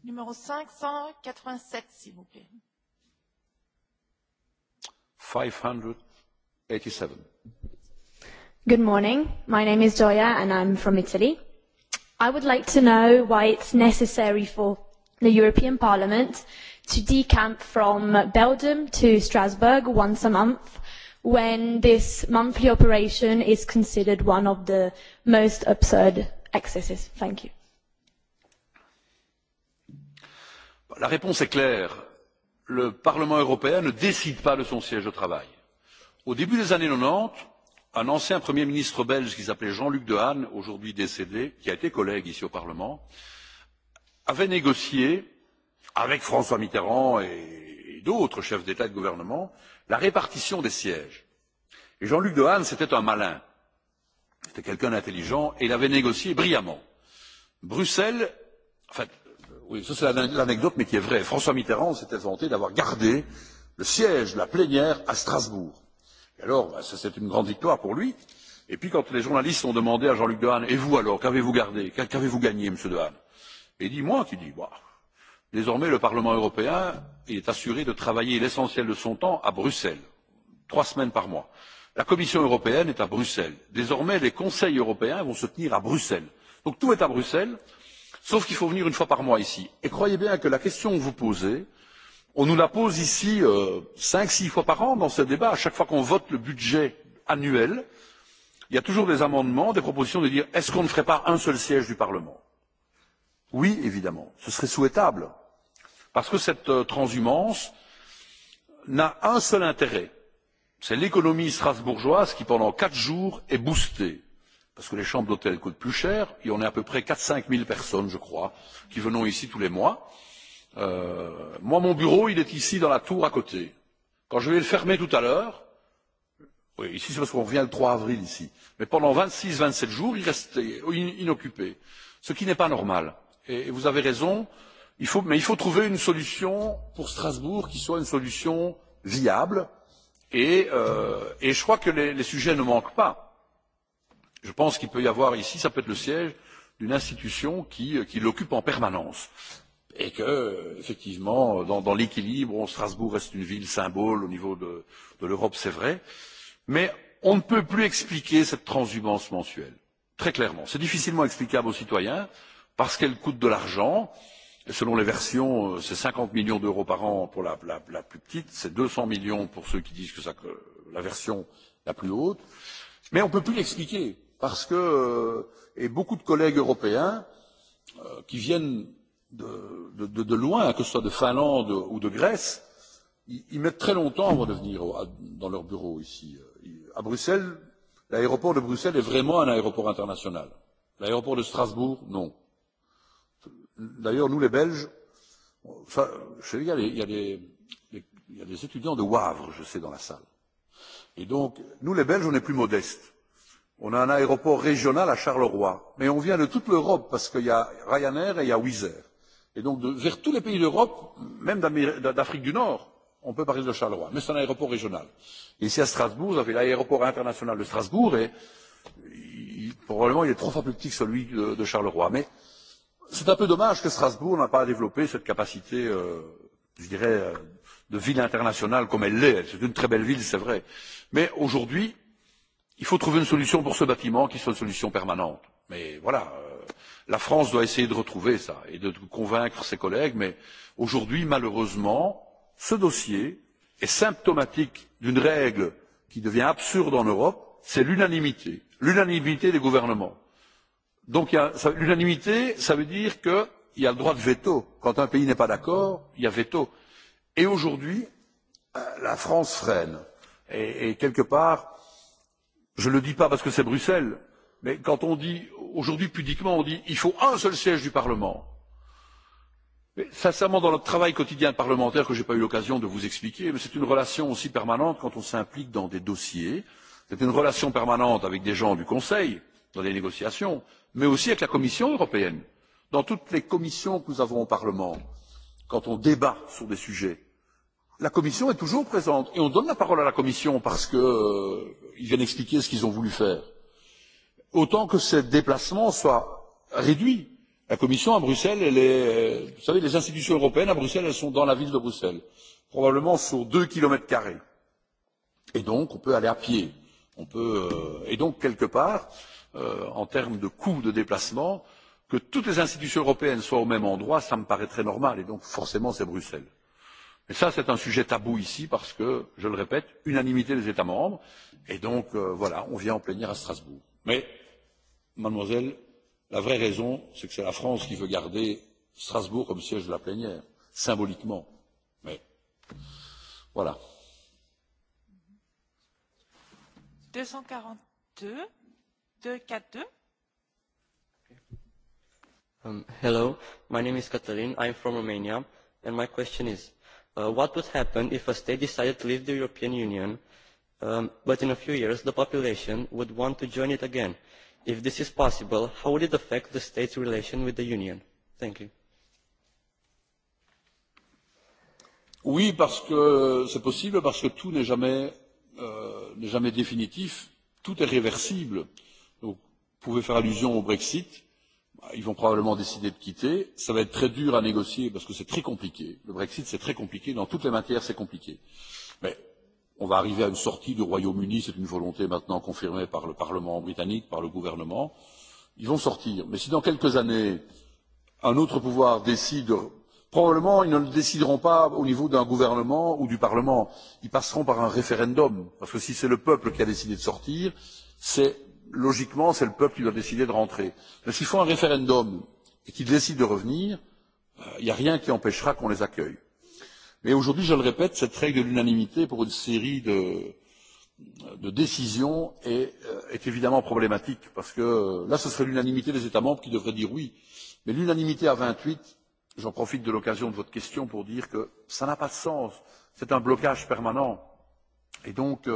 Numéro 587, s'il vous plaît. 587. Good morning. My name is and I'm from Italy. I would like to know why it's necessary for the European Parliament to decamp from Belgium to Strasbourg once a month when this monthly operation is considered one of the most absurd excesses. Thank you. La réponse est claire. Le Parlement européen ne décide pas de son siège de travail. Au début des années 90, un ancien Premier ministre belge qui s'appelait Jean-Luc Dehaene, aujourd'hui décédé, qui a été collègue ici au Parlement, avait négocié avec François Mitterrand et d'autres chefs d'État et de gouvernement la répartition des sièges. Et Jean-Luc Dehaene, c'était un malin. C'était quelqu'un d'intelligent et il avait négocié brillamment. Bruxelles, en fait, oui, ça c'est l'anecdote mais qui est vraie. François Mitterrand s'était vanté d'avoir gardé le siège de la plénière à Strasbourg. Alors, ça c'est une grande victoire pour lui. Et puis quand les journalistes ont demandé à Jean-Luc Dehaene, et vous alors, qu'avez-vous gardé, qu'avez-vous gagné, M. Dehaene Et il dit, moi, qui dis bah, désormais le Parlement européen est assuré de travailler l'essentiel de son temps à Bruxelles, trois semaines par mois. La Commission européenne est à Bruxelles. Désormais, les conseils européens vont se tenir à Bruxelles. Donc tout est à Bruxelles, sauf qu'il faut venir une fois par mois ici. Et croyez bien que la question que vous posez, on nous la pose ici cinq six fois par an dans ce débat à chaque fois qu'on vote le budget annuel il y a toujours des amendements des propositions de dire est ce qu'on ne ferait pas un seul siège du parlement? oui évidemment ce serait souhaitable parce que cette transhumance n'a un seul intérêt c'est l'économie strasbourgeoise qui pendant quatre jours est boostée parce que les chambres d'hôtel coûtent plus cher et on est à peu près quatre cinq personnes je crois qui venons ici tous les mois Moi, mon bureau, il est ici, dans la tour à côté. Quand je vais le fermer tout à l'heure, oui, ici, c'est parce qu'on revient le 3 avril, ici, mais pendant 26-27 jours, il reste inoccupé, ce qui n'est pas normal. Et vous avez raison, mais il faut trouver une solution pour Strasbourg qui soit une solution viable. Et je crois que les sujets ne manquent pas. Je pense qu'il peut y avoir ici, ça peut être le siège d'une institution qui l'occupe en permanence et que, effectivement, dans l'équilibre, Strasbourg reste une ville symbole au niveau de l'Europe, c'est vrai, mais on ne peut plus expliquer cette transhumance mensuelle, très clairement. C'est difficilement explicable aux citoyens, parce qu'elle coûte de l'argent, et selon les versions, c'est 50 millions d'euros par an pour la plus petite, c'est 200 millions pour ceux qui disent que c'est la version la plus haute, mais on ne peut plus l'expliquer, parce que, et beaucoup de collègues européens qui viennent de loin, que ce soit de Finlande ou de Grèce, ils mettent très longtemps avant de venir dans leur bureau ici. À Bruxelles, l'aéroport de Bruxelles est vraiment un aéroport international. L'aéroport de Strasbourg, non. D'ailleurs, nous les Belges, il y a des étudiants de Wavre, je sais, dans la salle. Et donc, nous les Belges, on est plus modestes. On a un aéroport régional à Charleroi. Mais on vient de toute l'Europe parce qu'il y a Ryanair et il y a Wizz et donc vers tous les pays d'Europe, même d'Afrique du Nord, on peut parler de Charleroi, mais c'est un aéroport régional. Ici à Strasbourg, vous avez l'aéroport international de Strasbourg et probablement il est trois fois plus petit que celui de Charleroi. Mais c'est un peu dommage que Strasbourg n'a pas développé cette capacité, je dirais, de ville internationale comme elle l'est. C'est une très belle ville, c'est vrai. Mais aujourd'hui, il faut trouver une solution pour ce bâtiment qui soit une solution permanente. Mais voilà La France doit essayer de retrouver ça et de convaincre ses collègues, mais aujourd'hui, malheureusement, ce dossier est symptomatique d'une règle qui devient absurde en Europe, c'est l'unanimité, l'unanimité des gouvernements. Donc l'unanimité, ça veut dire qu'il y a le droit de veto. Quand un pays n'est pas d'accord, il y a veto. Et aujourd'hui, la France freine. Et quelque part, je ne le dis pas parce que c'est Bruxelles, Mais quand on dit, aujourd'hui pudiquement, on dit il faut un seul siège du Parlement. Mais sincèrement, dans notre travail quotidien parlementaire, que je n'ai pas eu l'occasion de vous expliquer, mais c'est une relation aussi permanente quand on s'implique dans des dossiers. C'est une relation permanente avec des gens du Conseil, dans les négociations, mais aussi avec la Commission européenne. Dans toutes les commissions que nous avons au Parlement, quand on débat sur des sujets, la Commission est toujours présente. Et on donne la parole à la Commission parce qu'ils viennent expliquer ce qu'ils ont voulu faire autant que ces déplacements soient réduits. La Commission à Bruxelles, elle est, vous savez, les institutions européennes à Bruxelles, elles sont dans la ville de Bruxelles, probablement sur deux kilomètres carrés. Et donc, on peut aller à pied. On peut, et donc, quelque part, en termes de coût de déplacement, que toutes les institutions européennes soient au même endroit, ça me paraît très normal. Et donc, forcément, c'est Bruxelles. Mais ça, c'est un sujet tabou ici parce que, je le répète, unanimité des États membres. Et donc, voilà, on vient en plénière à Strasbourg. Mais mademoiselle, la vraie raison, c'est que c'est la France qui veut garder Strasbourg comme siège de la plénière, symboliquement. Mais voilà. 242, 242. Um, hello, my name is Catherine. I'm from Romania, and my question is, what would happen if a state decided to leave the European Union, but in a few years the population would want to join it again? If this is possible, how would it affect the state's relation with the Union? Thank you. Oui, parce que c'est possible, parce que tout n'est jamais, euh, jamais définitif, tout est réversible. vous pouvez faire allusion au Brexit, ils vont probablement décider de quitter, ça va être très dur à négocier parce que c'est très compliqué. Le Brexit, c'est très compliqué, dans toutes les matières, c'est compliqué. Mais on va arriver à une sortie du Royaume-Uni, c'est une volonté maintenant confirmée par le Parlement britannique, par le gouvernement. Ils vont sortir. Mais si dans quelques années, un autre pouvoir décide, probablement ils ne le décideront pas au niveau d'un gouvernement ou du Parlement. Ils passeront par un référendum. Parce que si c'est le peuple qui a décidé de sortir, c'est logiquement, c'est le peuple qui doit décider de rentrer. Mais s'ils font un référendum et qu'ils décident de revenir, il n'y a rien qui empêchera qu'on les accueille. Mais aujourd'hui, je le répète, cette règle de l'unanimité pour une série de, de décisions est, est évidemment problématique, parce que là, ce serait l'unanimité des États membres qui devraient dire oui. Mais l'unanimité à 28, j'en profite de l'occasion de votre question pour dire que ça n'a pas de sens. C'est un blocage permanent. Et donc,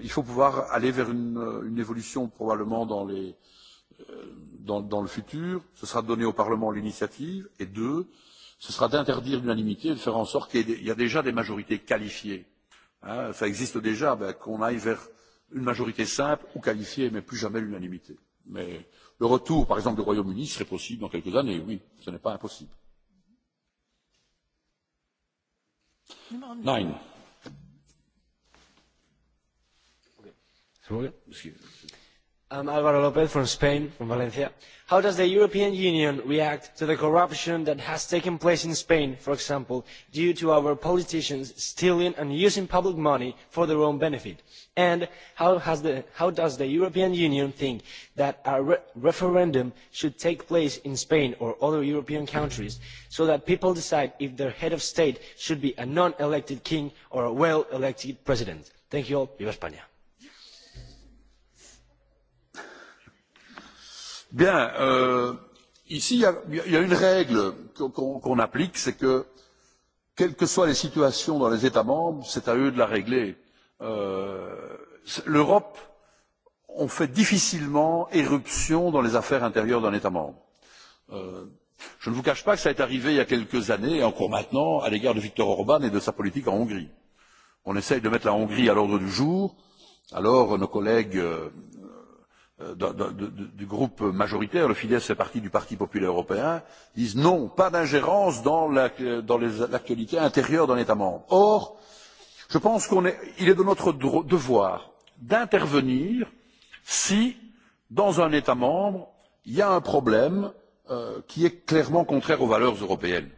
il faut pouvoir aller vers une, une évolution probablement dans, les, dans, dans le futur. Ce sera donné au Parlement l'initiative. Et deux, ce sera d'interdire l'unanimité et de faire en sorte qu'il y a déjà des majorités qualifiées. Ça existe déjà, qu'on aille vers une majorité simple ou qualifiée, mais plus jamais l'unanimité. Mais le retour, par exemple, du Royaume-Uni serait possible dans quelques années, oui, ce n'est pas impossible. Nine. I'm Álvaro López from Spain, from Valencia. How does the European Union react to the corruption that has taken place in Spain, for example, due to our politicians stealing and using public money for their own benefit? And how does the European Union think that a referendum should take place in Spain or other European countries so that people decide if their head of state should be a non-elected king or a well-elected president? Thank you all. Viva España. Bien, ici, il y a une règle qu'on applique, c'est que, quelles que soient les situations dans les États membres, c'est à eux de la régler. L'Europe, on fait difficilement éruption dans les affaires intérieures d'un État membre. Je ne vous cache pas que ça est arrivé il y a quelques années, et encore maintenant, à l'égard de Viktor Orban et de sa politique en Hongrie. On essaye de mettre la Hongrie à l'ordre du jour, alors nos collègues du groupe majoritaire, le Fidesz fait partie du Parti populaire européen, disent non, pas d'ingérence dans l'actualité intérieure d'un État membre. Or, je pense qu'il est de notre devoir d'intervenir si, dans un État membre, il y a un problème qui est clairement contraire aux valeurs européennes.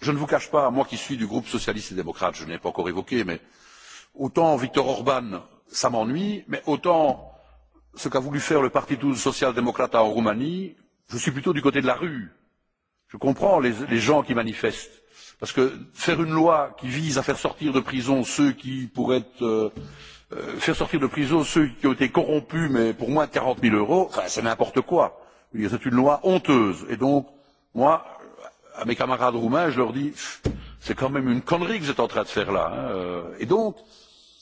Je ne vous cache pas, moi qui suis du groupe socialiste et démocrate, je ne l'ai pas encore évoqué, mais autant Viktor Orban, ça m'ennuie, mais autant ce qu'a voulu faire le Parti Social Démocrate en Roumanie, je suis plutôt du côté de la rue. Je comprends les gens qui manifestent. Parce que faire une loi qui vise à faire sortir de prison ceux qui pourraient Faire sortir de prison ceux qui ont été corrompus, mais pour moins de 40 000 euros, c'est n'importe quoi. C'est une loi honteuse. Et donc, moi, à mes camarades roumains, je leur dis, c'est quand même une connerie que vous êtes en train de faire là. Et donc,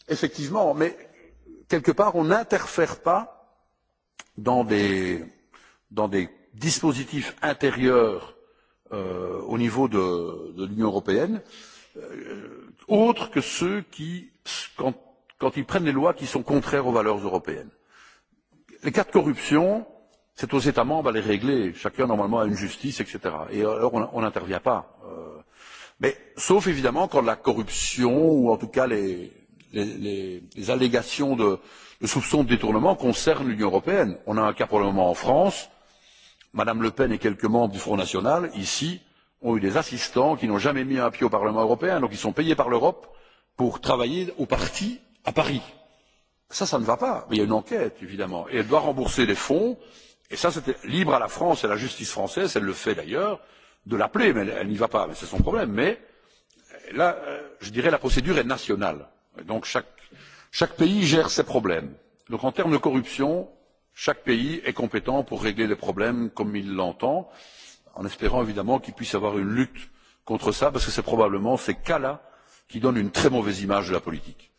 effectivement, mais quelque part, on n'interfère pas dans des dispositifs intérieurs au niveau de l'Union européenne, autres que ceux qui, quand ils prennent des lois qui sont contraires aux valeurs européennes. Les cas de corruption, c'est aux États membres à les régler. Chacun, normalement, a une justice, etc. Et alors, on n'intervient pas. Mais, sauf, évidemment, quand la corruption, ou en tout cas les allégations de Le soupçon de détournement concerne l'Union européenne. On a un cas pour le moment en France. Madame Le Pen et quelques membres du Front National, ici, ont eu des assistants qui n'ont jamais mis un pied au Parlement européen, donc ils sont payés par l'Europe pour travailler au parti à Paris. Ça, ça ne va pas. Mais il y a une enquête, évidemment. Et elle doit rembourser les fonds. Et ça, c'est libre à la France et à la justice française, elle le fait d'ailleurs, de l'appeler, mais elle n'y va pas. mais C'est son problème. Mais là, je dirais, la procédure est nationale. Donc chaque Chaque pays gère ses problèmes. Donc en termes de corruption, chaque pays est compétent pour régler les problèmes comme il l'entend, en espérant évidemment qu'il puisse y avoir une lutte contre cela, parce que c'est probablement ces cas-là qui donnent une très mauvaise image de la politique.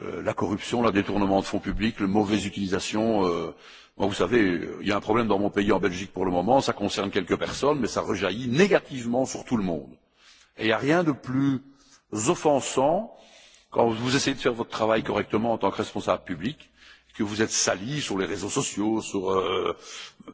La corruption, le détournement de fonds publics, la mauvaise utilisation. Vous savez, il y a un problème dans mon pays, en Belgique, pour le moment. Ça concerne quelques personnes, mais ça rejaillit négativement sur tout le monde. Et il n'y a rien de plus offensant quand vous essayez de faire votre travail correctement en tant que responsable public, que vous êtes sali sur les réseaux sociaux, sur,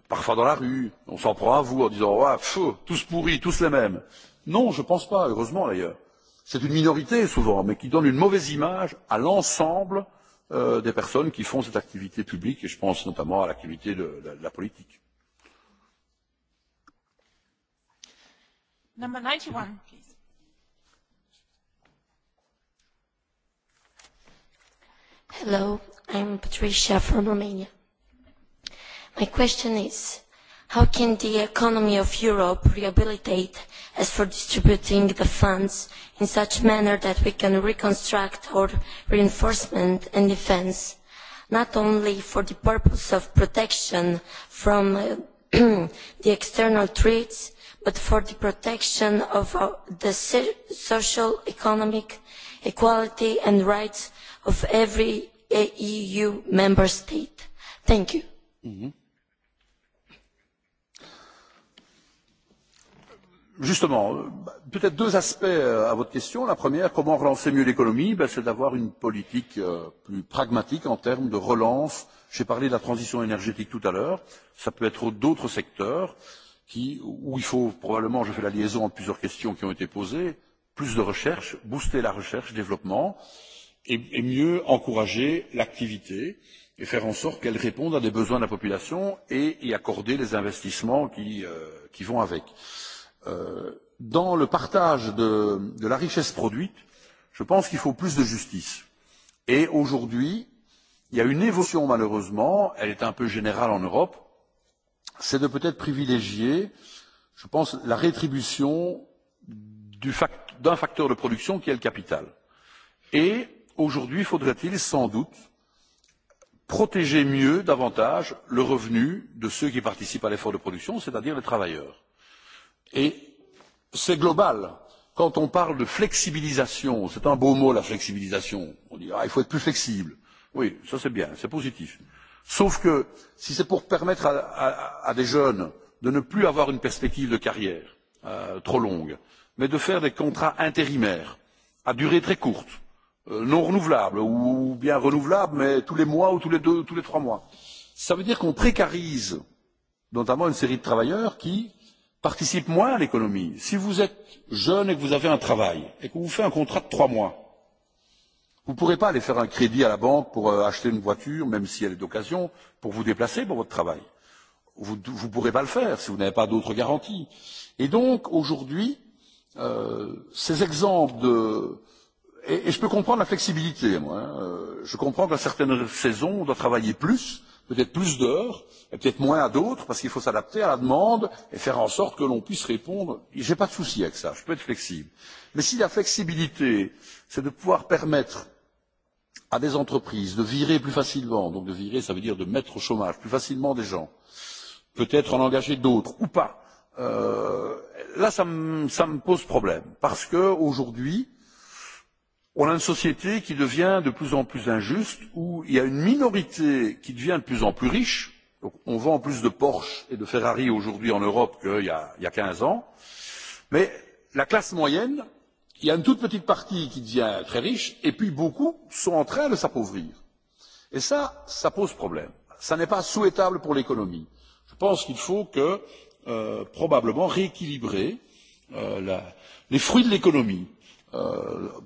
parfois dans la rue, on s'en prend à vous en disant ouais, tous pourris, tous les mêmes. Non, je ne pense pas, heureusement d'ailleurs. C'est une minorité souvent, mais qui donne une mauvaise image à l'ensemble des personnes qui font cette activité publique, et je pense notamment à l'activité de, la politique. Number 91, Hello, I'm Patricia from Romania. My question is, how can the economy of Europe rehabilitate as for distributing the funds in such manner that we can reconstruct our reinforcement and defense, not only for the purpose of protection from the external threats, but for the protection of the social, economic, equality and rights of every EU member state. Thank you. Justement, peut-être deux aspects à votre question. La première, comment relancer mieux l'économie C'est d'avoir une politique plus pragmatique en termes de relance. J'ai parlé de la transition énergétique tout à l'heure. Ça peut être d'autres secteurs où il faut probablement, je fais la liaison entre plusieurs questions qui ont été posées, plus de recherche, booster la recherche, développement et mieux encourager l'activité et faire en sorte qu'elle réponde à des besoins de la population et y accorder les investissements qui qui vont avec. Dans le partage de de la richesse produite, je pense qu'il faut plus de justice. Et aujourd'hui, il y a une évolution malheureusement, elle est un peu générale en Europe, c'est de peut-être privilégier, je pense, la rétribution d'un facteur de production qui est le capital. Et Aujourd'hui, faudrait-il sans doute protéger mieux, davantage, le revenu de ceux qui participent à l'effort de production, c'est-à-dire les travailleurs. Et c'est global. Quand on parle de flexibilisation, c'est un beau mot la flexibilisation. On dit, ah, il faut être plus flexible. Oui, ça c'est bien, c'est positif. Sauf que si c'est pour permettre à des jeunes de ne plus avoir une perspective de carrière trop longue, mais de faire des contrats intérimaires à durée très courte, non renouvelable ou bien renouvelable, mais tous les mois ou tous les deux tous les trois mois. Ça veut dire qu'on précarise notamment une série de travailleurs qui participent moins à l'économie. Si vous êtes jeune et que vous avez un travail et que vous faites un contrat de trois mois, vous ne pourrez pas aller faire un crédit à la banque pour acheter une voiture, même si elle est d'occasion, pour vous déplacer pour votre travail. Vous ne pourrez pas le faire si vous n'avez pas d'autres garanties. Et donc, aujourd'hui, ces exemples de Et je peux comprendre la flexibilité. moi. Je comprends qu'à certaines saisons, on doit travailler plus, peut-être plus d'heures, et peut-être moins à d'autres, parce qu'il faut s'adapter à la demande et faire en sorte que l'on puisse répondre. Je n'ai pas de souci avec ça, je peux être flexible. Mais si la flexibilité, c'est de pouvoir permettre à des entreprises de virer plus facilement, donc de virer, ça veut dire de mettre au chômage plus facilement des gens, peut-être en engager d'autres ou pas, là, ça me pose problème. Parce qu'aujourd'hui, On a une société qui devient de plus en plus injuste, où il y a une minorité qui devient de plus en plus riche. On vend plus de Porsche et de Ferrari aujourd'hui en Europe qu'il y a 15 ans. Mais la classe moyenne, il y a une toute petite partie qui devient très riche, et puis beaucoup sont en train de s'appauvrir. Et ça, ça pose problème. Ça n'est pas souhaitable pour l'économie. Je pense qu'il faut que, probablement, rééquilibrer les fruits de l'économie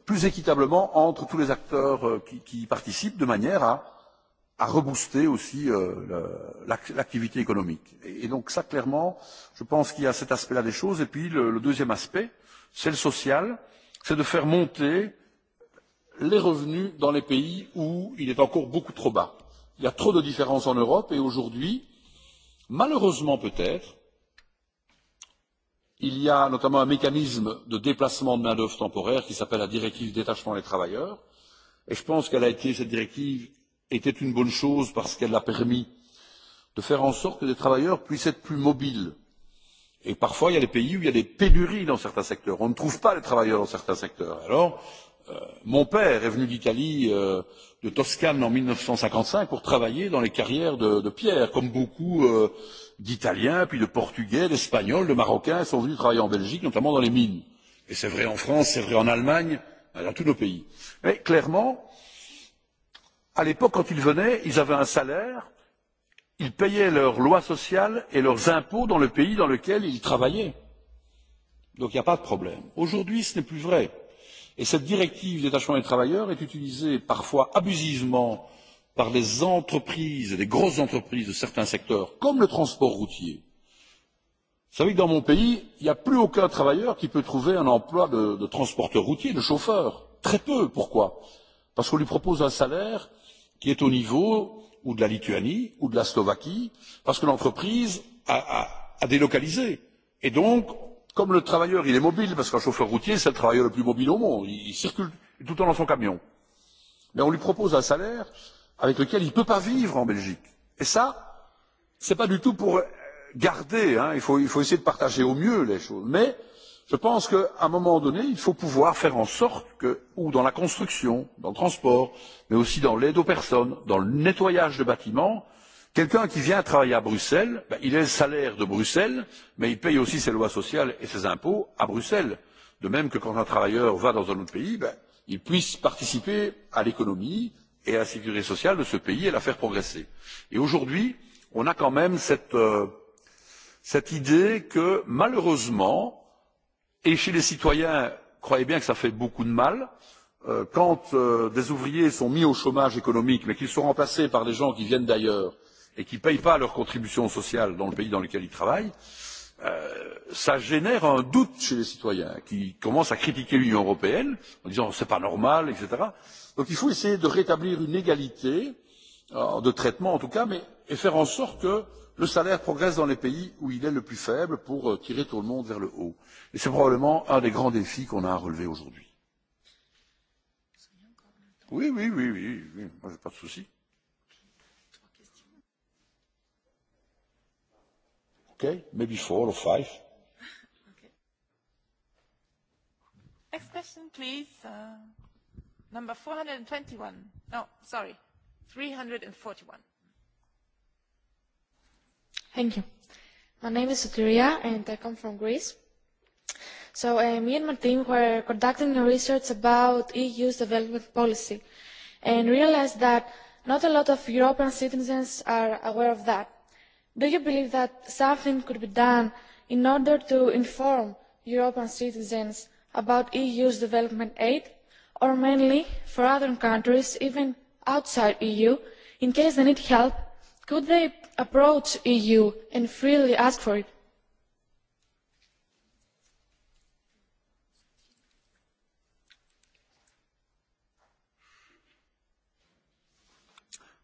plus équitablement entre tous les acteurs qui y participent, de manière à rebooster aussi l'activité économique. Et donc ça, clairement, je pense qu'il y a cet aspect-là des choses. Et puis le deuxième aspect, c'est le social, c'est de faire monter les revenus dans les pays où il est encore beaucoup trop bas. Il y a trop de différences en Europe et aujourd'hui, malheureusement peut-être, Il y a notamment un mécanisme de déplacement de main-d'œuvre temporaire qui s'appelle la directive détachement des travailleurs. Et je pense que cette directive était une bonne chose parce qu'elle a permis de faire en sorte que les travailleurs puissent être plus mobiles. Et parfois, il y a des pays où il y a des pénuries dans certains secteurs. On ne trouve pas les travailleurs dans certains secteurs. Alors, mon père est venu d'Italie, de Toscane en 1955 pour travailler dans les carrières de pierre, comme beaucoup d'Italiens, puis de Portugais, d'Espagnols, de Marocains sont venus travailler en Belgique, notamment dans les mines. Et c'est vrai en France, c'est vrai en Allemagne, dans tous nos pays. Mais clairement, à l'époque, quand ils venaient, ils avaient un salaire, ils payaient leurs lois sociales et leurs impôts dans le pays dans lequel ils travaillaient. Donc il n'y a pas de problème. Aujourd'hui, ce n'est plus vrai. Et cette directive détachement des travailleurs est utilisée parfois abusivement par les entreprises, les grosses entreprises de certains secteurs, comme le transport routier. Vous savez que dans mon pays, il n'y a plus aucun travailleur qui peut trouver un emploi de, de transporteur routier, de chauffeur. Très peu. Pourquoi Parce qu'on lui propose un salaire qui est au niveau ou de la Lituanie ou de la Slovaquie, parce que l'entreprise a, a, délocalisé. Et donc, comme le travailleur, il est mobile, parce qu'un chauffeur routier, c'est le travailleur le plus mobile au monde. Il, il circule tout le temps dans son camion. Mais on lui propose un salaire avec lequel il ne peut pas vivre en Belgique. Et ça, ce n'est pas du tout pour garder, il, faut, essayer de partager au mieux les choses. Mais je pense qu'à un moment donné, il faut pouvoir faire en sorte que, ou dans la construction, dans le transport, mais aussi dans l'aide aux personnes, dans le nettoyage de bâtiments, quelqu'un qui vient travailler à Bruxelles, il ait le salaire de Bruxelles, mais il paye aussi ses lois sociales et ses impôts à Bruxelles. De même que quand un travailleur va dans un autre pays, il puisse participer à l'économie, et à la sécurité sociale de ce pays et la faire progresser. Et aujourd'hui, on a quand même cette idée que, malheureusement, et chez les citoyens, croyez bien que ça fait beaucoup de mal, quand des ouvriers sont mis au chômage économique, mais qu'ils sont remplacés par des gens qui viennent d'ailleurs et qui ne payent pas leurs contributions sociales dans le pays dans lequel ils travaillent, ça génère un doute chez les citoyens qui commencent à critiquer l'Union européenne en disant c'est pas normal, etc. Donc il faut essayer de rétablir une égalité de traitement en tout cas, mais et faire en sorte que le salaire progresse dans les pays où il est le plus faible pour tirer tout le monde vers le haut. Et c'est probablement un des grands défis qu'on a à relever aujourd'hui. Oui, oui, oui, oui, oui, moi pas de souci. maybe four or five. Next please. Number 421. No, sorry. 341. Thank you. My name is Sotiria and I come from Greece. So me and my team were conducting research about EU's development policy and realized that not a lot of European citizens are aware of that. Do you believe that something could be done in order to inform European citizens about EU's development aid? or mainly for other countries, even outside EU, in case they need help, could they approach EU and freely ask for it?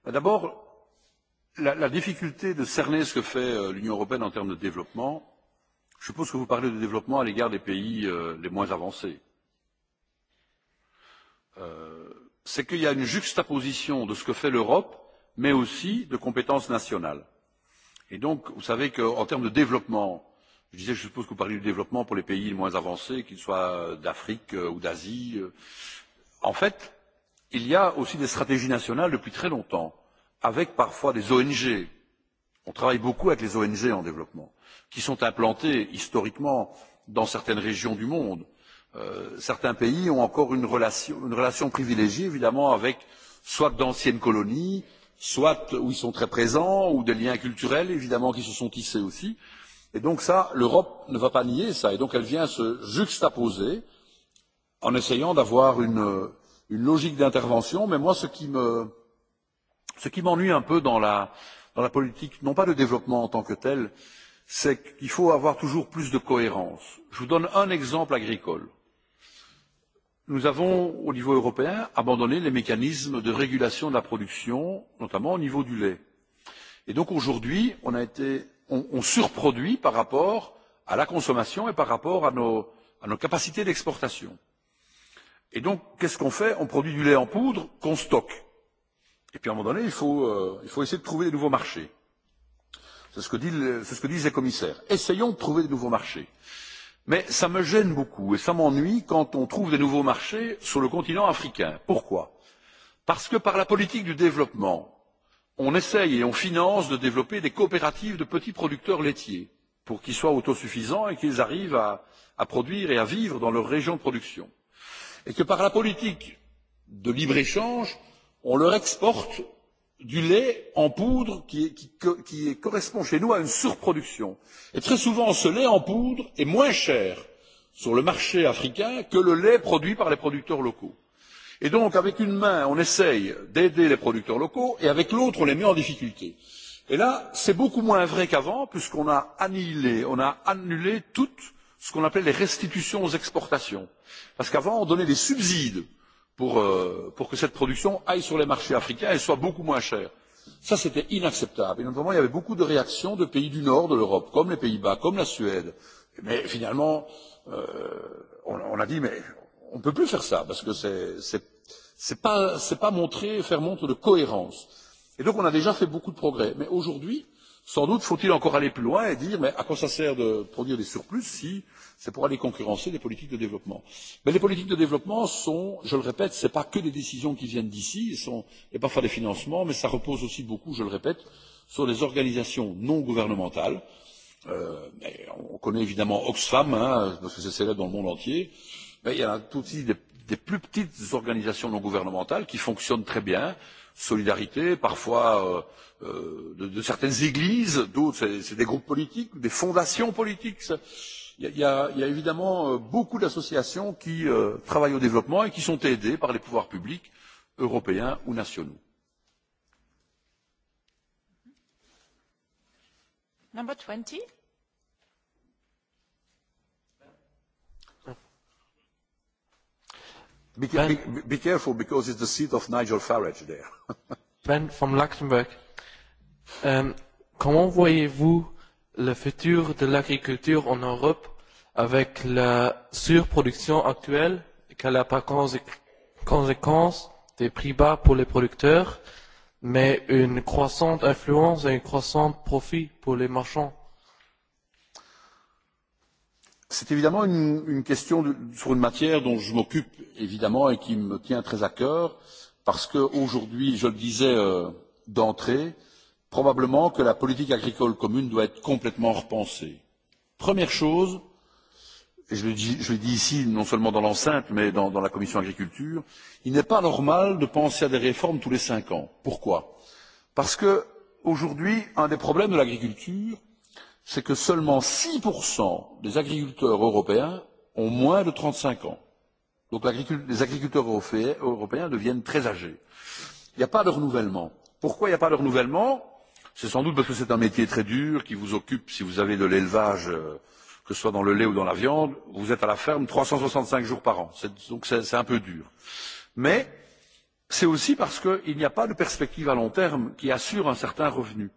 D'abord, la difficulté de cerner ce que fait l'Union européenne en termes de développement, je suppose que vous parlez de développement à l'égard des pays les moins avancés c'est qu'il y a une juxtaposition de ce que fait l'Europe, mais aussi de compétences nationales. Et donc, vous savez qu'en termes de développement, je disais, je suppose que vous parlez du développement pour les pays les moins avancés, qu'ils soient d'Afrique ou d'Asie. En fait, il y a aussi des stratégies nationales depuis très longtemps, avec parfois des ONG. On travaille beaucoup avec les ONG en développement, qui sont implantées historiquement dans certaines régions du monde certains pays ont encore une relation privilégiée évidemment avec soit d'anciennes colonies soit où ils sont très présents ou des liens culturels évidemment qui se sont tissés aussi et donc ça l'europe ne va pas nier ça et donc elle vient se juxtaposer en essayant d'avoir une logique d'intervention mais moi ce qui m'ennuie un peu dans la dans la politique non pas de développement en tant que tel c'est qu'il faut avoir toujours plus de cohérence je vous donne un exemple agricole Nous avons, au niveau européen, abandonné les mécanismes de régulation de la production, notamment au niveau du lait. Et donc aujourd'hui, on surproduit par rapport à la consommation et par rapport à nos capacités d'exportation. Et donc, qu'est-ce qu'on fait On produit du lait en poudre qu'on stocke. Et puis, à un moment donné, il faut essayer de trouver des nouveaux marchés. C'est ce que disent les commissaires. Essayons de trouver des nouveaux marchés. Mais ça me gêne beaucoup et ça m'ennuie quand on trouve de nouveaux marchés sur le continent africain. Pourquoi Parce que par la politique du développement, on essaye et on finance de développer des coopératives de petits producteurs laitiers pour qu'ils soient autosuffisants et qu'ils arrivent à produire et à vivre dans leur région de production. Et que par la politique de libre-échange, on leur exporte du lait en poudre qui correspond chez nous à une surproduction. Et très souvent, ce lait en poudre est moins cher sur le marché africain que le lait produit par les producteurs locaux. Et donc, avec une main, on essaye d'aider les producteurs locaux et avec l'autre, on les met en difficulté. Et là, c'est beaucoup moins vrai qu'avant, puisqu'on a annihilé, on a annulé toutes ce qu'on appelait les restitutions aux exportations. Parce qu'avant, on donnait des subsides pour que cette production aille sur les marchés africains et soit beaucoup moins chère. Ça, c'était inacceptable. Et notamment, il y avait beaucoup de réactions de pays du nord de l'Europe, comme les Pays-Bas, comme la Suède. Mais finalement, on a dit, mais on ne peut plus faire ça, parce que ce n'est pas montrer, faire montre de cohérence. Et donc, on a déjà fait beaucoup de progrès. Mais aujourd'hui, Sans doute faut-il encore aller plus loin et dire mais à quoi ça sert de produire des surplus si c'est pour aller concurrencer les politiques de développement. Mais les politiques de développement sont, je le répète, ce n'est pas que des décisions qui viennent d'ici et parfois des financements, mais ça repose aussi beaucoup, je le répète, sur les organisations non gouvernementales. On connaît évidemment Oxfam, parce que c'est célèbre dans le monde entier. Mais il y a tout aussi des plus petites organisations non gouvernementales qui fonctionnent très bien. Solidarité, parfois de certaines églises, d'autres c'est des groupes politiques, des fondations politiques. Il y a évidemment beaucoup d'associations qui travaillent au développement et qui sont aidées par les pouvoirs publics européens ou nationaux. Number 20. Be careful because it's the seat of Nigel Farage there. Ben from Luxembourg. Comment voyez-vous le futur de l'agriculture en Europe avec la surproduction actuelle qu'elle a pas conséquence des prix bas pour les producteurs, mais une croissante influence et un croissant profit pour les marchands C'est évidemment une question sur une matière dont je m'occupe évidemment et qui me tient très à cœur, parce qu'aujourd'hui, je le disais d'entrée, probablement que la politique agricole commune doit être complètement repensée. Première chose, et je le dis ici non seulement dans l'enceinte mais dans la commission agriculture, il n'est pas normal de penser à des réformes tous les cinq ans. Pourquoi Parce que aujourd'hui, un des problèmes de l'agriculture, c'est que seulement 6% des agriculteurs européens ont moins de 35 ans. Donc les agriculteurs européens deviennent très âgés. Il n'y a pas de renouvellement. Pourquoi il n'y a pas de renouvellement C'est sans doute parce que c'est un métier très dur qui vous occupe, si vous avez de l'élevage, que ce soit dans le lait ou dans la viande, vous êtes à la ferme 365 jours par an. Donc c'est un peu dur. Mais c'est aussi parce qu'il n'y a pas de perspective à long terme qui assure un certain revenu.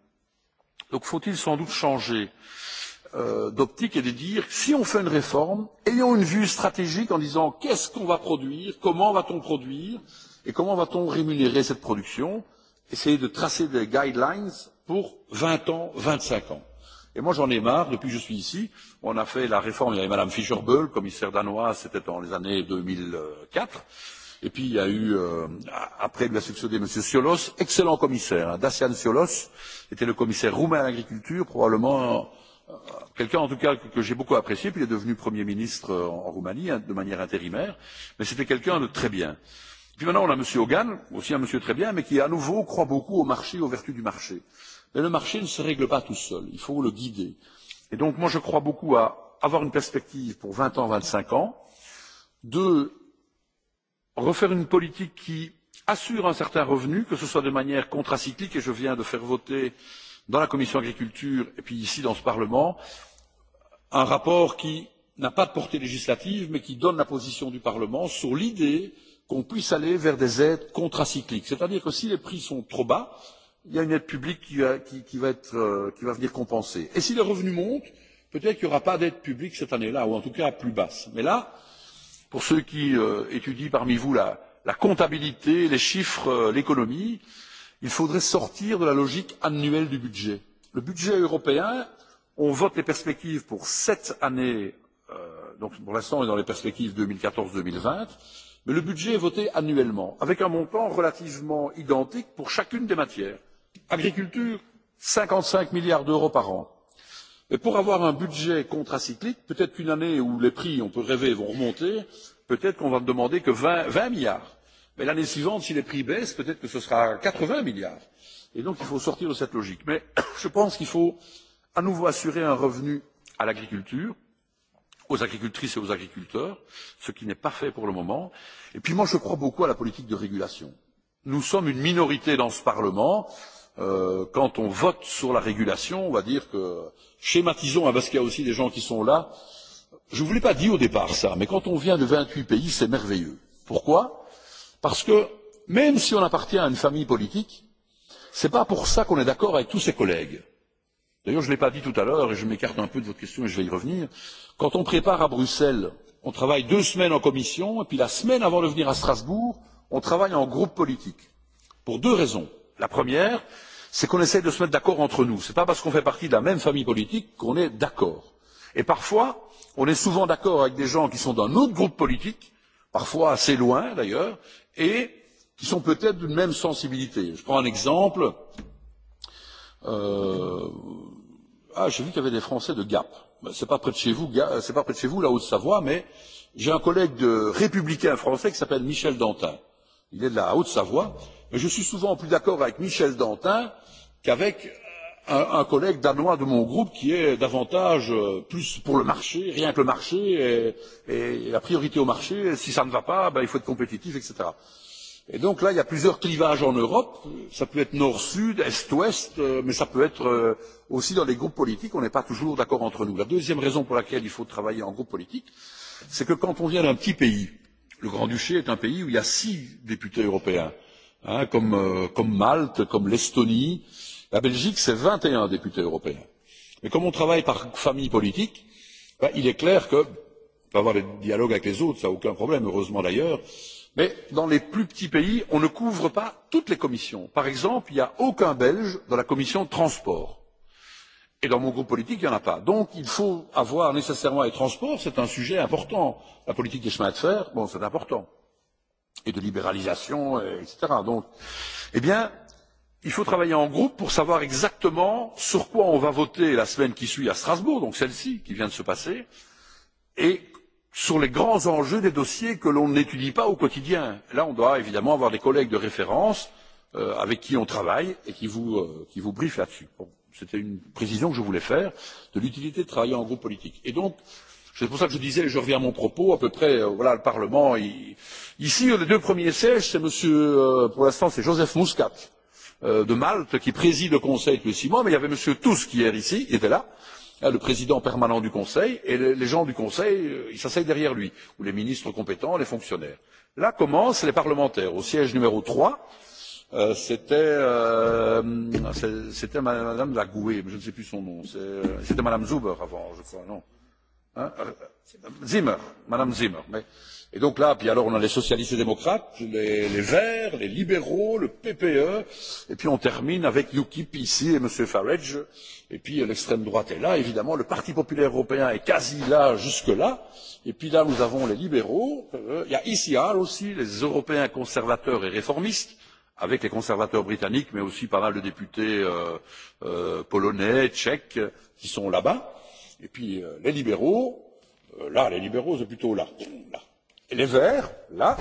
Donc faut-il sans doute changer d'optique et de dire si on fait une réforme, ayons une vue stratégique en disant qu'est-ce qu'on va produire, comment va-t-on produire et comment va-t-on rémunérer cette production, essayer de tracer des guidelines pour vingt ans, vingt cinq ans. Et moi, j'en ai marre, depuis que je suis ici, on a fait la réforme, il y avait Mme Fischer-Böll, commissaire danoise, c'était dans les années 2004, et puis il y a eu, après lui a succédé M. Ciolos, excellent commissaire, Dacian Ciolos, était le commissaire roumain à l'agriculture, probablement quelqu'un en tout cas que j'ai beaucoup apprécié, puis il est devenu Premier ministre en Roumanie de manière intérimaire, mais c'était quelqu'un de très bien. Puis maintenant, on a M. Hogan, aussi un monsieur très bien, mais qui à nouveau croit beaucoup au marché, aux vertus du marché. Mais le marché ne se règle pas tout seul, il faut le guider. Et donc, moi, je crois beaucoup à avoir une perspective pour 20 ans, 25 ans. de refaire une politique qui assure un certain revenu, que ce soit de manière contracyclique, et je viens de faire voter dans la Commission agriculture et puis ici dans ce Parlement, un rapport qui n'a pas de portée législative, mais qui donne la position du Parlement sur l'idée qu'on puisse aller vers des aides contracycliques. C'est-à-dire que si les prix sont trop bas, il y a une aide publique qui va venir compenser. Et si les revenus montent, peut-être qu'il n'y aura pas d'aide publique cette année-là, ou en tout cas plus basse. Mais là, pour ceux qui étudient parmi vous la comptabilité, les chiffres, l'économie, il faudrait sortir de la logique annuelle du budget. Le budget européen, on vote les perspectives pour sept années, donc pour l'instant on est dans les perspectives 2014-2020, mais le budget est voté annuellement avec un montant relativement identique pour chacune des matières agriculture cinquante cinq milliards d'euros par an. pour avoir un budget contracyclique peut être qu'une année où les prix on peut rêver vont remonter peut être qu'on va demander que vingt milliards mais l'année suivante si les prix baissent peut être que ce sera quatre vingts milliards et donc il faut sortir de cette logique. mais je pense qu'il faut à nouveau assurer un revenu à l'agriculture aux agricultrices et aux agriculteurs, ce qui n'est pas fait pour le moment. Et puis moi, je crois beaucoup à la politique de régulation. Nous sommes une minorité dans ce Parlement. Quand on vote sur la régulation, on va dire que schématisons, parce qu'il y a aussi des gens qui sont là. Je ne vous l'ai pas dit au départ ça, mais quand on vient de 28 pays, c'est merveilleux. Pourquoi Parce que même si on appartient à une famille politique, ce n'est pas pour ça qu'on est d'accord avec tous ses collègues. D'ailleurs, je ne l'ai pas dit tout à l'heure, et je m'écarte un peu de votre question et je vais y revenir. Quand on prépare à Bruxelles, on travaille deux semaines en commission, et puis la semaine avant de venir à Strasbourg, on travaille en groupe politique. Pour deux raisons. La première, c'est qu'on essaie de se mettre d'accord entre nous. Ce n'est pas parce qu'on fait partie de la même famille politique qu'on est d'accord. Et parfois, on est souvent d'accord avec des gens qui sont d'un autre groupe politique, parfois assez loin d'ailleurs, et qui sont peut-être d'une même sensibilité. Je prends un exemple. Ah, j'ai vu qu'il y avait des Français de Gap. C'est pas près de chez vous, c'est pas près de chez vous, la Haute-Savoie, mais j'ai un collègue de républicain français qui s'appelle Michel Dantin. Il est de la Haute-Savoie, mais je suis souvent plus d'accord avec Michel Dantin qu'avec un collègue danois de mon groupe qui est davantage plus pour le marché, rien que le marché, et la priorité au marché, si ça ne va pas, il faut être compétitif, etc. Et donc là, il y a plusieurs clivages en Europe. Ça peut être nord-sud, est-ouest, mais ça peut être aussi dans les groupes politiques. On n'est pas toujours d'accord entre nous. La deuxième raison pour laquelle il faut travailler en groupe politique, c'est que quand on vient d'un petit pays, le Grand-Duché est un pays où il y a six députés européens, comme Malte, comme l'Estonie. La Belgique, c'est 21 députés européens. Mais comme on travaille par famille politique, il est clair que, on peut avoir des dialogues avec les autres, ça n'a aucun problème, heureusement d'ailleurs, mais dans les plus petits pays on ne couvre pas toutes les commissions. par exemple il n'y a aucun belge dans la commission des transports et dans mon groupe politique il n'y en a pas. donc il faut avoir nécessairement les transports c'est un sujet important la politique des chemins de fer c'est important et de libéralisation etc. donc eh bien il faut travailler en groupe pour savoir exactement sur quoi on va voter la semaine qui suit à strasbourg donc celle ci qui vient de se passer et sur les grands enjeux des dossiers que l'on n'étudie pas au quotidien. Là, on doit évidemment avoir des collègues de référence avec qui on travaille et qui vous briefent là-dessus. C'était une précision que je voulais faire de l'utilité de travailler en groupe politique. Et donc, c'est pour ça que je disais, je reviens à mon propos, à peu près, voilà, le Parlement. Ici, les deux premiers sièges, c'est monsieur, pour l'instant, c'est Joseph Muscat de Malte qui préside le Conseil depuis six mois, mais il y avait monsieur qui est ici, il était là le président permanent du Conseil et les gens du Conseil, ils s'asseyent derrière lui, ou les ministres compétents, les fonctionnaires. Là commencent les parlementaires. Au siège numéro 3, c'était Madame Lagoué, je ne sais plus son nom, c'était Madame Zuber avant, je crois, non Zimmer, Madame Zimmer. Et donc là, puis alors on a les socialistes et démocrates, les, les verts, les libéraux, le PPE, et puis on termine avec UKIP ici et M. Farage, et puis l'extrême droite est là, évidemment, le Parti populaire européen est quasi là jusque-là, et puis là nous avons les libéraux, il y a ICR aussi, les européens conservateurs et réformistes, avec les conservateurs britanniques, mais aussi pas mal de députés polonais, tchèques, qui sont là-bas Et puis les libéraux, là, les libéraux, c'est plutôt là, Et les Verts, là,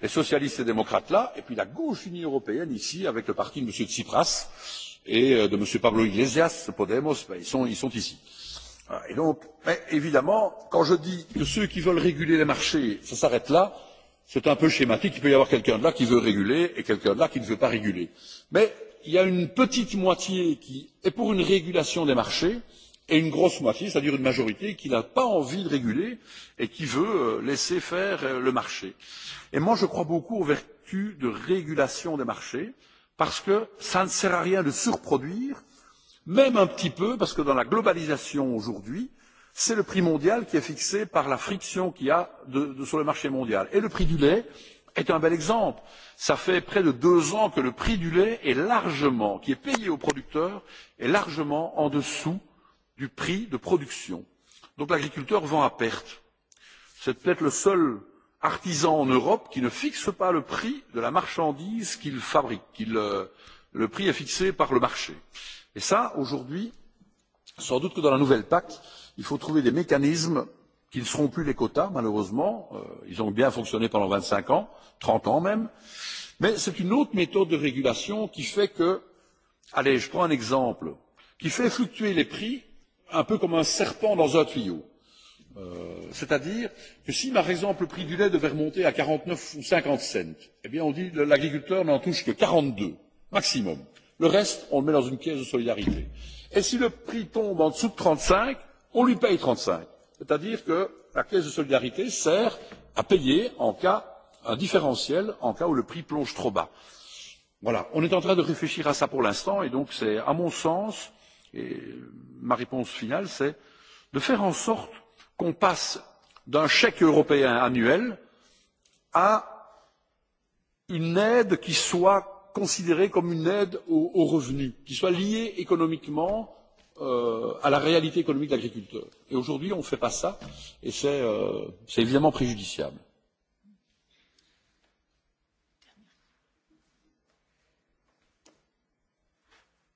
les socialistes et démocrates, là, et puis la gauche unie européenne, ici, avec le parti de M. Tsipras et de M. Pablo Iglesias, Podemos, ils sont ils sont ici. Et donc, évidemment, quand je dis que ceux qui veulent réguler les marchés, ça s'arrête là, c'est un peu schématique. Il peut y avoir quelqu'un de là qui veut réguler et quelqu'un de là qui ne veut pas réguler. Mais il y a une petite moitié qui est pour une régulation des marchés et une grosse moitié, c'est-à-dire une majorité qui n'a pas envie de réguler et qui veut laisser faire le marché. Et moi, je crois beaucoup aux vertus de régulation des marchés, parce que ça ne sert à rien de surproduire, même un petit peu, parce que dans la globalisation aujourd'hui, c'est le prix mondial qui est fixé par la friction qu'il y a sur le marché mondial. Et le prix du lait est un bel exemple. Ça fait près de deux ans que le prix du lait est largement, qui est payé aux producteurs, est largement en dessous du prix de production. Donc l'agriculteur vend à perte. C'est peut-être le seul artisan en Europe qui ne fixe pas le prix de la marchandise qu'il fabrique. Le prix est fixé par le marché. Et ça, aujourd'hui, sans doute que dans la nouvelle PAC, il faut trouver des mécanismes qui ne seront plus les quotas, malheureusement. Ils ont bien fonctionné pendant 25 ans, 30 ans même. Mais c'est une autre méthode de régulation qui fait que, allez, je prends un exemple, qui fait fluctuer les prix un peu comme un serpent dans un tuyau. C'est-à-dire que si, par exemple, le prix du lait devait remonter à 49 ou 50 cents, eh bien, on dit que l'agriculteur n'en touche que 42, maximum. Le reste, on le met dans une caisse de solidarité. Et si le prix tombe en dessous de 35, on lui paye 35. C'est-à-dire que la caisse de solidarité sert à payer en cas, un différentiel en cas où le prix plonge trop bas. Voilà. On est en train de réfléchir à ça pour l'instant et donc c'est, à mon sens, et ma réponse finale c'est de faire en sorte qu'on passe d'un chèque européen annuel à une aide qui soit considérée comme une aide aux revenus qui soit liée économiquement à la réalité économique de l'agriculteur. aujourd'hui on ne fait pas ça et c'est évidemment préjudiciable.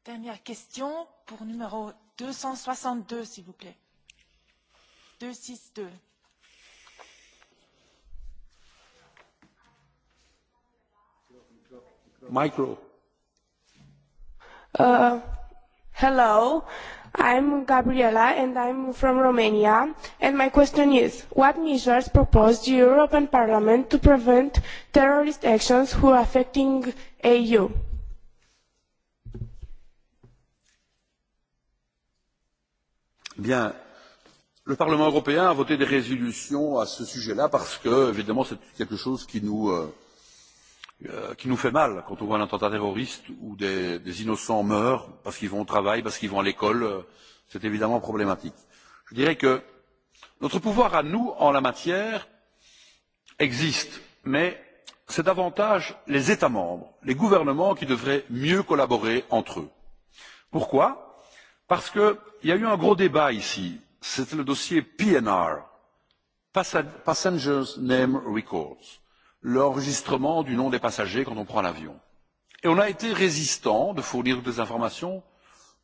Dernière question pour numéro 262, s'il vous plaît. 262. Micro. hello, I'm Gabriela and I'm from Romania. And my question is, what measures proposed the European Parliament to prevent terrorist actions who are affecting EU? Bien. Le Parlement européen a voté des résolutions à ce sujet-là parce que, évidemment, c'est quelque chose qui nous, fait mal quand on voit un attentat terroriste où des, des innocents meurent parce qu'ils vont au travail, parce qu'ils vont à l'école. C'est évidemment problématique. Je dirais que notre pouvoir à nous, en la matière, existe, mais c'est davantage les États membres, les gouvernements qui devraient mieux collaborer entre eux. Pourquoi Parce qu'il y a eu un gros débat ici. C'était le dossier PNR, Passengers Name Records, l'enregistrement du nom des passagers quand on prend l'avion. Et on a été résistant de fournir des informations.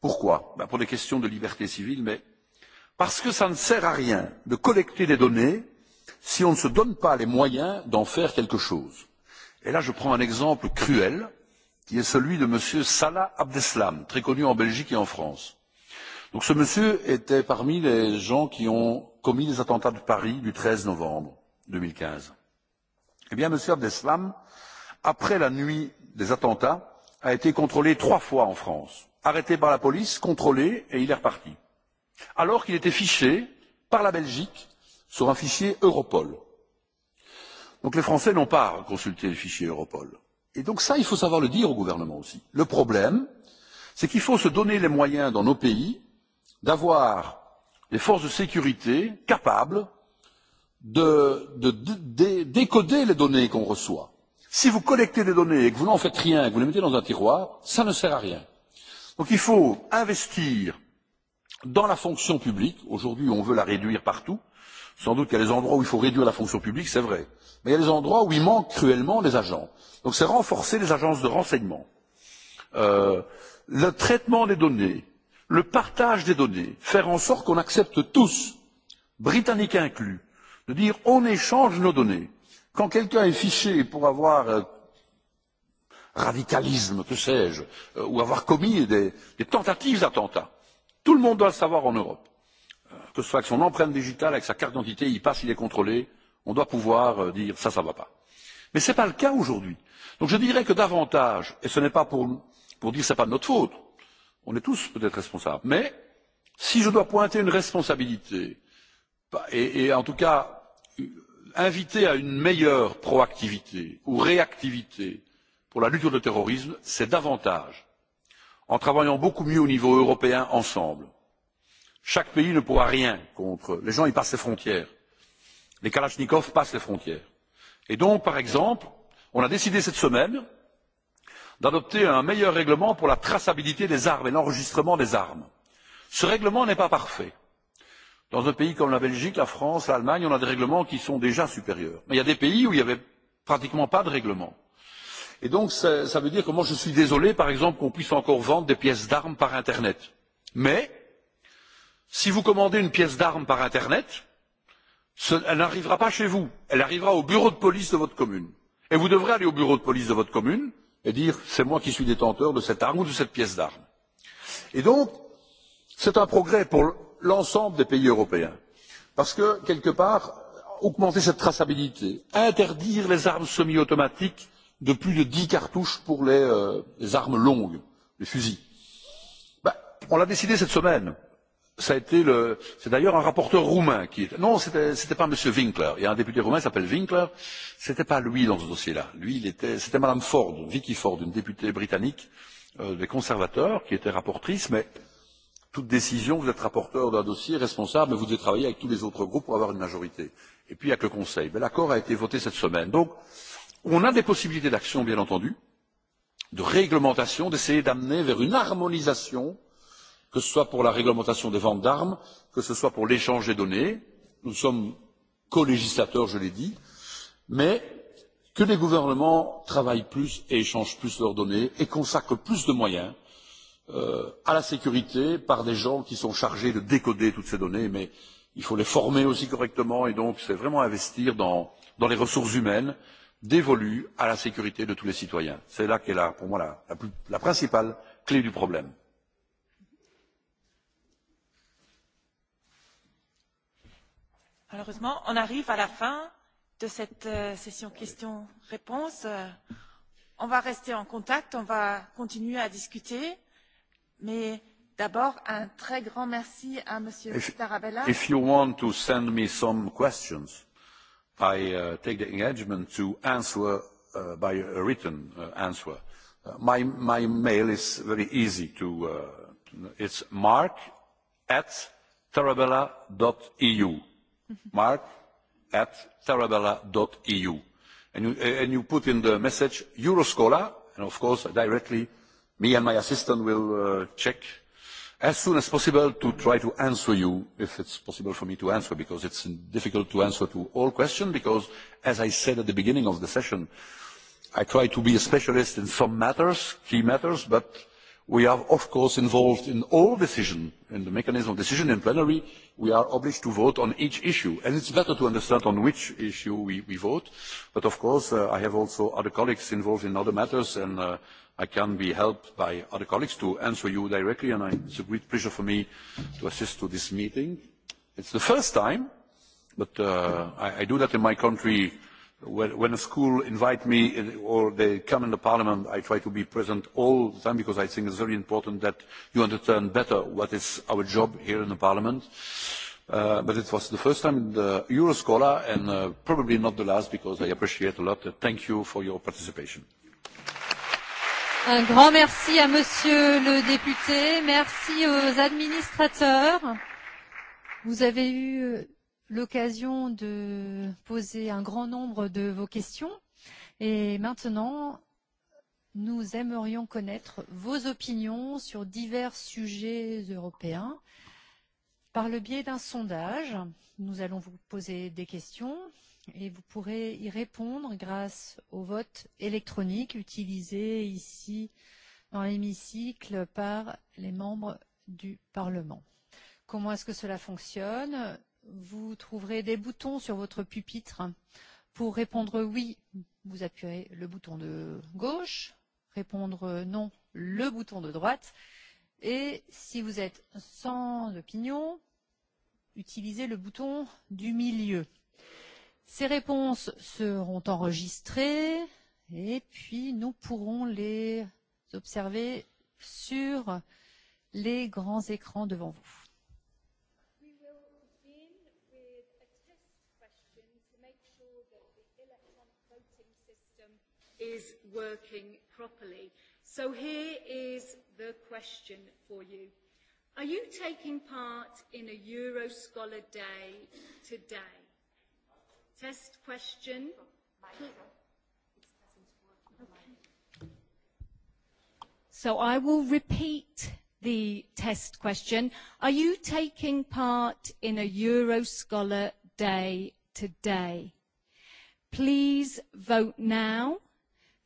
Pourquoi Pour des questions de liberté civile, mais parce que ça ne sert à rien de collecter des données si on ne se donne pas les moyens d'en faire quelque chose. Et là, je prends un exemple cruel, qui est celui de M. Salah Abdeslam, très connu en Belgique et en France. Donc ce monsieur était parmi les gens qui ont commis les attentats de Paris du 13 novembre 2015. Eh bien, monsieur Abdeslam, après la nuit des attentats, a été contrôlé trois fois en France. Arrêté par la police, contrôlé, et il est reparti. Alors qu'il était fiché par la Belgique sur un fichier Europol. Donc les Français n'ont pas consulté le fichier Europol. Et donc ça, il faut savoir le dire au gouvernement aussi. Le problème, c'est qu'il faut se donner les moyens dans nos pays d'avoir des forces de sécurité capables de décoder les données qu'on reçoit. Si vous collectez des données et que vous n'en faites rien, que vous les mettez dans un tiroir, ça ne sert à rien. Donc il faut investir dans la fonction publique. Aujourd'hui, on veut la réduire partout. Sans doute qu'il y a des endroits où il faut réduire la fonction publique, c'est vrai. Mais il y a des endroits où il manque cruellement des agents. Donc c'est renforcer les agences de renseignement. Le traitement des données le partage des données, faire en sorte qu'on accepte tous, Britanniques inclus, de dire on échange nos données. Quand quelqu'un est fiché pour avoir radicalisme, que sais-je, ou avoir commis des tentatives d'attentat, tout le monde doit le savoir en Europe. Que ce soit avec son empreinte digitale, avec sa carte d'identité, il passe, il est contrôlé, on doit pouvoir dire ça, ça ne va pas. Mais ce n'est pas le cas aujourd'hui. Donc je dirais que davantage, et ce n'est pas pour dire que ce n'est pas de notre faute, on est tous peut être responsables mais si je dois pointer une responsabilité et en tout cas inviter à une meilleure proactivité ou réactivité pour la lutte contre le terrorisme c'est davantage en travaillant beaucoup mieux au niveau européen ensemble chaque pays ne pourra rien contre les gens ils passent les frontières les kalachnikovs passent les frontières et donc par exemple on a décidé cette semaine d'adopter un meilleur règlement pour la traçabilité des armes et l'enregistrement des armes. Ce règlement n'est pas parfait. Dans un pays comme la Belgique, la France, l'Allemagne, on a des règlements qui sont déjà supérieurs. Mais il y a des pays où il n'y avait pratiquement pas de règlement. Et donc, ça veut dire que moi, je suis désolé, par exemple, qu'on puisse encore vendre des pièces d'armes par Internet. Mais, si vous commandez une pièce d'armes par Internet, elle n'arrivera pas chez vous. Elle arrivera au bureau de police de votre commune. Et vous devrez aller au bureau de police de votre commune et dire c'est moi qui suis détenteur de cette arme ou de cette pièce d'arme. Et donc, c'est un progrès pour l'ensemble des pays européens. Parce que, quelque part, augmenter cette traçabilité, interdire les armes semi-automatiques de plus de 10 cartouches pour les armes longues, les fusils. On l'a décidé cette semaine ça a été le, c'est d'ailleurs un rapporteur roumain qui était, non, c'était, c'était pas monsieur Winkler. Il y a un député roumain qui s'appelle Winkler. C'était pas lui dans ce dossier-là. Lui, il était, c'était madame Ford, Vicky Ford, une députée britannique, des conservateurs, qui était rapportrice, mais toute décision, vous êtes rapporteur d'un dossier, responsable, mais vous devez travailler avec tous les autres groupes pour avoir une majorité. Et puis avec le Conseil. Mais l'accord a été voté cette semaine. Donc, on a des possibilités d'action, bien entendu, de réglementation, d'essayer d'amener vers une harmonisation que ce soit pour la réglementation des ventes d'armes, que ce soit pour l'échange des données. Nous sommes colégislateurs, je l'ai dit, mais que les gouvernements travaillent plus et échangent plus leurs données et consacrent plus de moyens à la sécurité par des gens qui sont chargés de décoder toutes ces données, mais il faut les former aussi correctement et donc c'est vraiment investir dans les ressources humaines dévolues à la sécurité de tous les citoyens. C'est là qu'est là, pour moi, la principale clé du problème. Malheureusement, on arrive à la fin de cette session questions-réponses. On va rester en contact, on va continuer à discuter, mais d'abord un très grand merci à Monsieur Tarabella. If you want to send me some questions, I take the engagement to answer by a written answer. My my mail is very easy to. It's mark at tarabella.eu mark at eu And you put in the message Euroscola, and of course directly me and my assistant will check as soon as possible to try to answer you, if it's possible for me to answer, because it's difficult to answer to all questions, because as I said at the beginning of the session, I try to be a specialist in some matters, key matters, but We are, of course, involved in all decision, in the mechanism of decision in plenary. We are obliged to vote on each issue, and it's better to understand on which issue we vote. But, of course, I have also other colleagues involved in other matters, and I can be helped by other colleagues to answer you directly, and it's a great pleasure for me to assist to this meeting. It's the first time, but I do that in my country When a school invite me or they come in the parliament, I try to be present all the time because I think it's very important that you understand better what is our job here in the parliament. But it was the first time in the Euroscola and probably not the last because I appreciate a lot. Thank you for your participation. Un grand merci à monsieur le député. Merci aux administrateurs. Vous avez eu l'occasion de poser un grand nombre de vos questions. Et maintenant, nous aimerions connaître vos opinions sur divers sujets européens. Par le biais d'un sondage, nous allons vous poser des questions et vous pourrez y répondre grâce au vote électronique utilisé ici dans l'hémicycle par les membres du Parlement. Comment est-ce que cela fonctionne vous trouverez des boutons sur votre pupitre. Pour répondre oui, vous appuyez le bouton de gauche, répondre non, le bouton de droite. Et si vous êtes sans opinion, utilisez le bouton du milieu. Ces réponses seront enregistrées et puis nous pourrons les observer sur les grands écrans devant vous. working properly. So here is the question for you. Are you taking part in a Euroscholar Day today? Test question. So I will repeat the test question. Are you taking part in a Euroscholar Day today? Please vote now.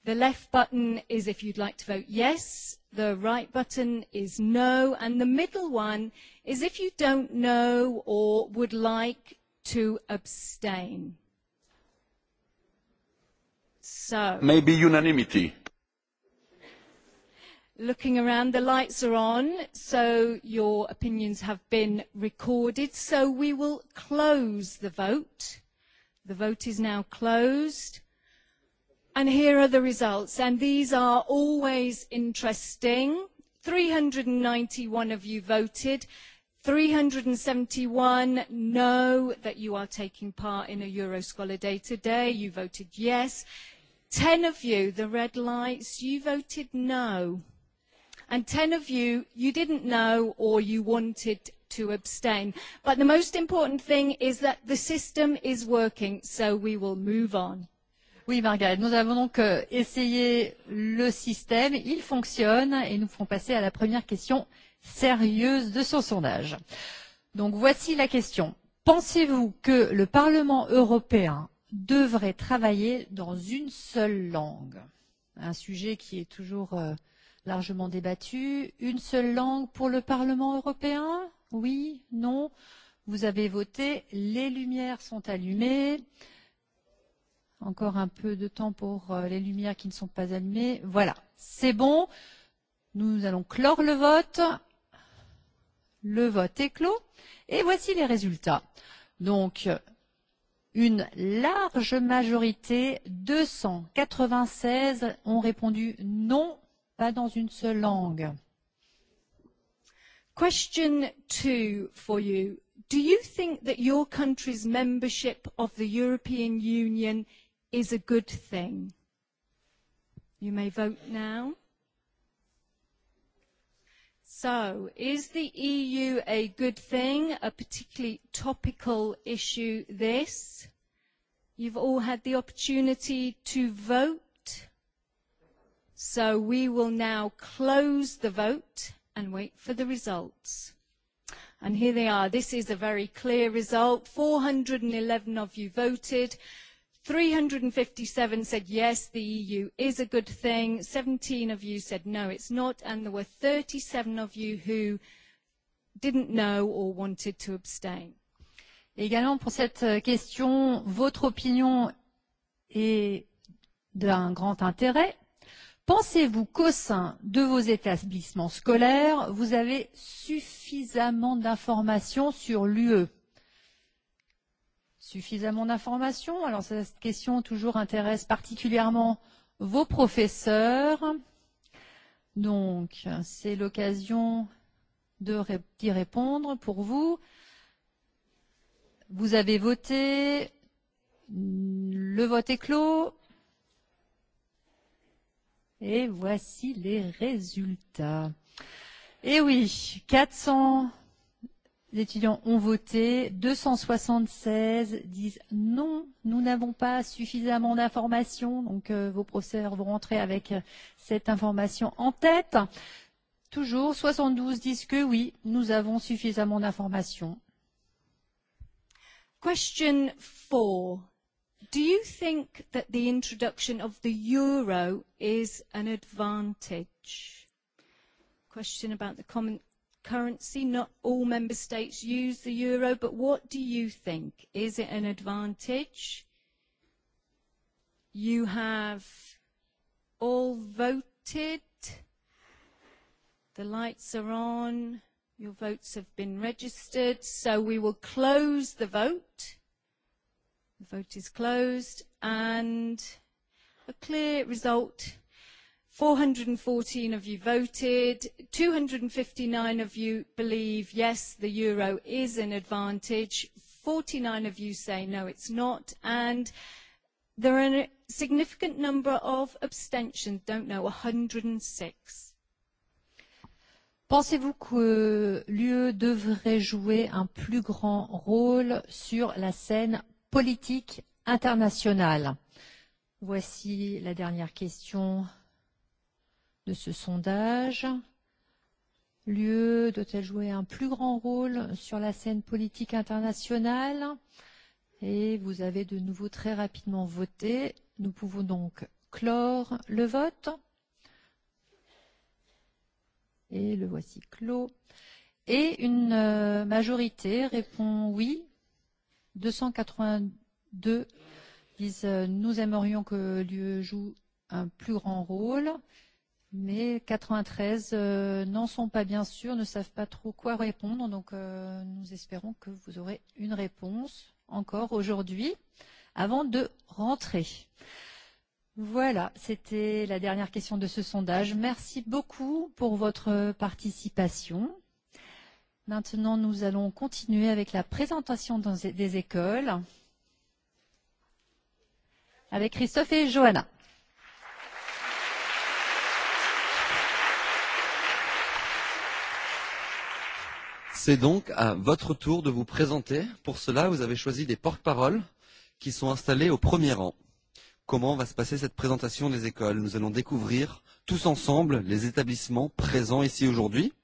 The left button is if you'd like to vote yes, the right button is no, and the middle one is if you don't know or would like to abstain. So. Maybe unanimity. Looking around, the lights are on, so your opinions have been recorded. So we will close the vote. The vote is now closed. And here are the results. And these are always interesting. 391 of you voted. 371 know that you are taking part in a Euroscholar Day today. You voted yes. 10 of you, the red lights, you voted no. And 10 of you, you didn't know or you wanted to abstain. But the most important thing is that the system is working, so we will move on. Oui, Margaret, nous avons donc essayé le système, il fonctionne et nous ferons passer à la première question sérieuse de ce sondage. Donc voici la question. Pensez-vous que le Parlement européen devrait travailler dans une seule langue Un sujet qui est toujours largement débattu. Une seule langue pour le Parlement européen Oui Non Vous avez voté. Les lumières sont allumées. Encore un peu de temps pour les lumières qui ne sont pas allumées. Voilà, c'est bon. Nous allons clore le vote. Le vote est clos. Et voici les résultats. Donc, une large majorité, 296, ont répondu non, pas dans une seule langue. Question 2 for you. Do you think that your country's membership of the European Union is a good thing. You may vote now. So, is the EU a good thing? A particularly topical issue this. You've all had the opportunity to vote. So we will now close the vote and wait for the results. And here they are. This is a very clear result. 411 of you voted. 357 said yes, the EU is a good thing. 17 of you said no, it's not. And there were 37 of you who didn't know or wanted to abstain. Également pour cette question, votre opinion est d'un grand intérêt. Pensez-vous qu'au sein de vos établissements scolaires, vous avez suffisamment d'informations sur l'UE suffisamment d'informations Alors cette question toujours intéresse particulièrement vos professeurs. Donc c'est l'occasion d'y répondre pour vous. Vous avez voté. Le vote est clos. Et voici les résultats. Eh oui, 400 Les étudiants ont voté. 276 disent non, nous n'avons pas suffisamment d'informations. Donc, vos professeurs vont rentrer avec cette information en tête. Toujours, 72 disent que oui, nous avons suffisamment d'informations. Question 4. Do you think that the introduction of the euro is an advantage? Question about the common currency. Not all member states use the euro, but what do you think? Is it an advantage? You have all voted. The lights are on. Your votes have been registered. So we will close the vote. The vote is closed. And a clear result 414 of you voted, 259 of you believe yes, the euro is an advantage, 49 of you say no, it's not, and there are a significant number of abstentions, don't know, 106. Pensez-vous que l'UE devrait jouer un plus grand rôle sur la scène politique internationale Voici la dernière question de ce sondage. L'UE doit-elle jouer un plus grand rôle sur la scène politique internationale Et vous avez de nouveau très rapidement voté. Nous pouvons donc clore le vote. Et le voici clos. Et une majorité répond oui. 282 disent nous aimerions que l'UE joue un plus grand rôle mais 93 n'en sont pas bien sûrs, ne savent pas trop quoi répondre. Donc, nous espérons que vous aurez une réponse encore aujourd'hui avant de rentrer. Voilà, c'était la dernière question de ce sondage. Merci beaucoup pour votre participation. Maintenant, nous allons continuer avec la présentation des écoles avec Christophe et Johanna. C'est donc à votre tour de vous présenter. Pour cela, vous avez choisi des porte-paroles qui sont installés au premier rang. Comment va se passer cette présentation des écoles Nous allons découvrir tous ensemble les établissements présents ici aujourd'hui.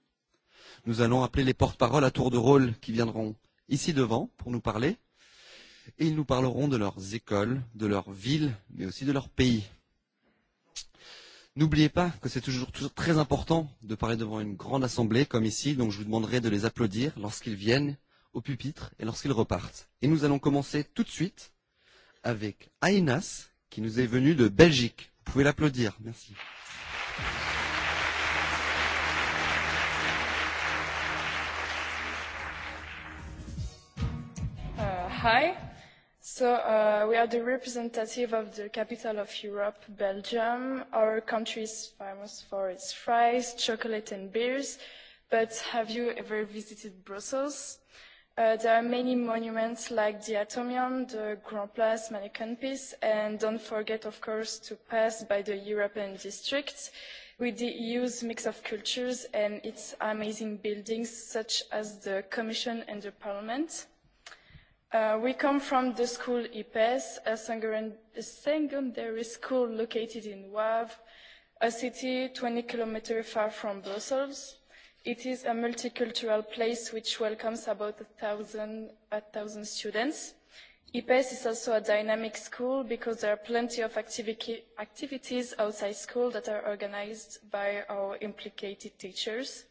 Nous allons appeler les porte-paroles à tour de rôle qui viendront ici devant pour nous parler. Et ils nous parleront de leurs écoles, de leurs villes, mais aussi de leurs pays. N'oubliez pas que c'est toujours très important de parler devant une grande assemblée comme ici, donc je vous demanderai de les applaudir lorsqu'ils viennent au pupitre et lorsqu'ils repartent. Et nous allons commencer tout de suite avec Ainas, qui nous est venu de Belgique. Vous pouvez l'applaudir. Merci. hi, So we are the representative of the capital of Europe, Belgium. Our country is famous for its fries, chocolate and beers. But have you ever visited Brussels? There are many monuments like the Atomium, the Grand Place, Mannequin Piece, and don't forget, of course, to pass by the European District with the EU's mix of cultures and its amazing buildings such as the Commission and the Parliament. We come from the school IPES, a secondary school located in Wav, a city 20 kilometers far from Brussels. It is a multicultural place which welcomes about thousand students. IPES is also a dynamic school because there are plenty of activities outside school that are organized by our implicated teachers.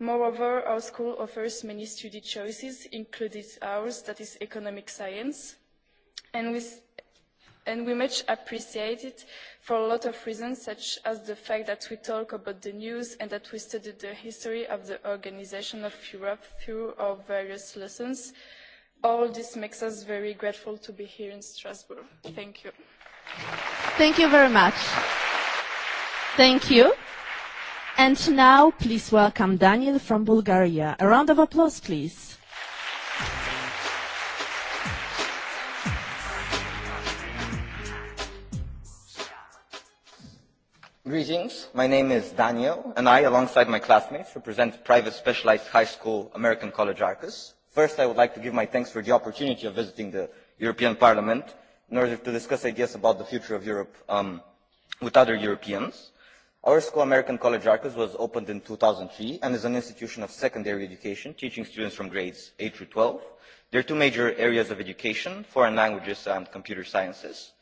Moreover, our school offers many study choices, including ours, that is economic science, and we and we much appreciate it for a lot of reasons, such as the fact that we talk about the news and that we study the history of the organisation of Europe through our various lessons. All this makes us very grateful to be here in Strasbourg. Thank you. Thank you very much. Thank you. And now, please welcome Daniel from Bulgaria. A round of applause, please. Greetings. My name is Daniel, and I, alongside my classmates, represent private specialized high school American College Arcus. First, I would like to give my thanks for the opportunity of visiting the European Parliament in order to discuss ideas about the future of Europe with other Europeans. Our school, American College Arcus, was opened in 2003 and is an institution of secondary education, teaching students from grades 8 through 12. There are two major areas of education, foreign languages and computer sciences.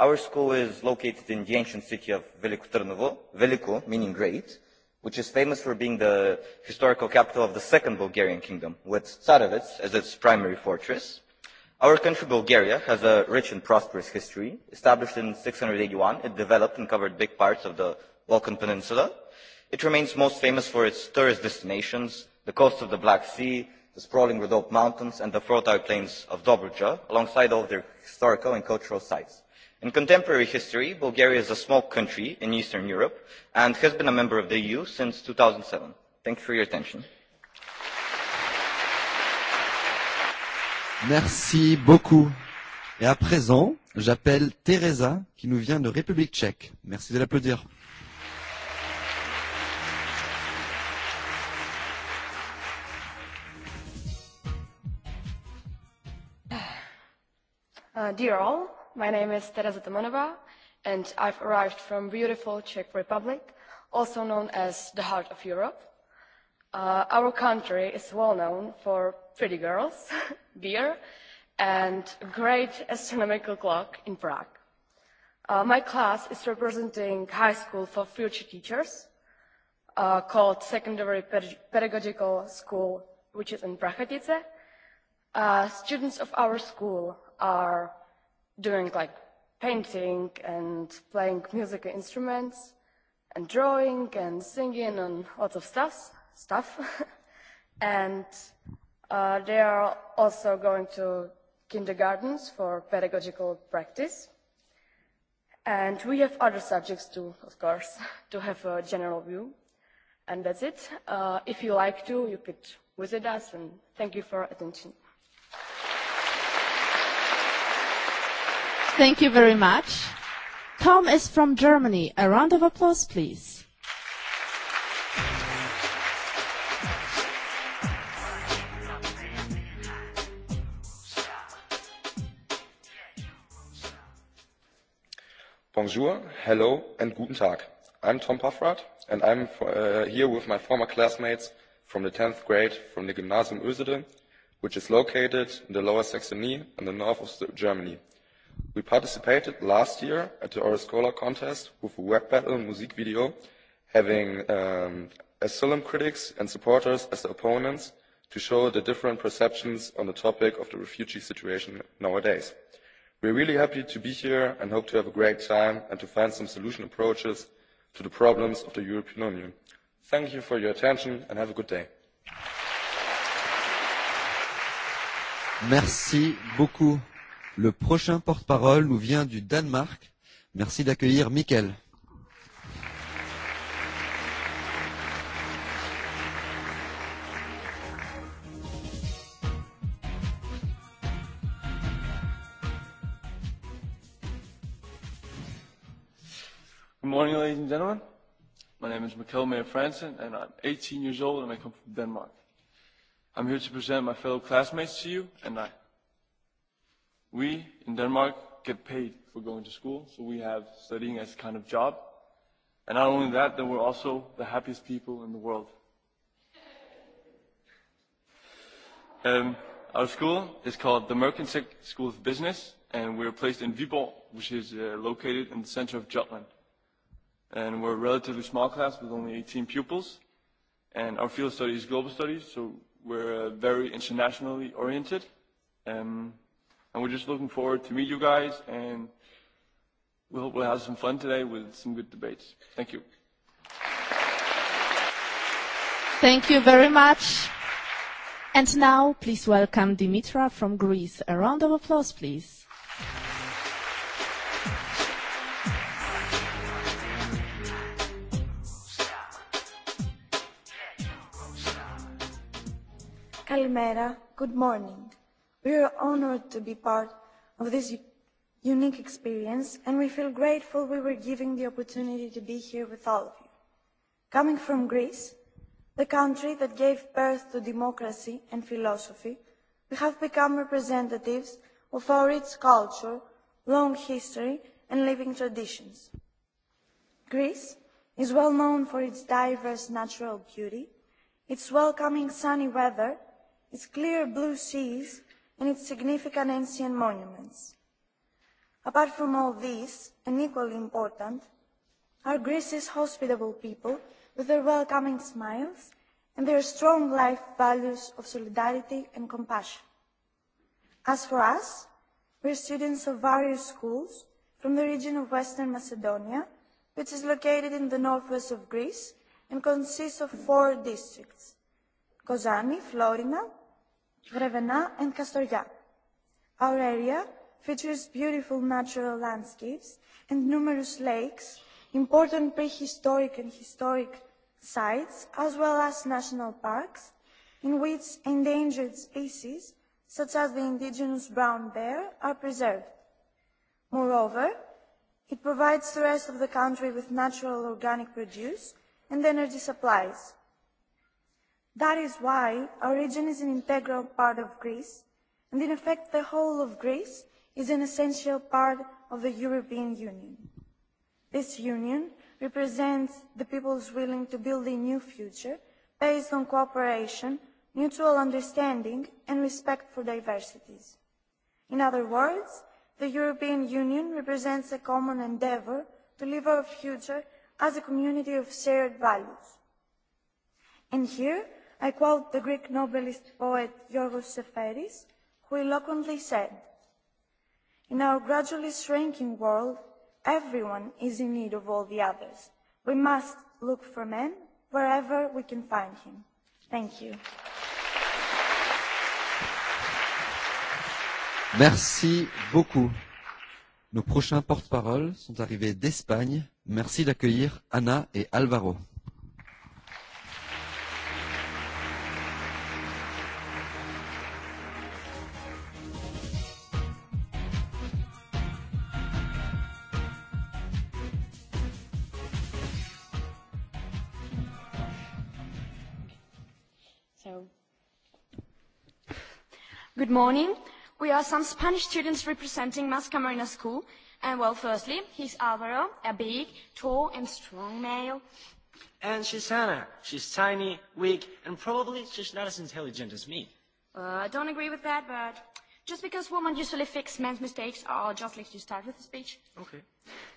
Our school is located in the ancient city of Veliko Trnovo, Veliko meaning great, which is famous for being the historical capital of the second Bulgarian kingdom, with Tsarevets as its primary fortress. Our country, Bulgaria, has a rich and prosperous history. Established in 681, it developed and covered big parts of the Balkan Peninsula. It remains most famous for its tourist destinations, the coast of the Black Sea, the sprawling Rhodope Mountains, and the fertile plains of Dobruja, alongside all their historical and cultural sites. In contemporary history, Bulgaria is a small country in Eastern Europe and has been a member of the EU since 2007. Thank you for your attention. Merci beaucoup. Et à présent, j'appelle Teresa, qui nous vient de République tchèque. Merci de l'applaudir. Dear all, my name is Teresa Tomanova, and I've arrived from beautiful Czech Republic, also known as the heart of Europe. Our country is well known for pretty girls, beer, and great astronomical clock in Prague. My class is representing High School for Future Teachers, called Secondary Pedagogical School, which is in Prachatice. Students of our school are doing like painting and playing musical instruments and drawing and singing and lots of stuff stuff and they are also going to kindergartens for pedagogical practice and we have other subjects too of course to have a general view and that's it if you like to you could visit us and thank you for attention Thank you very much. Tom is from Germany. A round of applause, please. Bonjour, hello, and guten Tag. I'm Tom Paffrath, and I'm here with my former classmates from the 10th grade from the Gymnasium Ösede, which is located in the Lower Saxony in the north of Germany. We participated last year at the Euroscola contest with a web battle music video having asylum critics and supporters as the opponents to show the different perceptions on the topic of the refugee situation nowadays. We are really happy to be here and hope to have a great time and to find some solution approaches to the problems of the European Union. Thank you for your attention and have a good day. Merci beaucoup. Le prochain porte-parole nous vient du Danemark. Merci d'accueillir Mikkel. Good morning, ladies and gentlemen. My name is Mikkel Mayer Fransen, and I'm 18 years old, and I come from Denmark. I'm here to present my fellow classmates to you, and I We, in Denmark, get paid for going to school, so we have studying as kind of job. And not only that, then we're also the happiest people in the world. Um, our school is called the Merkinsek School of Business, and we're placed in Viborg, which is uh, located in the center of Jutland. And we're a relatively small class with only 18 pupils. And our field study is global studies, so we're uh, very internationally oriented. Um, and we're just looking forward to meet you guys, and we hope we'll have some fun today with some good debates. Thank you. Thank you very much. And now, please welcome Dimitra from Greece. A round of applause, please. Good morning. We are honored to be part of this unique experience and we feel grateful we were given the opportunity to be here with all of you. Coming from Greece, the country that gave birth to democracy and philosophy, we have become representatives of our rich culture, long history and living traditions. Greece is well known for its diverse natural beauty, its welcoming sunny weather, its clear blue seas and its significant ancient monuments. Apart from all these, and equally important, are Greece's hospitable people with their welcoming smiles and their strong life values of solidarity and compassion. As for us, we're students of various schools from the region of Western Macedonia, which is located in the northwest of Greece and consists of four districts, Kozani, Florina, Grevena and Castoria. Our area features beautiful natural landscapes and numerous lakes, important prehistoric and historic sites, as well as national parks, in which endangered species, such as the indigenous brown bear, are preserved. Moreover, it provides the rest of the country with natural organic produce and energy supplies. That is why our region is an integral part of Greece, and in effect the whole of Greece is an essential part of the European Union. This union represents the peoples willing to build a new future based on cooperation, mutual understanding and respect for diversities. In other words, the European Union represents a common endeavour to live our future as a community of shared values. And here, I quote the Greek novelist poet Yorgos Seferis, who eloquently said, In our gradually shrinking world, everyone is in need of all the others. We must look for men wherever we can find him. Thank you. Merci beaucoup. Nos prochains porte-parole sont arrivés d'Espagne. Merci d'accueillir Anna et Alvaro. morning. We are some Spanish students representing Mas Camarena School. And well, firstly, he's Alvaro, a big, tall and strong male. And she's Hannah. She's tiny, weak, and probably just not as intelligent as me. Uh, I don't agree with that, but just because women usually fix men's mistakes, I'll just let you start with the speech. Okay.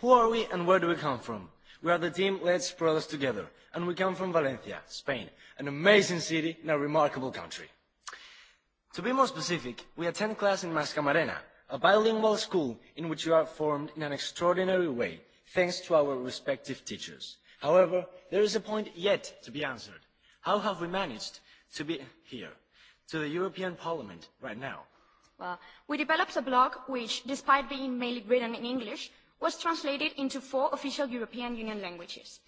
Who are we and where do we come from? We are the team Let's Brothers Together, and we come from Valencia, Spain, an amazing city and a remarkable country. To be more specific, we attend class in Mascamarena, a bilingual school in which you are formed in an extraordinary way, thanks to our respective teachers. However, there is a point yet to be answered. How have we managed to be here, to the European Parliament, right now? Well, we developed a blog which, despite being mainly written in English, was translated into four official European Union languages.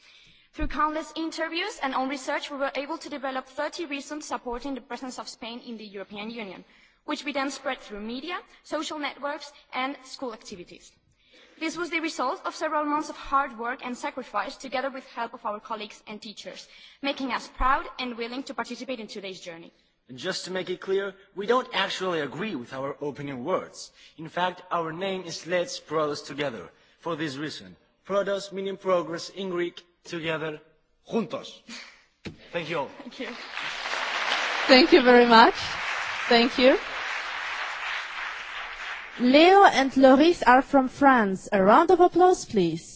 Through countless interviews and own research, we were able to develop 30 reasons supporting the presence of Spain in the European Union, which we then spread through media, social networks, and school activities. This was the result of several months of hard work and sacrifice, together with the help of our colleagues and teachers, making us proud and willing to participate in today's journey. And Just to make it clear, we don't actually agree with our opening words. In fact, our name is Let's Prodos Together. For this reason, Prodos meaning progress in Greek together, juntos. Thank you all. Thank you. Thank you very much. Thank you. Leo and Loris are from France. A round of applause, please.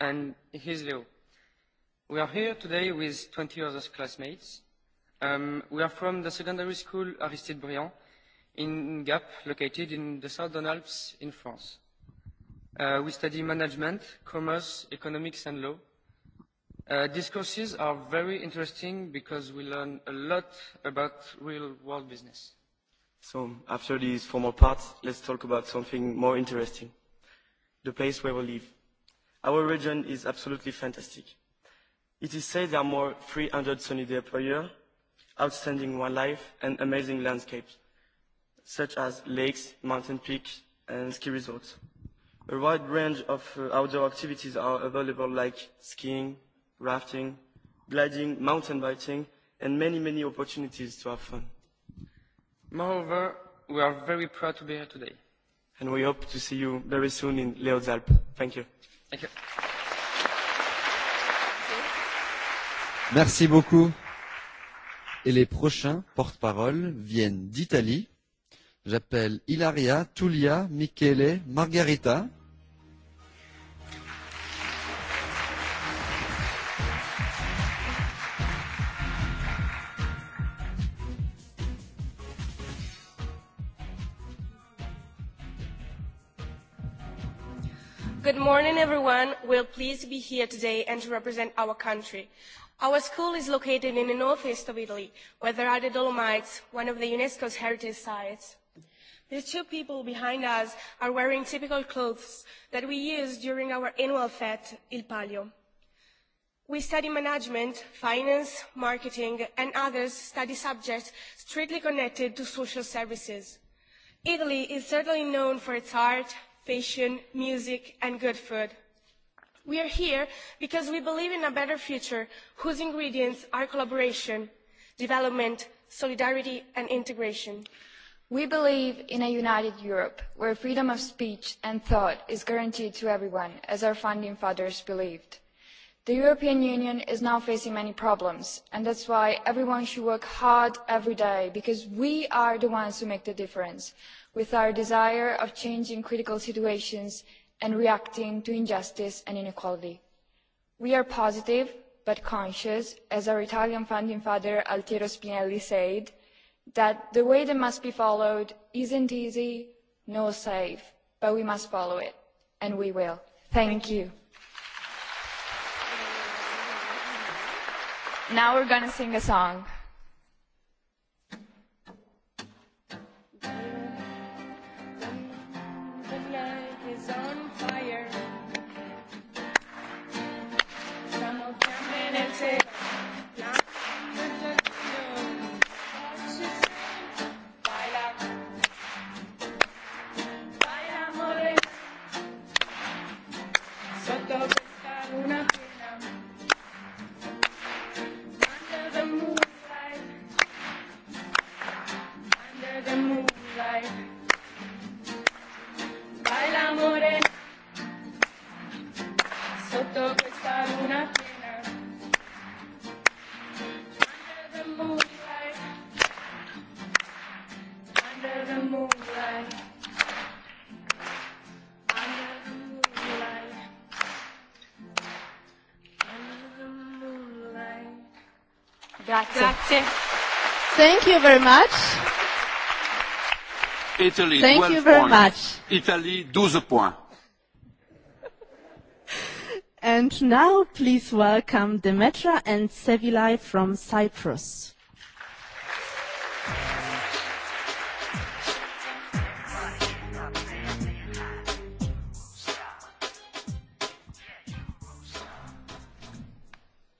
and his Leo. We are here today with 20 other classmates. Um, we are from the secondary school Aristide Briand in Gap, located in the Southern Alps in France. Uh, we study management, commerce, economics and law. Uh, these courses are very interesting because we learn a lot about real-world business. So after these formal parts, let's talk about something more interesting, the place where we live. Our region is absolutely fantastic. It is said there are more 300 sunny days per year, outstanding wildlife, and amazing landscapes, such as lakes, mountain peaks, and ski resorts. A wide range of outdoor activities are available like skiing, rafting, gliding, mountain biking, and many, many opportunities to have fun. Moreover, we are very proud to be here today. And we hope to see you very soon in Alp. Thank you. Merci beaucoup. Et les prochains porte-parole viennent d'Italie. J'appelle Ilaria, Tullia, Michele, Margherita. morning, everyone. We're pleased to be here today and to represent our country. Our school is located in the northeast of Italy, where there are the Dolomites, one of the UNESCO's heritage sites. The two people behind us are wearing typical clothes that we use during our annual fete, Il Palio. We study management, finance, marketing, and others study subjects strictly connected to social services. Italy is certainly known for its art, fashion, music and good food. We are here because we believe in a better future whose ingredients are collaboration, development, solidarity and integration. We believe in a united Europe where freedom of speech and thought is guaranteed to everyone, as our founding fathers believed. The European Union is now facing many problems, and that's why everyone should work hard every day, because we are the ones who make the difference with our desire of changing critical situations and reacting to injustice and inequality. We are positive but conscious, as our Italian founding father Altiero Spinelli said, that the way that must be followed isn't easy nor safe, but we must follow it, and we will. Thank you. Now we're going to sing a song. Thank you very much. Italy, Thank you very much. Italy, 12 points. And now please welcome Demetra and Sevilai from Cyprus.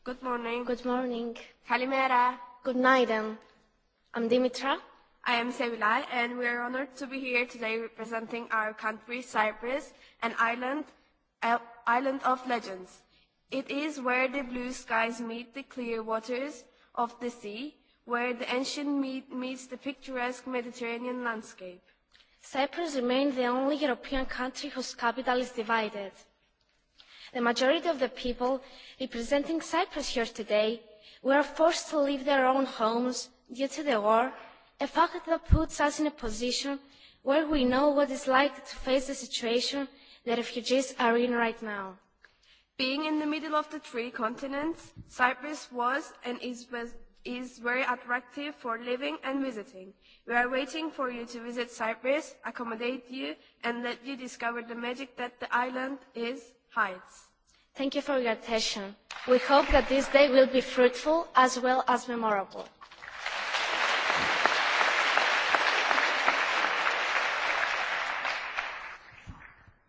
Good morning. Good morning. Kalimera. Good night. I'm Dimitra. I am Sevilay, and we are honored to be here today representing our country, Cyprus, an island, island of legends. It is where the blue skies meet the clear waters of the sea, where the ancient meets the picturesque Mediterranean landscape. Cyprus remains the only European country whose capital is divided. The majority of the people representing Cyprus here today were forced to leave their own homes due to the war, a fact that puts us in a position where we know what it's like to face the situation that refugees are in right now. Being in the middle of the three continents, Cyprus was and is, is very attractive for living and visiting. We are waiting for you to visit Cyprus, accommodate you, and let you discover the magic that the island is hides. Thank you for your attention. We hope that this day will be fruitful as well as memorable.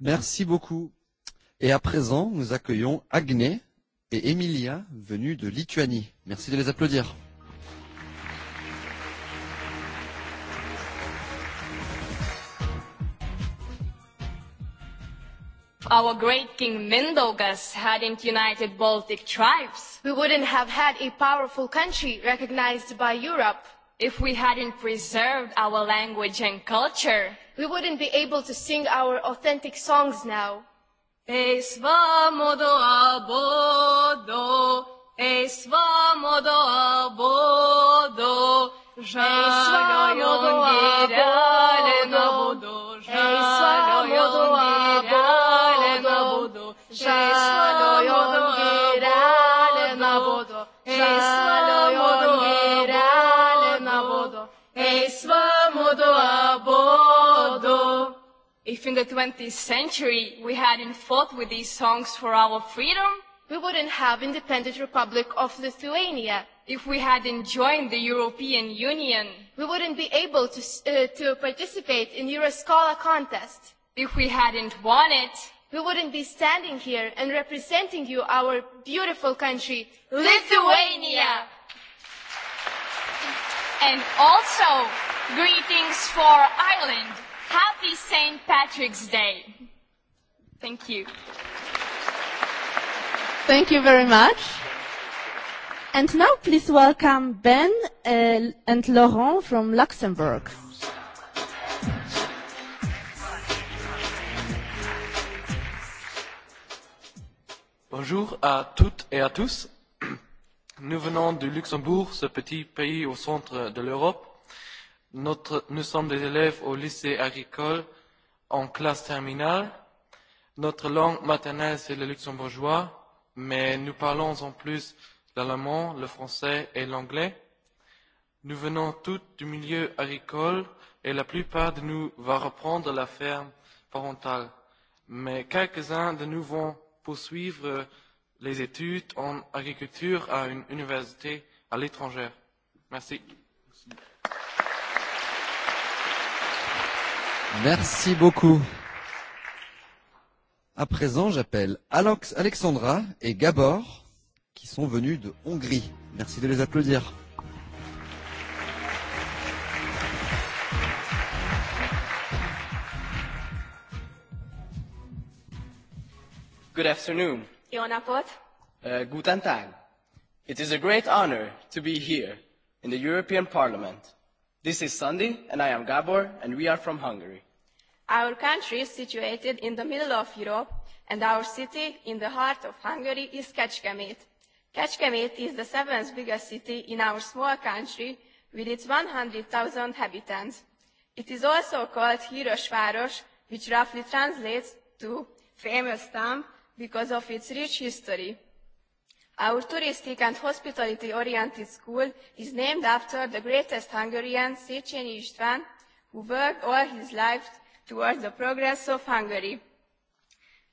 Merci beaucoup. Et à présent, nous accueillons Agne et Emilia, venus de Lituanie. Merci de les applaudir. Our great king Mindaugas hadn't united Baltic tribes. We wouldn't have had a powerful country recognized by Europe. If we hadn't preserved our language and culture We wouldn't be able to sing our authentic songs now in the 20th century we hadn't fought with these songs for our freedom, we wouldn't have independent Republic of Lithuania. If we hadn't joined the European Union, we wouldn't be able to, to participate in Euroscola contest. If we hadn't won it, we wouldn't be standing here and representing you, our beautiful country, Lithuania. And also, greetings for Ireland Happy St. Patrick's Day. Thank you. Thank you very much. And now please welcome Ben and Laurent from Luxembourg. Bonjour à toutes et à tous. Nous venons du Luxembourg, ce petit pays au centre de l'Europe nous sommes des élèves au lycée agricole en classe terminale. Notre langue maternelle, c'est le luxembourgeois, mais nous parlons en plus l'allemand, le français et l'anglais. Nous venons tous du milieu agricole et la plupart de nous va reprendre la ferme parentale. Mais quelques-uns de nous vont poursuivre les études en agriculture à une université à l'étranger. Merci. Merci beaucoup. À présent, j'appelle Alex Alexandra et Gabor, qui sont venus de Hongrie. Merci de les applaudir. Good afternoon. Uh, guten Tag. It is a great honor to be here in the European Parliament. This is Sunday, and I am Gabor, and we are from Hungary. Our country is situated in the middle of Europe, and our city in the heart of Hungary is Kecskemét. Kecskemét is the seventh biggest city in our small country, with its 100,000 inhabitants. It is also called Hirosváros, which roughly translates to famous town because of its rich history. Our touristic and hospitality-oriented school is named after the greatest Hungarian, Széchenyi István, who worked all his life towards the progress of Hungary.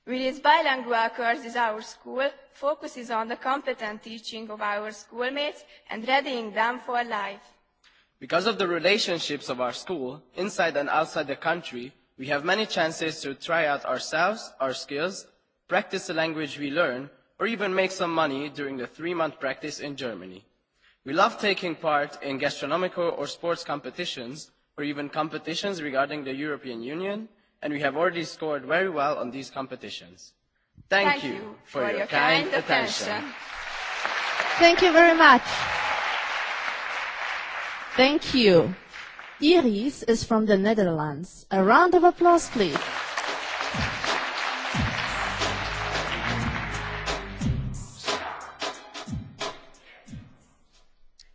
With its Bilingual Courses Our School focuses on the competent teaching of our schoolmates and readying them for life. Because of the relationships of our school, inside and outside the country, we have many chances to try out ourselves, our skills, practice the language we learn, or even make some money during the three-month practice in Germany. We love taking part in gastronomical or sports competitions, or even competitions regarding the European Union, and we have already scored very well on these competitions. Thank you for your kind attention. Thank you very much. Thank you. Iris is from the Netherlands. A round of applause, please.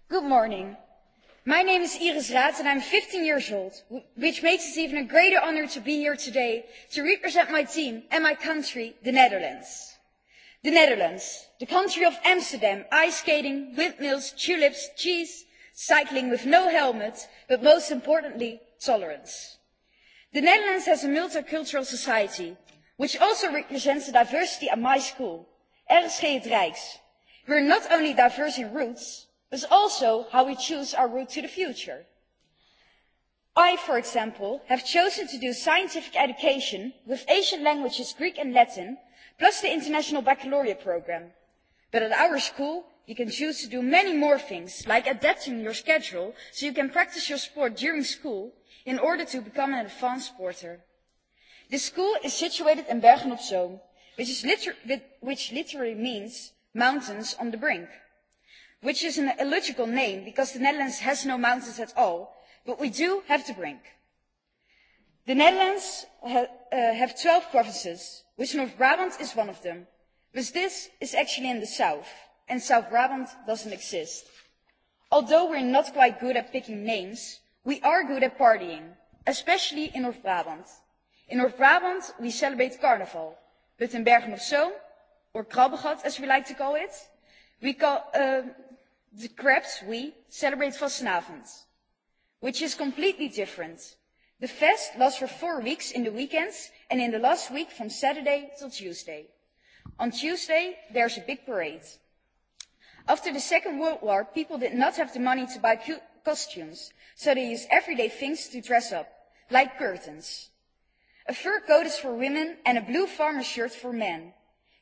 Good morning. My name is Iris Raat and I am 15 years old, which makes it even a greater honor to be here today to represent my team and my country, the Netherlands. The Netherlands, the country of Amsterdam, ice skating, windmills, tulips, cheese, cycling with no helmet, but most importantly, tolerance. The Netherlands has a multicultural society, which also represents the diversity at my school, RSG Het Rijks. We're not only diverse in roots, but also how we choose our route to the future. I, for example, have chosen to do scientific education with Asian languages Greek and Latin, plus the International Baccalaureate programme. But at our school, you can choose to do many more things, like adapting your schedule so you can practice your sport during school in order to become an advanced sporter. The school is situated in Bergen op Zoom, which literally means mountains on the brink which is an illogical name because the Netherlands has no mountains at all, but we do have to brink. The Netherlands have 12 provinces, which North Brabant is one of them, but this is actually in the south, and South Brabant doesn't exist. Although we're not quite good at picking names, we are good at partying, especially in North Brabant. In North Brabant, we celebrate Carnival, but in bergen zoom or Krabbegat as we like to call it, we the crabs we celebrate Vastenavond, which is completely different. The fest lasts for four weeks in the weekends and in the last week from Saturday till Tuesday. On Tuesday, there's a big parade. After the Second World War, people did not have the money to buy costumes, so they use everyday things to dress up, like curtains. A fur coat is for women and a blue farmer shirt for men.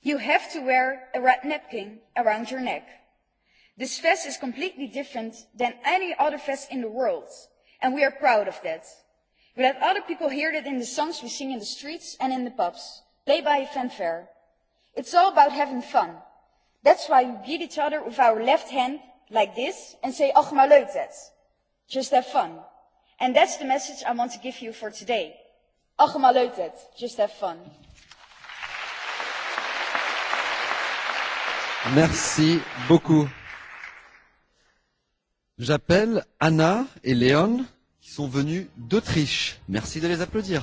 You have to wear a red napkin around your neck. This fest is completely different than any other fest in the world, and we are proud of that. We let other people hear that in the songs we sing in the streets and in the pubs, play by a fanfare. It's all about having fun. That's why we beat each other with our left hand like this and say, «Ach maar leuk Just have fun. And that's the message I want to give you for today. «Ach maar leuk Just have fun. Merci beaucoup. J'appelle Anna et Léon qui sont venus d'Autriche. Merci de les applaudir.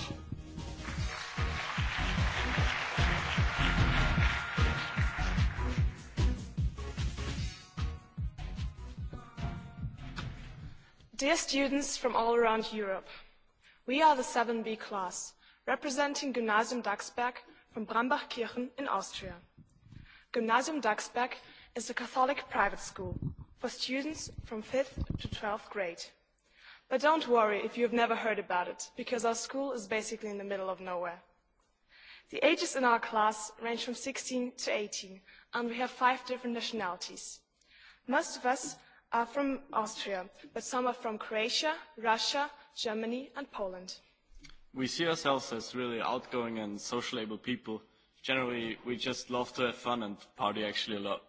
Dear students from all around Europe, we are the 7B class, representing Gymnasium Daxberg from Brambachkirchen in Austria. Gymnasium Daxberg is a Catholic private school for students from 5th to 12th grade. But don't worry if you have never heard about it, because our school is basically in the middle of nowhere. The ages in our class range from 16 to 18, and we have five different nationalities. Most of us are from Austria, but some are from Croatia, Russia, Germany and Poland. We see ourselves as really outgoing and sociable people. Generally, we just love to have fun and party actually a lot.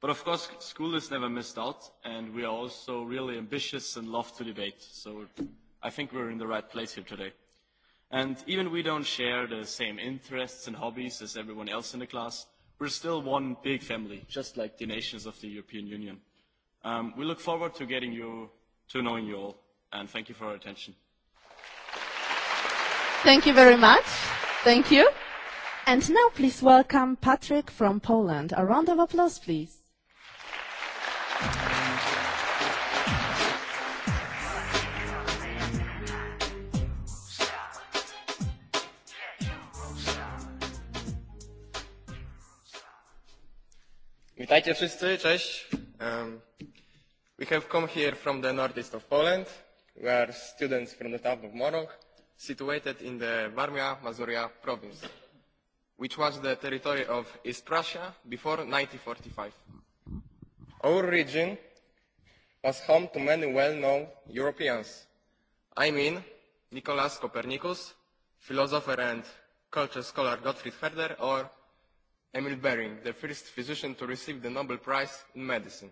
But of course, school is never missed out, and we are also really ambitious and love to debate. So I think we're in the right place here today. And even we don't share the same interests and hobbies as everyone else in the class, we're still one big family, just like the nations of the European Union. we look forward to getting you, to knowing you all, and thank you for your attention. Thank you very much. Thank you. And now please welcome Patrick from Poland. A round of applause, please. Witajcie wszyscy, cześć. We have come here from the northeast of Poland. We are students from the town of Moroch, situated in the Warmia Mazuria province, which was the territory of East Prussia before 1945. Our region was home to many well-known Europeans. I mean, Nicolas Copernicus, philosopher and culture scholar Gottfried Herder, or Emil Bering, the first physician to receive the Nobel Prize in Medicine.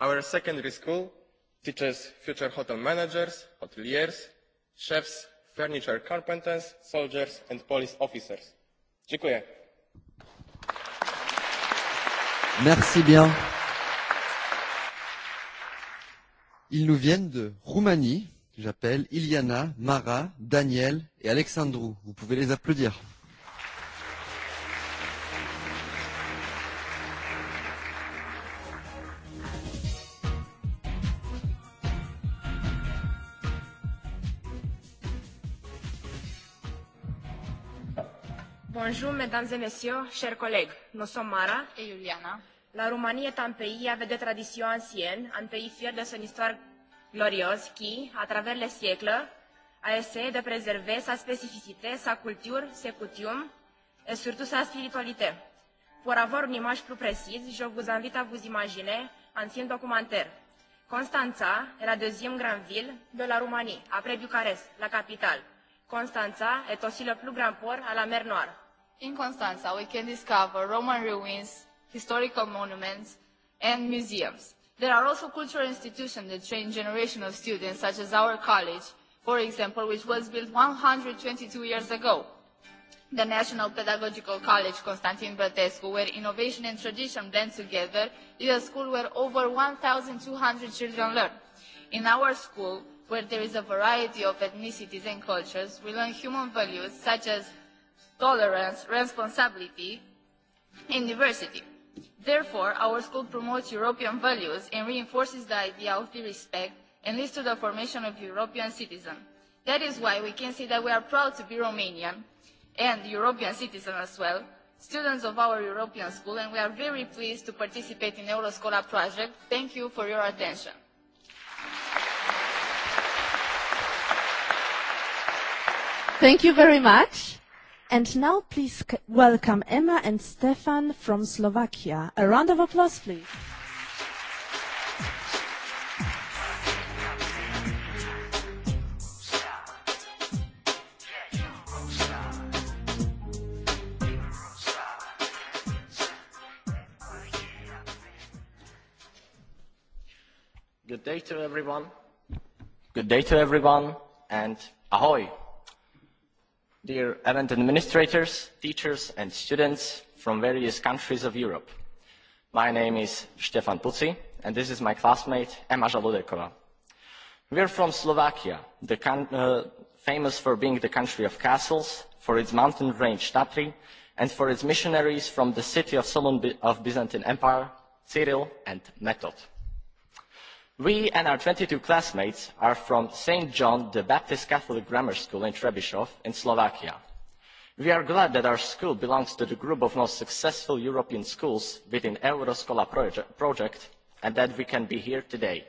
Our secondary school teaches future hotel managers, hoteliers, chefs, furniture carpenters, soldiers and police officers. Dziękuję. Merci bien. Ils nous viennent de Roumanie. J'appelle Iliana, Mara, Daniel et Alexandru. Vous pouvez les applaudir. mesdames et messieurs, chers collègues, nous sommes Mara et Juliana. La Roumanie est un pays avec des traditions anciennes, un pays fier de son histoire glorieuse qui, à travers les siècles, a essayé de préserver sa spécificité, sa culture, ses coutumes et surtout sa spiritualité. Pour avoir une image plus précise, je vous invite à vous imaginer un film documentaire. Constanța est la deuxième grande ville de la Roumanie, après Bucarest, la capitale. Constanța est aussi le plus grand port à la mer Noire in Constanza we can discover Roman ruins, historical monuments and museums. There are also cultural institutions that train generations of students such as our college, for example, which was built 122 years ago. The National Pedagogical College Constantin Bratescu, where innovation and tradition blend together, is a school where over 1,200 children learn. In our school, where there is a variety of ethnicities and cultures, we learn human values such as tolerance, responsibility, and diversity. Therefore, our school promotes European values and reinforces the idea of respect and leads to the formation of European citizens. That is why we can say that we are proud to be Romanian and European citizens as well, students of our European school, and we are very pleased to participate in Euroscola project. Thank you for your attention. Thank you very much. And now please welcome Emma and Stefan from Slovakia. A round of applause, please. Good day to everyone. Good day to everyone and ahoy! dear event administrators, teachers and students from various countries of Europe. My name is Stefan Puci and this is my classmate Emma Jalodekova. We are from Slovakia, the famous for being the country of castles, for its mountain range Tatri, and for its missionaries from the city of Solon of Byzantine Empire, Cyril and Method. We and our 22 classmates are from St. John the Baptist Catholic Grammar School in Trebišov in Slovakia. We are glad that our school belongs to the group of most successful European schools within Euroscola project and that we can be here today.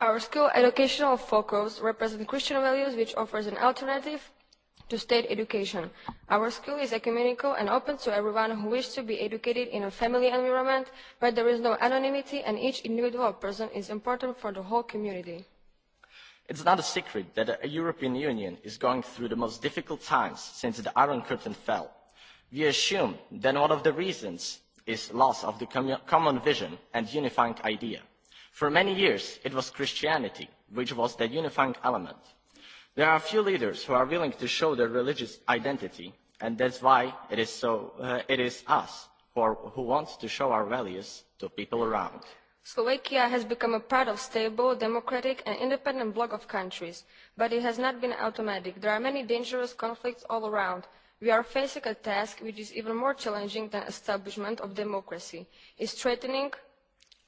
Our school educational focus represents Christian values which offers an alternative to state education. Our school is ecumenical and open to everyone who wishes to be educated in a family environment where there is no anonymity and each individual person is important for the whole community. It's not a secret that the European Union is going through the most difficult times since the Iron Curtain fell. We assume that one of the reasons is loss of the common vision and unifying idea. For many years, it was Christianity, which was the unifying element. There are few leaders who are willing to show their religious identity, and that's why it is so. It is us who wants to show our values to people around. Slovakia has become a part of stable, democratic and independent bloc of countries, but it has not been automatic. There are many dangerous conflicts all around. We are facing a task which is even more challenging than establishment of democracy. is strengthening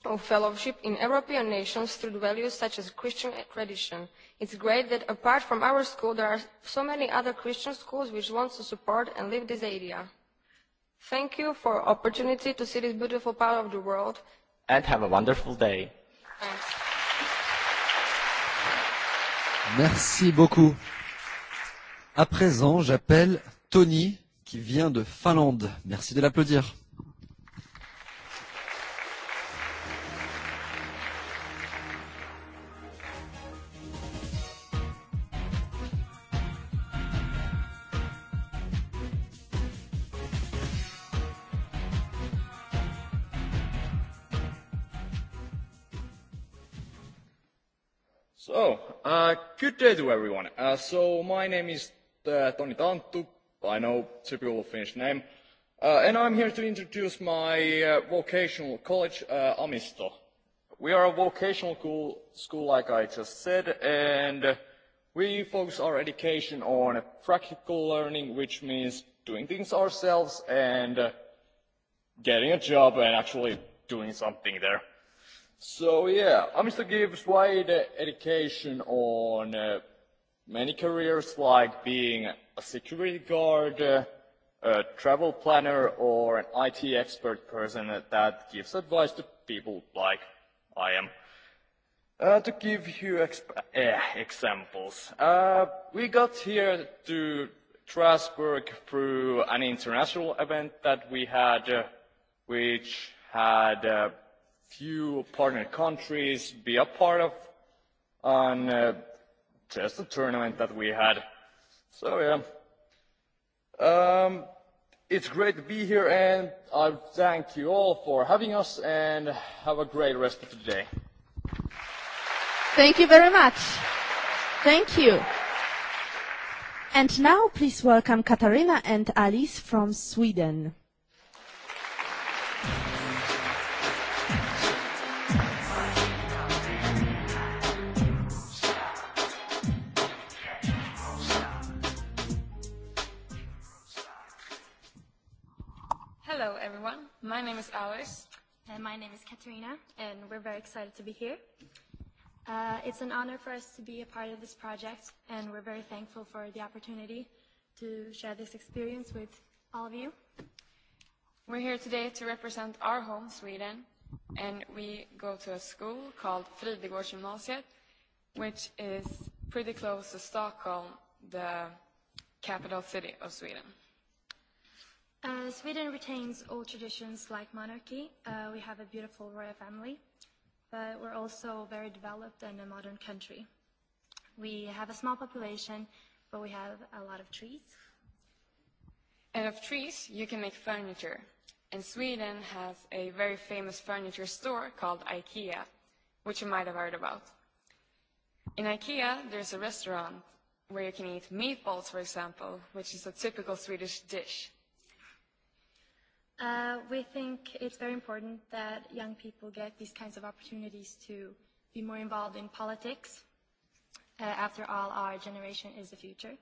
of fellowship in European nations through values such as Christian tradition. It's great that apart from our school, there are so many other Christian schools which want to support and live this idea. Thank you for the opportunity to see this beautiful part of the world. And have a wonderful day. Thanks. Merci beaucoup. À présent, j'appelle Tony qui vient de Finlande. Merci de l'applaudir. day to everyone. So my name is Toni Tanttu, I know typical Finnish name, and I'm here to introduce my vocational college, Amisto. We are a vocational school, like I just said, and we focus our education on practical learning, which means doing things ourselves and getting a job and actually doing something there. So yeah, Amster gives wide education on many careers like being a security guard, a travel planner or an IT expert person that gives advice to people like I am. To give you examples, Uh we got here to Strasbourg through an international event that we had, which had few partner countries be a part of on just the tournament that we had. So yeah, um, it's great to be here, and I thank you all for having us, and have a great rest of the day. Thank you very much. Thank you. And now please welcome Katarina and Alice from Sweden. my name is Katerina, and we're very excited to be here. It's an honor for us to be a part of this project, and we're very thankful for the opportunity to share this experience with all of you. We're here today to represent our home, Sweden, and we go to a school called Fridegårdsgymnasiet, which is pretty close to Stockholm, the capital city of Sweden. Sweden retains old traditions like monarchy. We have a beautiful royal family, but we're also very developed and a modern country. We have a small population, but we have a lot of trees. And of trees, you can make furniture. And Sweden has a very famous furniture store called IKEA, which you might have heard about. In IKEA, there's a restaurant where you can eat meatballs, for example, which is a typical Swedish dish. We think it's very important that young people get these kinds of opportunities to be more involved in politics. After all, our generation is the future.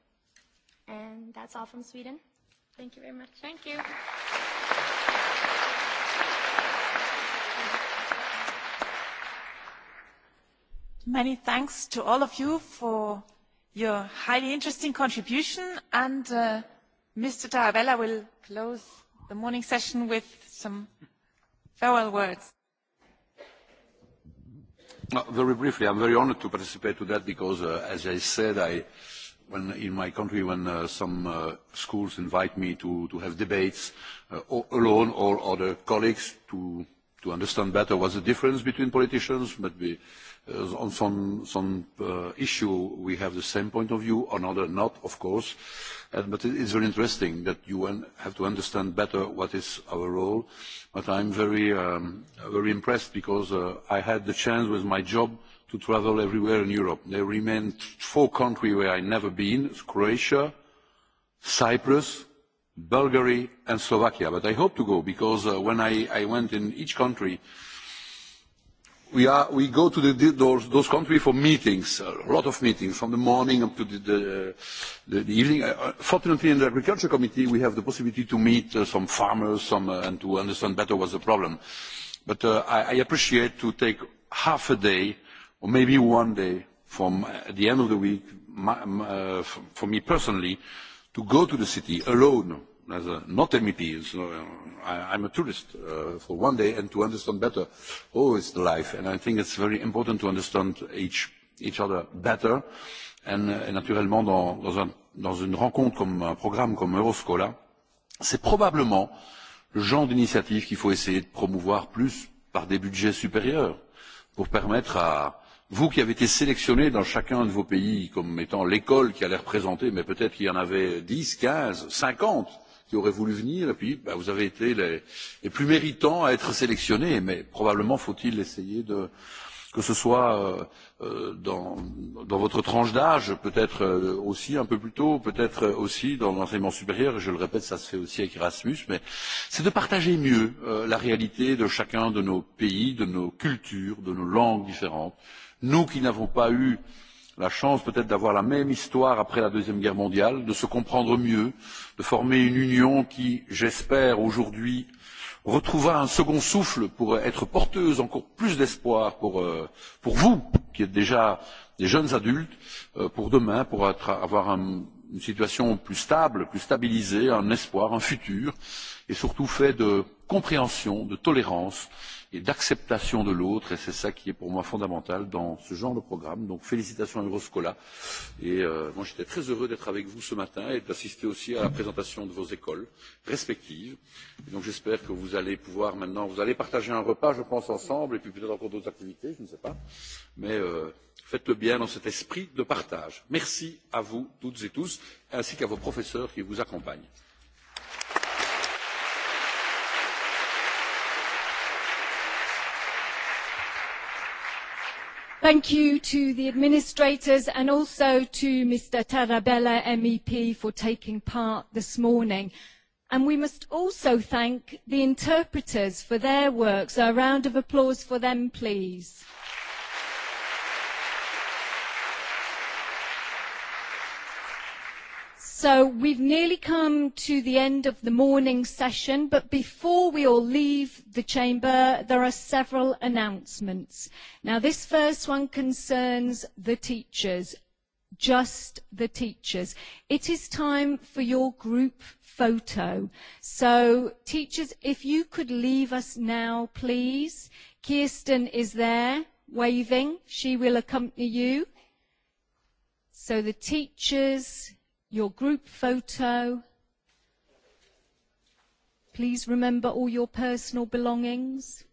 And that's all from Sweden. Thank you very much. Thank you. Many thanks to all of you for your highly interesting contribution. And Mr. Tarabella will close the morning session with some farewell words. Very briefly, I'm very honored to participate to that because, as I said, I, when in my country, when some schools invite me to have debates alone or other colleagues to to understand better what the difference between politicians, but on some issue we have the same point of view, on other not, of course. But it is very interesting that you have to understand better what is our role. But I'm very very impressed because I had the chance with my job to travel everywhere in Europe. There remain four countries where I never been: Croatia, Cyprus, Bulgaria and Slovakia. But I hope to go because when I went in each country, we go to those countries for meetings, a lot of meetings, from the morning up to the evening. Fortunately, in the Agriculture Committee, we have the possibility to meet some farmers and to understand better what's the problem. But I appreciate to take half a day or maybe one day from the end of the week, for me personally, to go to the city alone as a not MEP, I'm a tourist for one day and to understand better, oh, is the life. And I think it's very important to understand each, each other better. And, et naturellement, dans, dans, un, dans une rencontre comme un programme comme Euroscola, c'est probablement le genre d'initiative qu'il faut essayer de promouvoir plus par des budgets supérieurs pour permettre à, vous qui avez été sélectionné dans chacun de vos pays comme étant l'école qui allait représenter, mais peut-être qu'il y en avait 10, 15, 50, qui auraient voulu venir, et puis vous avez été les plus méritants à être sélectionnés, mais probablement faut-il essayer de que ce soit dans votre tranche d'âge, peut-être aussi un peu plus tôt, peut-être aussi dans l'enseignement supérieur, et je le répète, ça se fait aussi avec Erasmus, mais c'est de partager mieux la réalité de chacun de nos pays, de nos cultures, de nos langues différentes. Nous qui n'avons pas eu la chance peut-être d'avoir la même histoire après la Deuxième Guerre mondiale, de se comprendre mieux, de former une union qui, j'espère aujourd'hui, retrouvera un second souffle pour être porteuse encore plus d'espoir pour vous, qui êtes déjà des jeunes adultes, pour demain, pour avoir une situation plus stable, plus stabilisée, un espoir, un futur, et surtout fait de compréhension, de tolérance et d'acceptation de l'autre, et c'est ça qui est pour moi fondamental dans ce genre de programme. Donc félicitations à Euroscola. Et moi j'étais très heureux d'être avec vous ce matin et d'assister aussi à la présentation de vos écoles respectives. donc j'espère que vous allez pouvoir maintenant, vous allez partager un repas, je pense, ensemble, et puis peut-être encore d'autres activités, je ne sais pas. Mais faites-le bien dans cet esprit de partage. Merci à vous toutes et tous, ainsi qu'à vos professeurs qui vous accompagnent. Thank you to the administrators and also to Mr. Tarabella MEP for taking part this morning. And we must also thank the interpreters for their work. So a round of applause for them, please. So we've nearly come to the end of the morning session, but before we all leave the chamber, there are several announcements. Now, this first one concerns the teachers, just the teachers. It is time for your group photo. So, teachers, if you could leave us now, please. Kirsten is there, waving. She will accompany you. So the teachers your group photo. Please remember all your personal belongings.